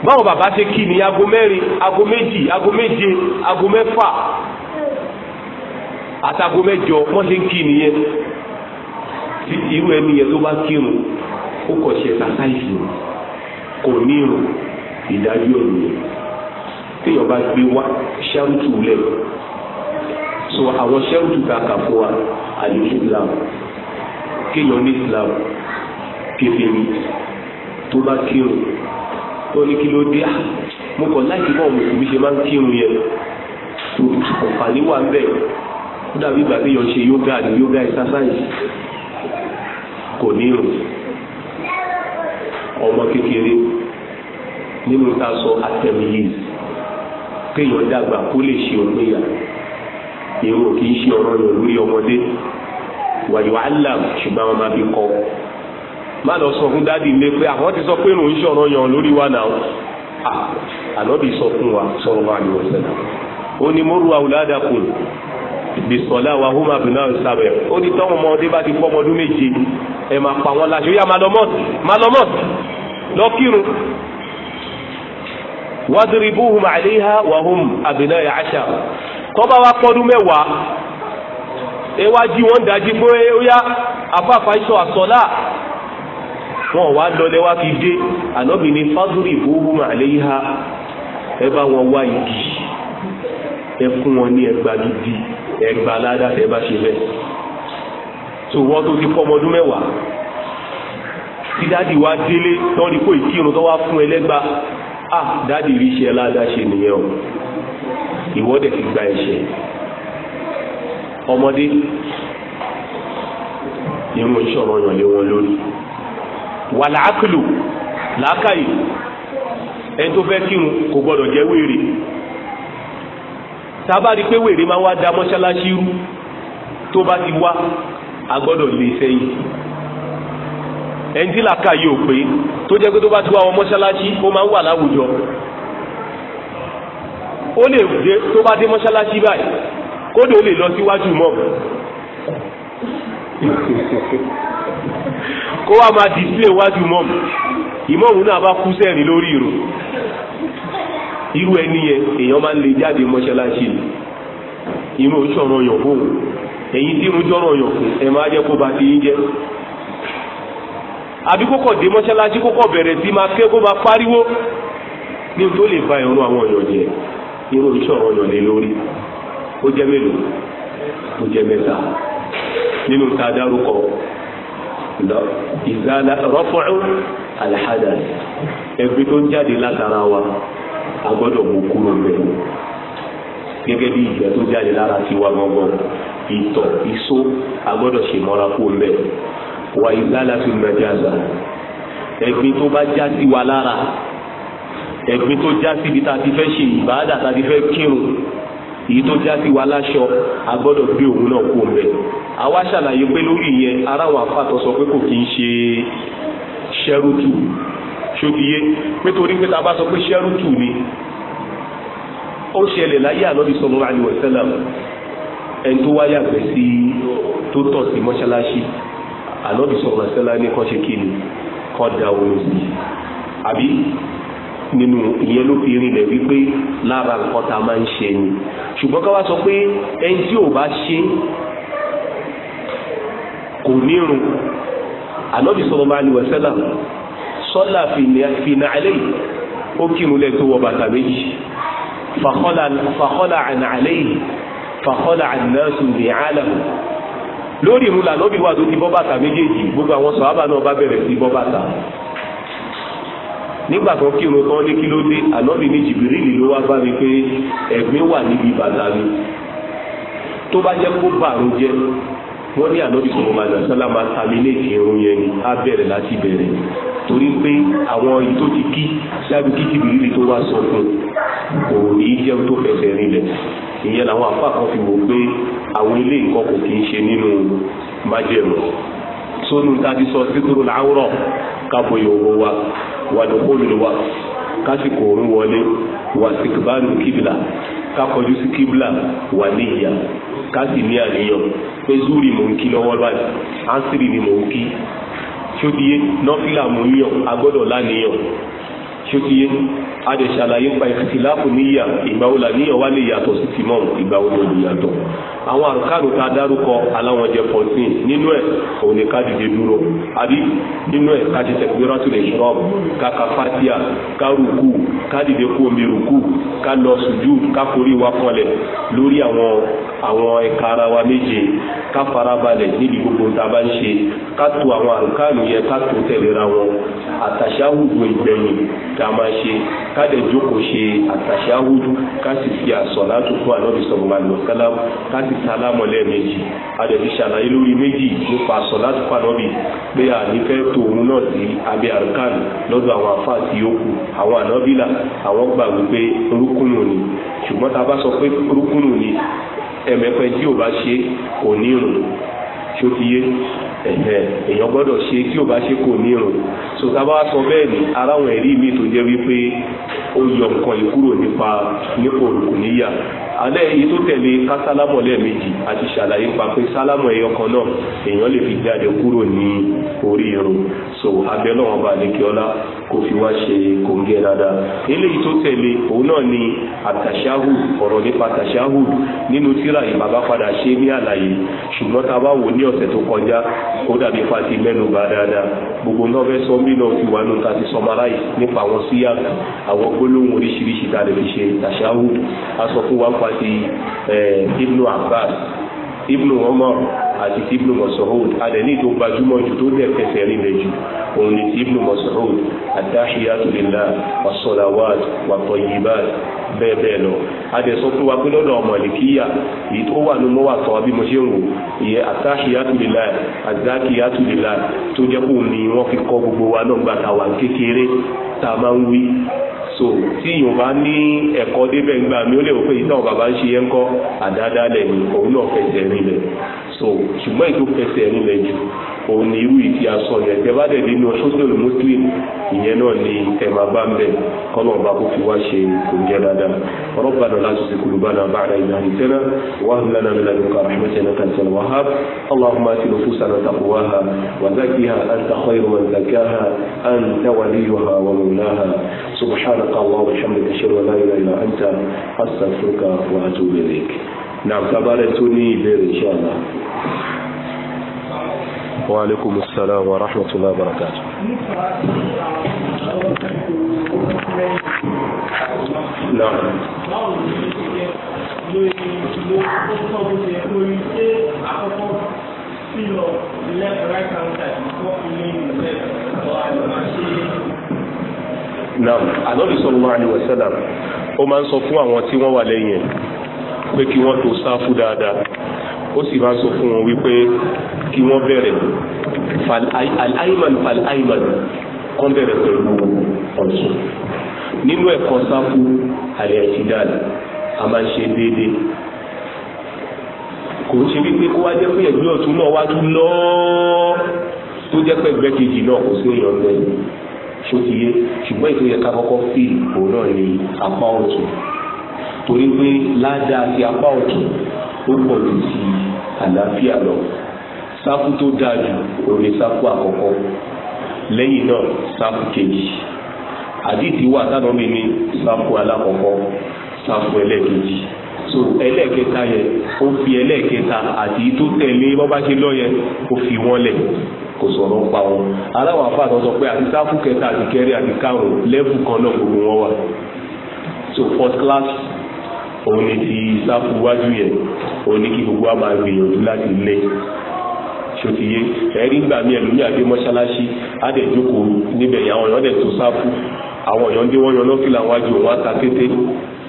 báwọn bàbá ṣe kí ni aago mẹ́rin aago méjì aago méje aago mẹ́fà àtàgò mẹ́jọ wọ́n ṣe ń kí nìyẹn irú ẹni yẹn ló bá kírun ó kọ̀ ṣe ẹ̀sà sáìsì ni kò ní irun ìdájọ́ òru yẹn téèyàn bá gbé wá ṣẹ́rùtù lẹ̀ so àwọn ṣẹ́rùtù ta kà fún wa àlejò islam kéèyàn ní islam kékeré tó bá kírun tó ní kí ló dé ah, mo kàn láti bọ́ mùsùlùmí ṣe máa ń kírun yẹn tó àǹfààní wà ń bẹ̀ ó dàbí ìgbà téèyàn ṣe yoga àti yoga exercise kò ní irun ọmọ kékeré nínú ta sọ atẹ̀míyèsí kéèyàn dàgbà kó lè ṣe òpin yà èrò kì í ṣe ọ̀rọ̀ yàn lórí ọmọdé wàyò alam ṣùgbọ́n àwọn máa fi kọ́ má lọ sọ fún dádì ilé pé àwọn ti sọ pé ìròyìn ṣe ọ̀rọ̀ yàn lórí wa náà ànábì sọ fún wa sọ̀rọ̀ wa ni wọ́n sẹ́nà ó ní mọ́rù àwùládàkùn bìsọ̀lá wa hó máa bìnà sábẹ̀ ó ní tọ́wọ́n ọmọdé bá ti pọ́ ọmọdún méje ẹ máa pa wọn láṣẹ ó yá máa lọ mọ́ọ̀tì máa lọ mọ́ọ̀tì lọ kírun wadribuhum alayha wa hum abnai ashar tọ́ba wa pọ́dún mẹ́wàá ẹ wá jí wọn dájí pé ó yá afáfá iṣọ àsọlá wọn wá lọlé wá fi dé ànábì ní fadribuhum alayha ẹ bá wọn wá igi ẹ fún wọn ní ẹgbàá gidi ẹgbàá ládàá ẹ bá ṣe bẹ́ẹ̀ sòwọ́ tó ti pọ́ ọmọdún mẹ́wàá tí dáàdì wá délé tán ní kó ìkírun tó wá fún ẹlẹ́gba à ah, dáàdì rí iṣẹ́ aládáṣe nìyẹn o ìwọ́dẹ̀ ti gba ẹ̀ṣẹ̀ ọmọdé irun ìṣọ̀rọ̀ yàn lé wọn lórí wà láàkìlù làákàyè ẹni tó fẹ́ kírun kò gbọ́dọ̀ jẹ́ wèrè tá pé wèrè máa wá da mọ́ṣáláṣí rú tó bá ti wá a gbọ́dọ̀ lè sẹ́yìn ẹni tí làákà yóò pé tó jẹ́ pé tó bá ti wá wọn mọ́ṣáláṣí ó máa ń wà láwùjọ ó lè dé tó bá dé mọ́ṣáláṣí báyìí kódò ó lè lọ síwájú mọ́ kó wá máa display iwájú mọ́ ìmọ̀ọ̀hún náà bá kú sẹ́rìn lórí ìrò irú ẹni yẹn èèyàn máa ń lè jáde mọ́ṣáláṣí irú oṣù ọ̀rọ̀ fóun ẹ̀yin tí irun jọ́rọ̀ yàn fún ẹ̀ máa jẹ́ kó ba ti yín jẹ́ àbí kókò dé mọ́ṣáláṣí kókò bẹ̀rẹ̀ sí máa ké kó máa pariwo ní tó lè ba irun àwọn èèyàn jẹ irun ìṣòro yàn lé lórí ó jẹ́ mélòó ó jẹ́ mẹ́ta nínú ta dárúkọ ìzálà rọ́fọ́ọ́ alhada ẹgbẹ́ tó ń jáde látara wa a gbọ́dọ̀ mú kúrò bẹ́ẹ̀ gẹ́gẹ́ bí ìgbẹ́ tó jáde lára tiwa gbọ́ngbọ́n ìtọ̀ iṣó agbọ́dọ̀ ṣe mọ́ra kó ń bẹ̀ wà ìlànà fi mẹ́jáza ẹ̀gbin tó bá já sí wa lára ẹ̀gbin tó já síbi tá a ti fẹ́ ṣe ìbáàdà tá a ti fẹ́ kírun èyí tó já sí wa láṣọ a gbọ́dọ̀ gbé òun náà kó mbẹ àwa ṣàlàyé pé lórí ìyẹn ara àwọn afáàtọ sọ pé kò kí ń ṣe ṣẹrútù ṣòkìyé nítorí pé tá sọ pé ṣẹrútù ni ó ṣẹlẹ̀ láyé ànábì sallallahu alaihi wasallam ẹni tó wá yàgbẹ́ sí tó tọ̀ sí mọ́ṣáláṣí ànábì sọ̀rọ̀ sẹ́lá ní kọ́ṣe kí ni kọ́ da omi sí àbí nínú ìyẹn ló fi rinlẹ̀ wípé lára nǹkan tá a máa ń ṣe ni ṣùgbọ́n ká wá sọ pé ẹni tí ò bá ṣe kò nírun ànábì sọ̀rọ̀ máa ní wẹ̀sẹ́là sọ́là fìnà àlẹ́ yìí ó kírun lẹ́ẹ̀ tó wọ bàtà méjì fàkọ́là àná àlẹ́ yìí fàkọ́lá àdínásù rè álàmù lórí ìrún là lóbi wà tó ti bọ́ bàtà méjèèjì gbogbo àwọn sọ̀hábà náà bá bẹ̀rẹ̀ sí bọ́ bàtà nígbà kan kí irun kan ní kí ló dé ànábì ní jìbìrìlì ló wá bá mi pé ẹ̀gbin wà níbi bàtà mi tó bá jẹ́ kó bàrún jẹ́ wọ́n ní ànábì sọ̀rọ̀ àjàsọ́lá máa tàmínéèkì irun yẹn ni á bẹ̀rẹ̀ láti bẹ̀rẹ̀ torí pé àwọn ètò ti kí ṣáàbí kíkì bìrìlì tó wá sọ fún kò ní jẹ́ tó fẹsẹ̀ rinlẹ̀ ìyẹn làwọn àfáà kan fi wò pé àwọn ilé nǹkan kò kì í ṣe nínú májẹ̀mú sónú tá a ti sọ síkúrò láwùrọ̀ káàbọ̀ yòówó wa wà lóko lùwà kásìkò òun wọlé wà síkìbánu kíbla kákọjú sí kíbla wà níyà kásì ní àníyàn pé zúrì mò ń kí lọ́wọ́ báyìí ánsìrì ni mò ń kí ṣódiyé nọ́fìlà mò ń yàn agbọ́dọ̀ láníyàn ṣókíyé adẹ̀ ṣàlàyé pa ìfìláàpù níyà ìgbàwòlà níyà wá lè yàtọ̀ sí ti mọ́mù ìgbàwòlà olùyàtọ̀ àwọn àrùkárù ta dárúkọ aláwọn jẹ 14 nínú ẹ̀ òun ni ká dìde dúró àbí nínú ẹ̀ ká ti lè ṣọ́ọ̀b ká fatia ká rùkú kú omi rùkú ká sùjú ká wa kọlẹ̀ lórí àwọn àwọn ẹ̀ka ara wa méje ká níbi gbogbo tá a bá ń ṣe ká àwọn àrùkárù yẹn ká tó wọn àtàṣáwùdù ìgbẹ̀yìn tá a máa ṣe ká lè jókòó ṣe àtàṣáhùdù ká sì fi àsọ̀látù fún ànábì sọ̀rọ̀ àlùmọ̀ sálámù ká sì sálámọ̀ lẹ́ẹ̀mejì a lè fi ṣàlàyé lórí méjì nípa àsọ̀látù fún ànábì pé a nífẹ̀ẹ́ tòun náà sí abẹ́ àrùkàn lọ́dọ̀ àwọn afá àti yòókù àwọn ànábìlà àwọn gbà wípé rúkúnù ni ṣùgbọ́n tá a bá sọ pé ni ẹ̀mẹ́pẹ́ tí ò ṣe kò tí ó ti yé ẹ̀hẹ̀ èèyàn gbọ́dọ̀ ṣe tí ò bá ṣe kò ní irun so tábà sọ bẹ́ẹ̀ ni ara àwọn ẹ̀rí mi tó jẹ́ wípé ó yọ nǹkan yìí kúrò nípa nípa òrùkù níyà alẹ́ èyí tó tẹ̀lé ká sálámọ̀ lẹ́ẹ̀mejì àti ṣàlàyé pa pé sálámọ̀ ẹyọ kan náà èèyàn lè fi jáde kúrò ní orí irun so abẹ́ náà bá lè kí ọlá kó fi wá ṣe kòǹgẹ́ dáadáa eléyìí tó tẹ̀lé òun náà ni àtàṣáhùd ọ̀rọ̀ nípa àtàṣáhùd nínú tíra yìí padà ṣe ní àlàyé ṣùgbọ́n ní ọ̀sẹ̀ tó kọjá ó dàbí fati mẹ́nu bá dáadáa gbogbo náà fẹ́ sọ mí náà ti wà nù tàbí sọmaráì nípa àwọn síyà àwọn gbólóhùn oríṣiríṣi tá a lè fi ṣe tàṣáwù a fún wa fati eh, ibnu abbas ibnu omar àti ti ibnu Mas'ud adẹ̀ní tó gbajúmọ̀ jù tó dẹ̀ fẹsẹ̀ rinlẹ̀ jù òun ni ti ibnu Mas'ud at-tahiyatu lillah was-salawat lọ adẹ̀ fún wa pé lọ́dọ̀ Màlíkíyà èyí tó wà nínú wà sọ bí mo ṣe ń wò ìyẹn at-tahiyatu lillah tó jẹ́ kó ni wọ́n fi kọ́ gbogbo wa náà gbàtà wà kékeré tá a máa ń wí so tí yorùbá ní ẹ̀kọ́ débẹ̀ gbà mí ó lè wọ́pẹ́ yìí táwọn bàbá ń ṣe yẹn kọ́ àdáadáa lẹ̀ ní òun náà fẹsẹ̀ rinlẹ̀ so ṣùgbọ́n ètò fẹsẹ̀ rinlẹ̀ jù òun ni irú ìfi aṣọ yẹn tẹ bá nínú ṣọ́sọ̀lù muslim ìyẹn náà ni ẹ bá ń bẹ̀ kọ́nà ọba kó fi wá ṣe kò dáadáa ربنا لا تزغ قلوبنا بعد إذ هديتنا وهب لنا من لدنك رحمة إنك أنت الوهاب اللهم آت نفوسنا تقواها وزكها أنت خير من زكاها أنت وليها ومولاها سبحان سبحانك اللهم وبحمدك اشهد ان لا اله الا انت استغفرك واتوب اليك نعم تبارك توني ان شاء الله وعليكم السلام ورحمة الله وبركاته نعم Left, right hand side, what you mean, náà ànábì sallallahu alaihi wasallam ó máa ń sọ fún àwọn tí wọ́n wà lẹ́yìn ẹ̀ pé kí wọ́n tò sáfù dáadáa ó sì máa ń sọ fún wọn wípé kí wọ́n bẹ̀rẹ̀ al-ayman fal-ayman kọ́ bẹ̀rẹ̀ pẹ̀lú ọ̀tún nínú ẹ̀kọ́ sáfù al-i'tidal a máa ń ṣe déédéé kò ń ṣe wípé kó wá jẹ́ pé ẹ̀gbẹ́ ọ̀tún náà wá tún lọ́ọ́ tó jẹ́ pé kejì náà kò sí èèyàn lẹ́yìn ṣòtìyé ṣùgbọ́n ètò yẹ ká kọ́kọ́ fìlì òun náà ní apá ọ̀tún torí pé ládàá sí apá ọ̀tún ó pọ̀ ju ti àlàáfíà lọ sáfù tó dáa jù òun ni sáfù àkọ́kọ́ lẹ́yìn náà sáfù kejì àdìtì wà tánàmì ní sáfù alákọ̀ọ́kọ́ sáfù ẹlẹ́ẹ̀kejì so ẹlẹ́ẹ̀kẹta yẹn ó fi ẹlẹ́ẹ̀kẹta àti tó tẹ̀lé bọ́bá ṣe lọ́yẹ ó fi wọ́n lẹ̀ kò sọ̀rọ̀ ń pa wọn aláwọ̀ àfáà tó pé àti sáfù kẹta àti kẹrin àti karùn lẹ́fù kan náà gbogbo wọn wà so first class òun ni ti sáfù wájú yẹn òun ni kí gbogbo wa máa gbìyànjú láti lé ṣòtìyé ẹ̀rí gbà mí ẹlòmíà dé mọ́ṣáláṣí á dẹ̀ jókòó níbẹ̀ yẹn àwọn èèyàn dẹ̀ tó sáfù àwọn èèyàn dé wọ́n yan lọ́fìlà wájú òun á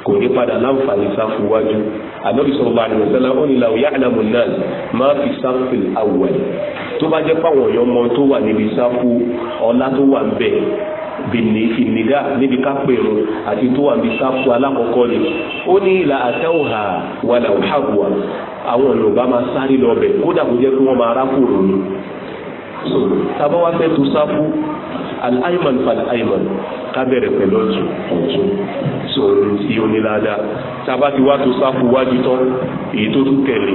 kò ní padà láǹfààní sáfù wájú ànábì sallallahu alaihi wasallam ó ní law ya'lamu an-nas ma fi sáfìl awwal tó bá jẹ́ pàwọn èèyàn mọ tó wà níbi sáfù ọlá tó wà ń bẹ bìnní ìnìdá níbi kápẹ̀rọ àti tó wà níbi sáfù alákọ̀ọ́kọ́ ni ó ní ìlà àtẹ́wòhà wàlà òhàbùwà àwọn ọ̀nà ò bá máa sáré lọ bẹ̀ kódà kó jẹ́ kí wọ́n máa rákòrò ni so tàbá wá fẹ́ tó sáfù al-ayman fal-ayman ká bẹ̀rẹ̀ pẹ̀lú ọ̀tún ọ̀tún so tí ó ní ládàá tàbá ti wá tó sáfù wájú tán èyí tó tún tẹ̀lé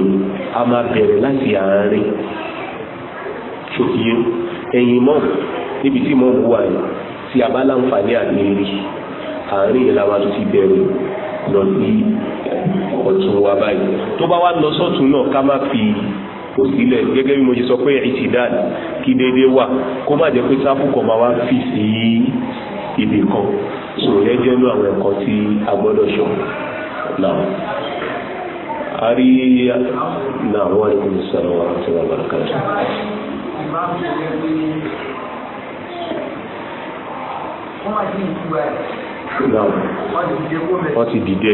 a máa bẹ̀rẹ̀ láti àárín a ẹ̀yìn mọ́ níbi tí mọ́ wà yìí tí a bá láǹfààní àdéhìí àárín ìlànà ti bẹ̀rẹ̀ lọ sí ọ̀tún wa báyìí tó bá wá fi kó sílẹ̀ gẹ́gẹ́ bí mo ṣe sọ pé ìtìdáàd kí déédéé wà kó má jẹ́ pé sáfù kan máa wá fì sí ibì kan sò yẹn jẹ́ inú àwọn ẹ̀kọ́ tí a gbọ́dọ̀ sọ náà a rí náà wọ́n ní kò ní sọ̀rọ̀ wà láti wà lọ́kà jù. Wọ́n ti dìde. Wọ́n ti dìde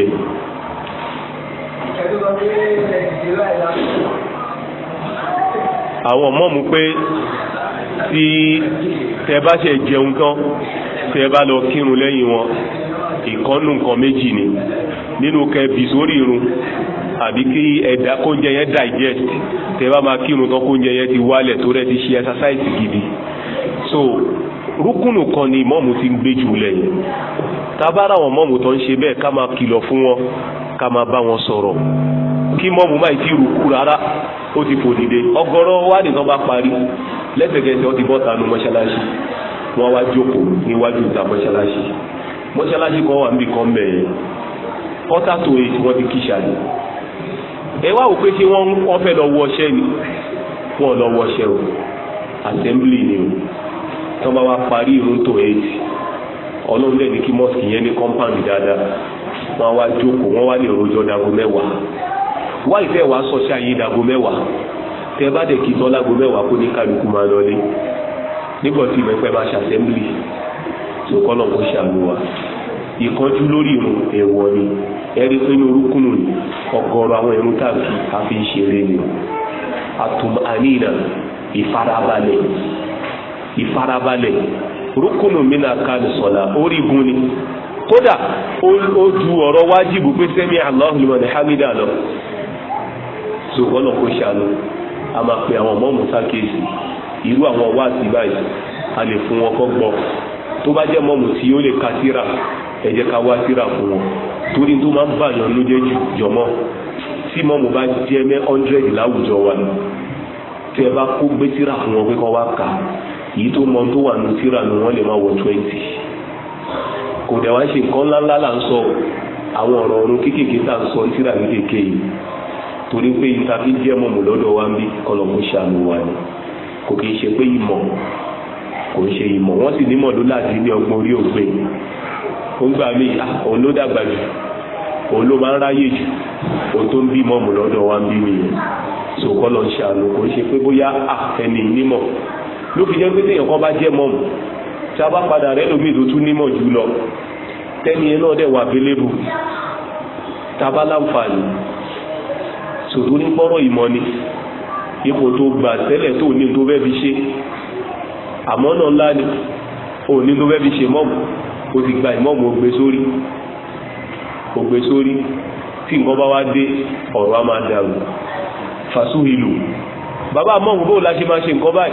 àwọn mọ́mù pé tí tẹ bá ṣe jẹun tán tẹ bá lọ kírun lẹ́yìn wọn ìkọ́nù nǹkan méjì ni nínú kẹbì sórí irun àbí kí ẹ̀dá kóúnjẹ yẹn digest tẹ bá máa kírun tán kóúnjẹ yẹn ti wálẹ̀ tó rẹ̀ ti ṣe exercise gidi so rúkúnù kan ni mọ́mù ti ń gbé jù lẹ́yìn tabára àwọn mọ́mù tó ń ṣe bẹ́ẹ̀ ká máa kìlọ̀ fún wọn ká máa bá wọn sọ̀rọ̀ kí mọ́mù máa ti rùkú rárá ó ti fò dìde ọ̀gọ̀rọ̀ wa nìkan bá parí lẹ́sẹ̀kẹsẹ̀ ó ti bọ́ tanu mọ́ṣáláṣí wọ́n wá jókòó níwájú ìta mọ́ṣáláṣí mọ́ṣáláṣí kan wà níbi kan bẹ̀yẹ tó e wọ́n ti kí ṣáà ní. ẹ wá wò pé ṣé wọ́n fẹ́ lọ wọ ni wọ́n lọ wọ o assembly ni o tó bá wá parí ìrun tó e ti ọlọ́run kí yẹn ní compound dáadáa wọ́n wá jókòó wọ́n wá wá ìfẹ́ wa sọ sí ayé ìdàgbò mẹ́wàá tẹ bá dẹ̀ kí tán lágbo mẹ́wàá kó ní kálukú máa lọlé nígbà tí ìmọ̀pẹ́ máa ṣàtẹ́mìlì tó kọ́ náà kó ṣàánú wa ìkánjú lórí ìrùn ẹ̀wọ̀ ni ẹ̀rí pé ní orúkúnù ni ọ̀gọ̀rọ̀ àwọn ìrún tàbí àfi ìṣeré ni àtùmánìnà ìfarabalẹ̀ ìfarabalẹ̀ rúkúnù mi náà ká ní sọ̀la orígun ni kódà ó ọ̀rọ̀ wájìbù pé sẹ́mi Allahu liman hamida lọ so kọ́nà kó ṣàánú a máa pe àwọn ọmọ mùsà kéèsì irú àwọn wá sí báyìí a lè fún wọn kọ́ gbọ́ tó bá jẹ́ mọ́mù tí lè ka síra ẹ jẹ́ ká wá síra fún wọn torí tó máa ń bàyàn ló jọmọ́ tí mọ́mù bá jẹ́ mẹ́ ọ́ndrẹ́dì láwùjọ wa ni tí ẹ bá kó gbé síra fún wọn pé kọ́ wá kà mọ tó wà ní síra ni wọ́n lè máa wọ twenty kò dẹ̀ wá ṣe nǹkan ńláńlá là ń sọ àwọn ọ̀rọ̀ ọ̀run kéékèèké tá torí pé ìtàbí jẹ́ mọ̀mù lọ́dọ̀ wa ń bí kọlọ̀mù ṣàánú wa ni kò kìí ṣe pé ìmọ̀ kò ń ṣe ìmọ̀ wọ́n sì nímọ̀ ló láti ní ọgbọ́n orí òpè ó ń gbà mí òun ló dàgbà jù òun ló máa ń ráyè jù òun tó ń bí mọ̀mù lọ́dọ̀ wa ń bí nìyẹn so kọlọ̀ ṣàánú kò ń ṣe pé bóyá ẹni nímọ̀ ló fi jẹ́ pé téèyàn kan bá jẹ́ mọ̀mù tí a bá padà rẹ lómi tó tún sòtórí gbọ́rọ̀ ìmọ̀ ni ipò tó gbà tẹ́lẹ̀ tó ní tó fẹ́ ṣe àmọ́ náà ńlá ni ò ní tó fẹ́ fi ṣe mọ́mù ó ti gba ìmọ̀mù ògbé sórí ògbé sórí tí nǹkan bá wá dé ọ̀rọ̀ á máa dàrú fàṣúhìlù bàbá mọ́mù bó la ṣe máa ṣe nǹkan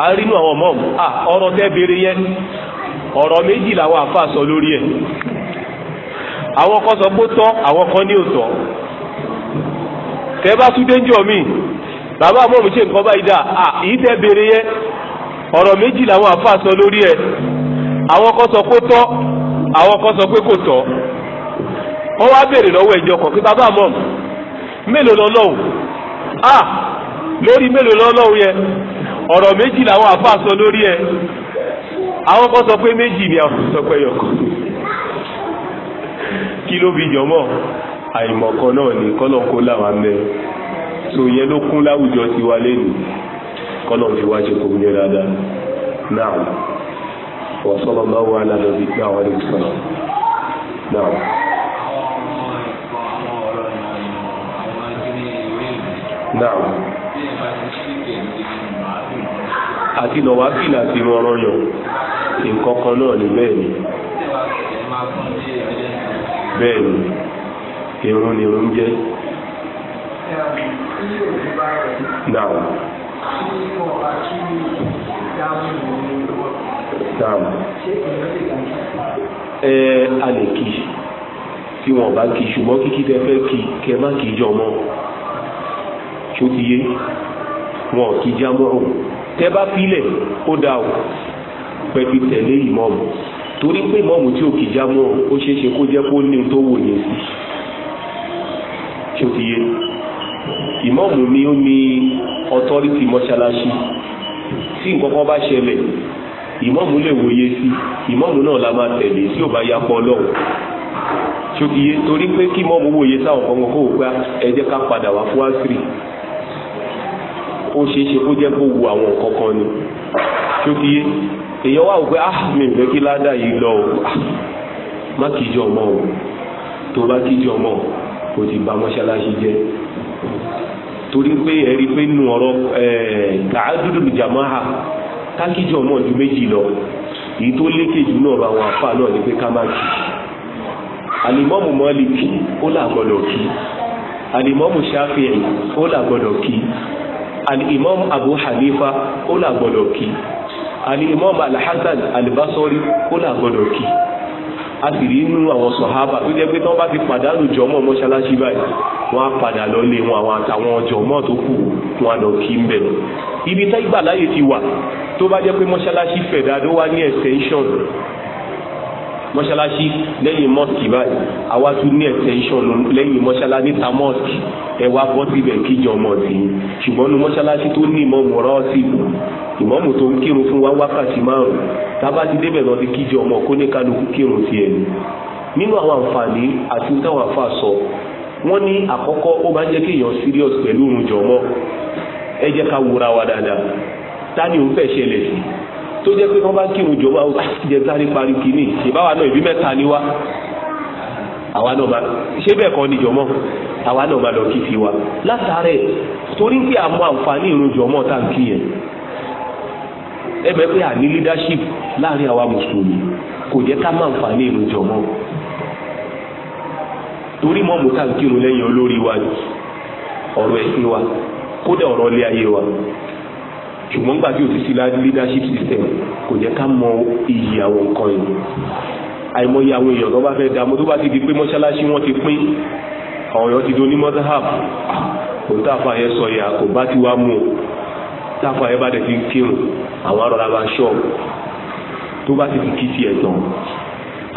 a rínú àwọn ọmọ ah, ọ̀rọ̀ tẹ́ béèrè yẹn ọ̀rọ̀ méjì làwọn àfa sọ lórí ẹ àwọn kan sọ pé ó àwọn kan ní òtọ́ tẹ́ bá tún mi bàbá mọ̀ mi ṣe nǹkan báyìí dà à ah, èyí tẹ́ yẹn méjì làwọn àfa à ọ̀rọ̀ méjì làwọn àfa sọ lórí ẹ̀ àwọn kan sọ pé méjì ni àwọn sọ pé yọkàn kí ló fi jọmọ́ àìmọ̀kan náà ni kọ́lọ̀ kó làwọn mẹ́ tó yẹ ló kún láwùjọ tiwa lẹ́nu kọ́lọ̀ fi wá ṣe kò ń dáadáa náà wọ́n sọ́lọ́ bá wà lálọ́ bí pé àwọn ènìyàn sọ̀rọ̀ náà. Now àti lọ wá fìlà sí ọ̀rọ̀ yàn nǹkan kan náà ni bẹ́ẹ̀ ni bẹ́ẹ̀ ni irun ni irun jẹ́ náà náà ẹ a lè kí tí wọ́n bá kí ṣùgbọ́n kíkí tẹ fẹ́ kí kẹ má kí jọmọ́ ṣó ti yé wọn ò kí jámọ́rò tẹ́ bá filẹ̀ ó dá o pẹ̀lú tẹ̀lé ìmọ̀mù torí pé ìmọ̀mù tí ò kí jámọ́rò ó ṣeé kó jẹ́ kó ní tó wò yẹn sí ṣó ti yé ìmọ̀mù ni ó ní ọtọ́rítì mọ́ṣáláṣí tí nǹkan kan bá ṣẹlẹ̀ ìmọ̀mù lè wòye sí ìmọ̀mù náà la máa tẹ̀lé tí ò bá yapọ̀ ọlọ́run ṣòkìyé torí pé kí mọ́mù wòye sáwọn ọmọ kó wò pé ẹ ká padà wá fún àṣírí ó ṣeé ṣe kó jẹ́ kó wu àwọn nǹkan kan ni tó ti yé èèyàn wà wípé ah mi ò fẹ́ kí ládàá yìí lọ o ah, má kì í jọ ọmọ o tó bá kì í jọ ọmọ o ti bà mọ́ṣáláṣí jẹ́ torí pé ẹ̀rí pé nù ọ̀rọ̀ tààdúdú jàmáà kákìjọ ọmọ ju méjì lọ èyí tó lékè jù náà àwọn àfa náà ni pé ká má kì í alimọ́mù Málíkì ó là gbọ́dọ̀ kí alimọ́mù Ṣáfi'í ó là gbọ́dọ̀ kí al-imam abu hanifa ó là gbọ́dọ̀ kí al-imam al-hasan al-basri ó là gbọ́dọ̀ kí a sì rí inú àwọn sọ̀hábà tó jẹ́ pé tí wọ́n bá ti pàdánù jọmọ́ mọ́ṣáláṣí báyìí wọ́n á padà lọ́lé wọn àwọn àtàwọn jọmọ́ tó kù wọn lọ kí ń bẹ̀. ibi tá ìgbàláyè ti wà tó bá jẹ́ pé mọ́ṣáláṣí fẹ̀dá ló wá ní extension mọ́ṣáláṣí lẹ́yìn mosque báyìí àwa tún ní extension lẹ́yìn mọ́ṣáláṣí níta mosque ẹ wá bọ́ síbẹ̀ kíjọ ọmọ sí i ṣùgbọ́n nu mọ́ṣáláṣí tó ní ìmọ̀mù rọ́ọ̀sì ìmọ̀mù tó ń kírun fún wa wákàtí márùn-ún tábà ti débẹ̀ lọ sí kíjọ ọmọ kó ní kálukú kírun tiẹ̀ nínú àwọn àǹfààní àti táwọn àfa sọ wọ́n ní àkọ́kọ́ ó máa jẹ́ kí èèyàn serious pẹ̀lú òrùn jọ̀mọ́ ẹ jẹ́ ká wúra wa dáadáa ta òun fẹ́ ṣẹlẹ̀ sí tó jẹ́ pé wọ́n bá kírun jọba ó jẹ́ sáré parí kìíní ìbáwa náà ìbí mẹ́ta ni wá àwa náà máa ṣé bẹ́ẹ̀ kọ́ ni jọmọ́ àwa náà máa lọ kí fi wa látàrẹ̀ torí pé àmọ́ àǹfààní ìrun jọmọ́ tá à ń kí yẹn ẹ bẹ́ẹ̀ pé àní leadership láàrin àwa mùsùlùmí kò jẹ́ ká máa àǹfààní ìrun jọmọ́ torí mọ́ mùtá ń kírun lẹ́yìn olórí wa ọ̀rọ̀ ẹ̀sìn wa kódà ọ̀rọ̀ ilé ayé wa ṣùgbọ́n gbà tí o ti sí leadership system kò jẹ́ ká mọ iyì àwọn nǹkan yìí àìmọye àwọn èèyàn tó bá fẹ́ dààmú tó bá ti di pé mọ́ṣáláṣí wọn ti pín àwọn èèyàn ti do ní mọ́sáhàb kò táfà yẹn sọ yà kò bá ti wá mú o táfà yẹn bá dẹ̀ ti kírun àwọn arọ̀lá bá ṣọ́ọ̀bù tó bá ti ti kí tiẹ̀ tán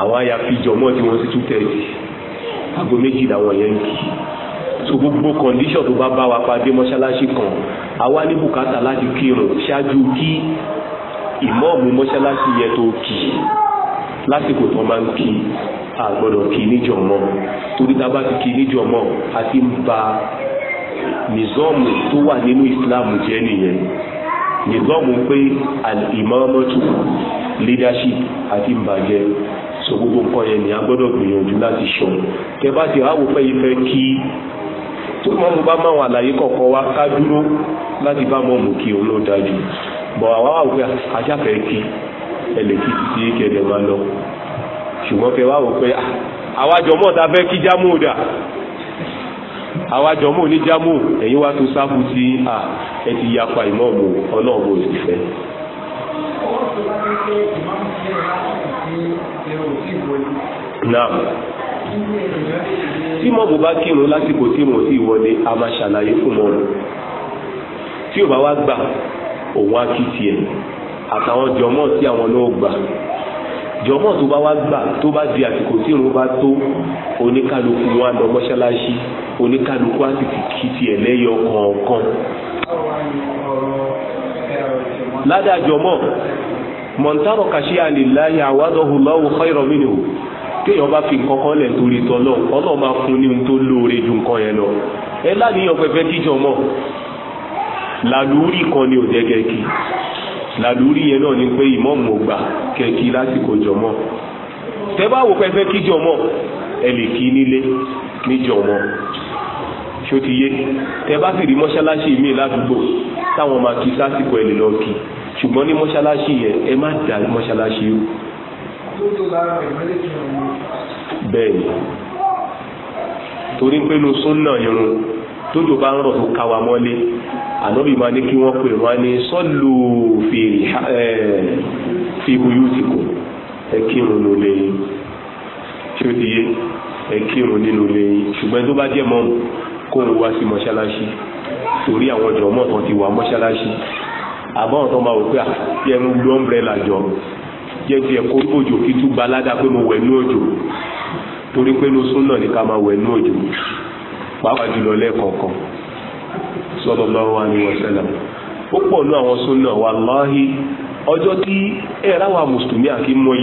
àwọn àyàfi jọmọ́ tí wọ́n ti tún tẹ̀ sí aago méjì làwọn yẹn ń so gbogbo condition tó bá bá wa pàdé mọ́ṣáláṣí kan àwa ní bùkátà láti kírun ṣáájú kí ìmọ̀ọ̀mù mọ́ṣáláṣí yẹ tó kì í lásìkò tó máa ń kí a gbọ́dọ̀ kí níjọ̀mọ́ torí tá a bá ti kí níjọ̀mọ́ a ti ń ba nìzọ́ọ̀mù tó wà nínú ìsìláàmù jẹ́ nìyẹn nìzọ́ọ̀mù pé ìmọ̀ọ́mọ́tò leadership àti ìbàjẹ́ so gbogbo nǹkan yẹn ni a gbọ́dọ̀ gbìyànjú láti sọ tẹ ti wá wò pé kí tó mọ́mú bá máa wà láyé kọ̀ọ̀kan wá ká dúró láti bá mọ́mú kí òun ló dájú bọ̀ àwa wà wípé ajáfẹ́ kí ẹlẹ́kí ti ṣe é kí ẹ̀dẹ̀ máa lọ ṣùgbọ́n fẹ́ wá wò pé ah, àwájọ mọ́ ta fẹ́ kí jámù dà àwájọ mọ́ ní jámù ẹ̀yin wá tó sáfù sí à ah, ẹ ti yapa ìmọ̀ọ̀mù ọlọ́ọ̀mù òsì náà tí mọ̀mù bá kírun lásìkò tí mo sì wọlé a máa ṣàlàyé fún mọ̀mù tí ò bá wá gbà òun á kí tiẹ̀ àtàwọn jọmọ́ tí àwọn náà gbà jọmọ́ tó bá wá gbà tó bá di àsìkò tí òun bá tó oníkálukú wa lọ mọ́ṣáláṣí oníkálukú á sì kí tiẹ̀ lẹ́yọ kọ̀ọ̀kan ládàjọmọ́ mọ̀ntàrọ̀ kàṣíyà lè láyé àwádọ́hùn lọ́wọ́ khayran minhu kéèyàn bá fi nǹkan kan lẹ̀ torí tọ́lọ́ ọlọ́run máa fún ní ohun tó lóore ju nǹkan yẹn lọ ẹ láníyàn pẹpẹ kíjọ mọ́ làlúrí kan ni ò jẹ́ kẹ́kì làlúrí yẹn náà ni pé ìmọ̀ọ́mù ògbà kẹ́kì lásìkò jọmọ́ tẹ́ bá wò pẹpẹ kíjọ mọ́ ẹ lè kí nílé níjọmọ́ ṣó ti yé tẹ́ bá sì rí mọ́ṣáláṣí mi ládùúgbò táwọn máa kí sásìkò ẹ lè lọ kí ṣùgbọ́n ní mọ́ṣáláṣí yẹn ẹ má dá mọ́ṣáláṣí yìí bẹ́ẹ̀ni torí pé ló súnà irun tójò bá ń rọ̀ tó káwa mọ́lé ànábì máa ní kí wọ́n pè wọ́n ní sọ́lù fìbù yóò ti kù ẹ kírun nínú ilé yín tí ó ti yé ẹ kírun nínú ilé ṣùgbọ́n tó bá jẹ́ mọ́mù kó ń wá sí mọ́ṣáláṣí torí àwọn ọ̀dọ́ mọ̀ tán ti wà mọ́ṣáláṣí àbọ̀n tó máa wò pé àti ah, ẹnu gbọ́ǹbrẹ́là jọ jẹ́ ti ẹ̀kọ́ òjò kí tún gba ládàá pé mo wẹ̀ ní òjò torí pé ló náà ní ká máa wẹ̀ ní òjò pàápàá jùlọ lẹ́ẹ̀kọ̀ọ̀kan sallallahu alaihi wasallam ó pọ̀ ní àwọn súnà wallahi ọjọ́ tí ẹ̀rá wa mùsùlùmí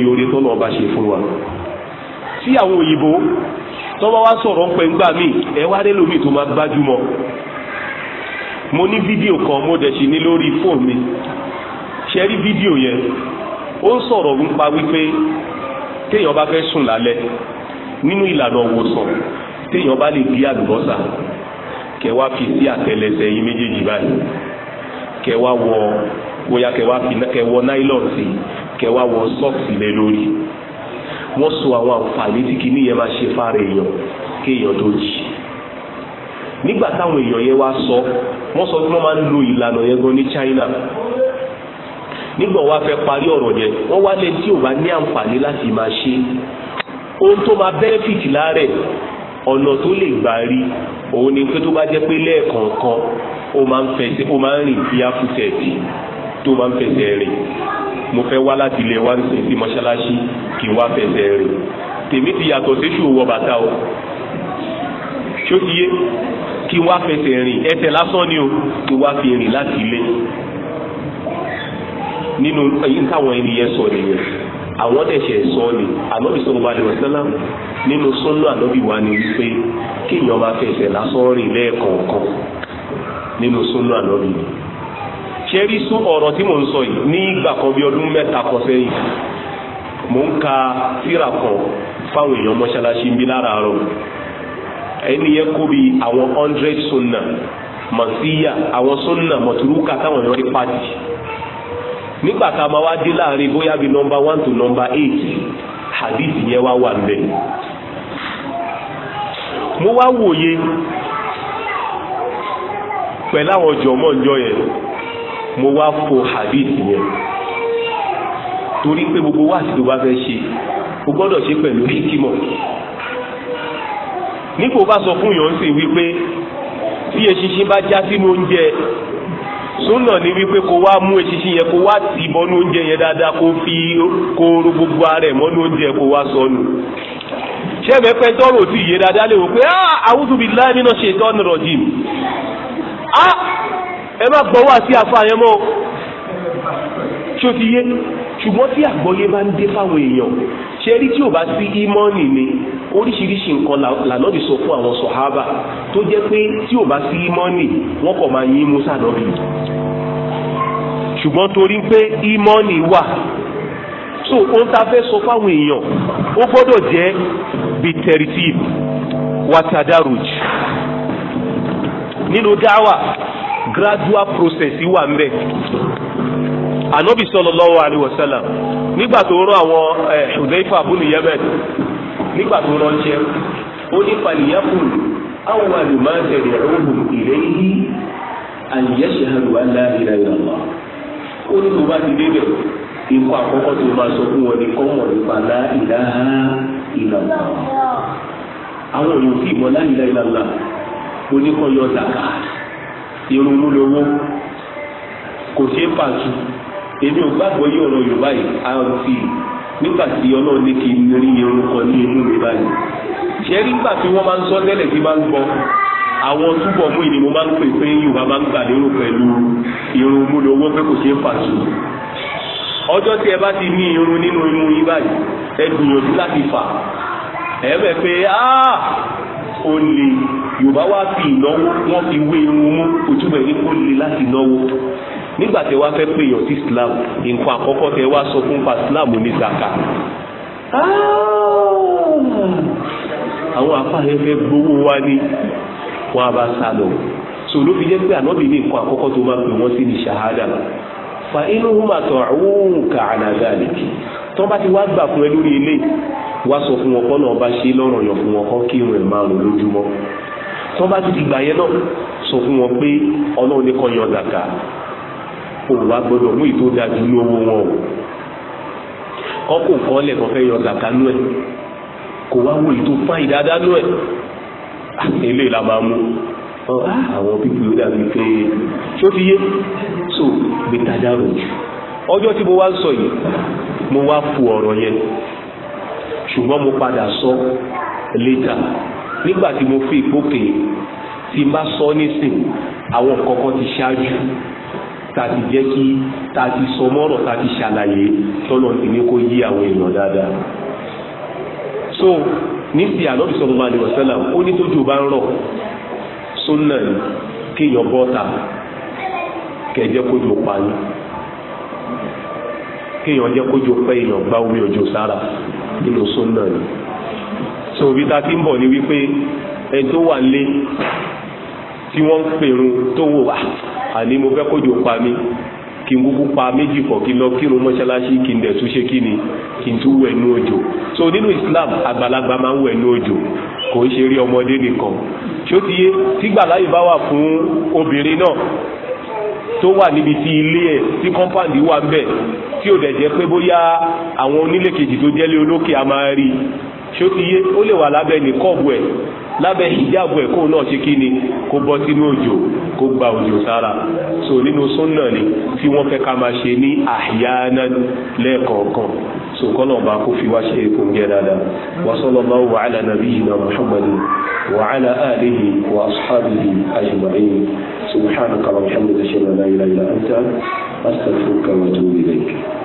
iye orí ọba ṣe fún wa tí àwọn òyìnbó tọ́wọ́ wá sọ̀rọ̀ pẹ́ ń gbà mí ẹ mo ní fídíò kan mo dẹ̀ ní mi ṣe rí fídíò ó ń sọ̀rọ̀ nípa wípé téèyàn bá fẹ́ sùn lálẹ́ nínú ìlànà òwòsàn téèyàn bá lè gé fi sí àtẹlẹsẹ yín méjèèjì báyìí kẹwàá wọ bóyá kẹwàá fi kẹwọ nylon wọ sọ́ọ̀sì lẹ lórí wọ́n sọ àwọn àǹfààní tí kìíní yẹn máa ṣe fáre èèyàn kéèyàn tó jì nígbà táwọn èèyàn yẹn wá sọ wọ́n sọ pé wọ́n máa ń lo ìlànà yẹn gan ní China nígbà wa fẹ́ parí ọ̀rọ̀ yẹn wọ́n wá lẹ́ni tí ò bá ní àǹfààní láti máa ṣe ohun tó máa benefit láàrẹ̀ ọ̀nà tó lè gbà rí òun ni pé tó bá jẹ́ pé lẹ́ẹ̀kọ̀ọ̀kan ó máa ń fẹsẹ̀ ó máa ń rìn bí afúsẹ̀tì tó máa ń fẹsẹ̀ rìn mo fẹ́ wá láti ilé wá ń sìn sí mọ́ṣáláṣí kí n wá fẹsẹ̀ rìn tèmi ti yàtọ̀ sí ṣù wọ bàtà o ṣó ti yé kí n wá fẹsẹ̀ rìn ẹsẹ̀ lásán ni o kí n wá fi rìn láti ilé nínú èyí táwọn ẹni yẹn sọ nìyẹn àwọn dẹ̀ṣẹ̀ sọ ni ànábì sọ̀rọ̀ bá dẹ̀rọ̀ sẹ́lá nínú súnú ànábì wa ni wípé kéèyàn máa fẹsẹ̀ lásán rìn lẹ́ẹ̀kọ̀ọ̀kan nínú súnú ànábì ni ṣẹ́rí sún ọ̀rọ̀ tí mò ń sọ yìí ní ìgbà kan bí ọdún mẹ́ta kan sẹ́yìn mò ń ka tírà kan fáwọn èèyàn mọ́ṣáláṣí ń bí láràárọ̀ ẹni yẹn kó bi àwọn hundred sunna mọ̀síyà àwọn sunna mọ̀túrúkà táwọn èèyàn rí pàtì nígbà tá a máa wá dé láàrin bóyá bíi nọmba one to nọmba eight hadith yẹn wá wà mbẹ mo wá wòye pẹ̀lú àwọn jọ̀mọ́ ǹjọ́ yẹn mo wá fo hadith yẹn torí pé gbogbo wa àti tó bá fẹ́ ṣe o gbọ́dọ̀ ṣe pẹ̀lú hikimọ̀ nípò bá sọ fún yàn wípé bí eṣinṣin bá já sínú oúnjẹ súnà ni wípé kó wá mú eṣinṣin yẹn kó wá tì bọ́nú oúnjẹ yẹn dáadáa kó fi kó ru gbogbo ara ẹ̀ mọ́nú oúnjẹ kó wá sọnù ṣẹ́ẹ̀fẹ́ pẹ́ tọ́rọ̀ tí ìyẹn dáadáa lè wò pé ah, a'udhu billahi minash shaitanir rajim ah, ẹ má gbọ́ wá sí àfa yẹn mọ́ ṣó ti yé ṣùgbọ́n tí àgbọ́yé bá ń dé fáwọn èèyàn ṣe rí tí ò bá sí ímọ́ọ̀nì ni oríṣiríṣi nǹkan lànàbì sọ fún àwọn sọ̀hábà tó jẹ́ pé tí ò bá sí ìmọ́nì wọ́n kọ̀ máa yín musa lọ́bì ṣùgbọ́n torí pé ìmọ́nì wà so ohun tá a fẹ́ sọ fáwọn èèyàn ó gbọ́dọ̀ jẹ́ bitẹritiv watadaroj nínú dáwà gradual process wà ń bẹ anabi sallallahu alaihi nígbà tó rán àwọn eh, Hudhaifa abúlé Yemen nígbà tó ránṣẹ́ ó ní faliyakun àwọn àlùmáṣẹ rẹ ọhún ìrẹ yìí àlìyẹsẹ àlùwà láàrin àyàwó ó ní tó bá ti débẹ̀ ikú àkọ́kọ́ tó máa sọ fún wọn ní kọ́mọ̀ nípa láìláha ìlànà àwọn òyìn tí ìmọ̀ láìláha ìlànà oníkọ̀yọ̀ dàkà irun lówó kò ṣeé pàṣẹ èmi ò gbàgbọ́ yí ọ̀rọ̀ yorùbá yìí àti nígbà tí ọlọ́run ní kí n rí irun kan ní inú mi báyìí ṣé nígbà tí wọ́n máa ń sọ tẹ́lẹ̀ tí máa ń gbọ́ àwọn túbọ̀ mú ìní mo máa ń pè pé yorùbá máa ń gbà lérò pẹ̀lú irun mú lówó pé kò ṣeé fà sùn ọjọ́ tí ẹ bá ti ní irun nínú imú yín báyìí ẹ gbìyànjú láti fà ẹ bẹ̀ pé ó le yorùbá wá fi ìnáwó wọ́n fi wé irun mú òtúbọ̀ ẹ̀ kó le láti náwó nígbà tẹ wá fẹ́ pè yàn sí islam nǹkan àkọ́kọ́ tẹ wá sọ fún pa islam ní zaka ah! àwọn afáàyẹ fẹ́ gbowó wá ní wọn a bá sá lọ so ló fi jẹ́ pé ànábì ní nǹkan àkọ́kọ́ tó máa pè wọ́n sí ní ṣahada fa inú hùmà tó àwọn kà ànàgàlì tó bá ti wá gbà fún ẹ lórí ilé wá sọ fún wọn kọ́ náà bá ṣe lọ́rọ̀ yàn fún wọn kí irun ẹ̀ márùn lójúmọ́ tó bá ti ti gbà yẹn náà sọ fún wọn pé ọlọ́run ní kọ́ yan zaka o wá gbọ́dọ̀ mú ìtò dájú ní owó wọn o ọkọ̀ kan lẹ̀ kan fẹ́ yọ zaka nú ẹ̀ kò wá wo ìtò fáyì dáadáa nú ẹ̀ ilé ah, la máa mú ah, àwọn pípì ló dàbí pé ṣó ti yé so gbé tajà rò jù ọjọ́ tí mo wá sọ yìí mo wá fu ọ̀rọ̀ yẹn ṣùgbọ́n mo padà sọ létà nígbà tí mo fi ìpókè tí n bá sọ nísìn àwọn kọ̀ọ̀kan ti ṣáájú ta ti jẹ́ kí ta ti sọ mọ́rọ̀ ta ti ṣàlàyé tọ́nà ti ní kó yí àwọn èèyàn dáadáa so níbi ànábì sallallahu alaihi wasallam ó ní tójú bá ń rọ̀ sunna ni kéèyàn bọ́ta kẹjẹ kójú pa ni kéèyàn jẹ́ kójú pé èèyàn gbá omi òjò sára nínú sunna ni so ibi ta ti ń bọ̀ ni wípé ẹni tó wà lé tí wọ́n ń pèrun tó wò wá ah, àní mo fẹ́ kójò pa mí kí n kúkú pa méjì pọ̀ kí lọ kírun mọ́ṣáláṣí kí n dẹ̀ tún ṣe kí ni kí n tún wẹ̀ nú òjò so nínú Islam àgbàlagbà máa ń wẹ̀ nú òjò kò ń ṣe rí ọmọdé nìkan ṣó ti yé tígbà láyè bá wà fún obìnrin náà tó wà níbi tí ilé ẹ̀ tí compound wà ń bẹ̀ tí ò dẹ̀ jẹ́ pé bóyá àwọn onílé kejì tó jẹ́lé olókè a máa rí ṣé ó ti yé ó lè wà lábẹ́ nìkọ́ọ̀bù ẹ̀ lábẹ́ hijabu ẹ̀ kóun náà ṣe kí ni kó bọ́ sínú òjò kó gba òjò sára so nínú súnà ni tí wọ́n fẹ́ ká máa ṣe ní àyáná lẹ́ẹ̀kọ̀ọ̀kan so kọ́nà ọba kó fi wá ṣe kò ń gẹ́ dáadáa wa sallallahu wa ala nabiyyina muhammadin wa ala alihi wa ashabihi ajma'in subhanaka wa bihamdika ashhadu an la ilaha illa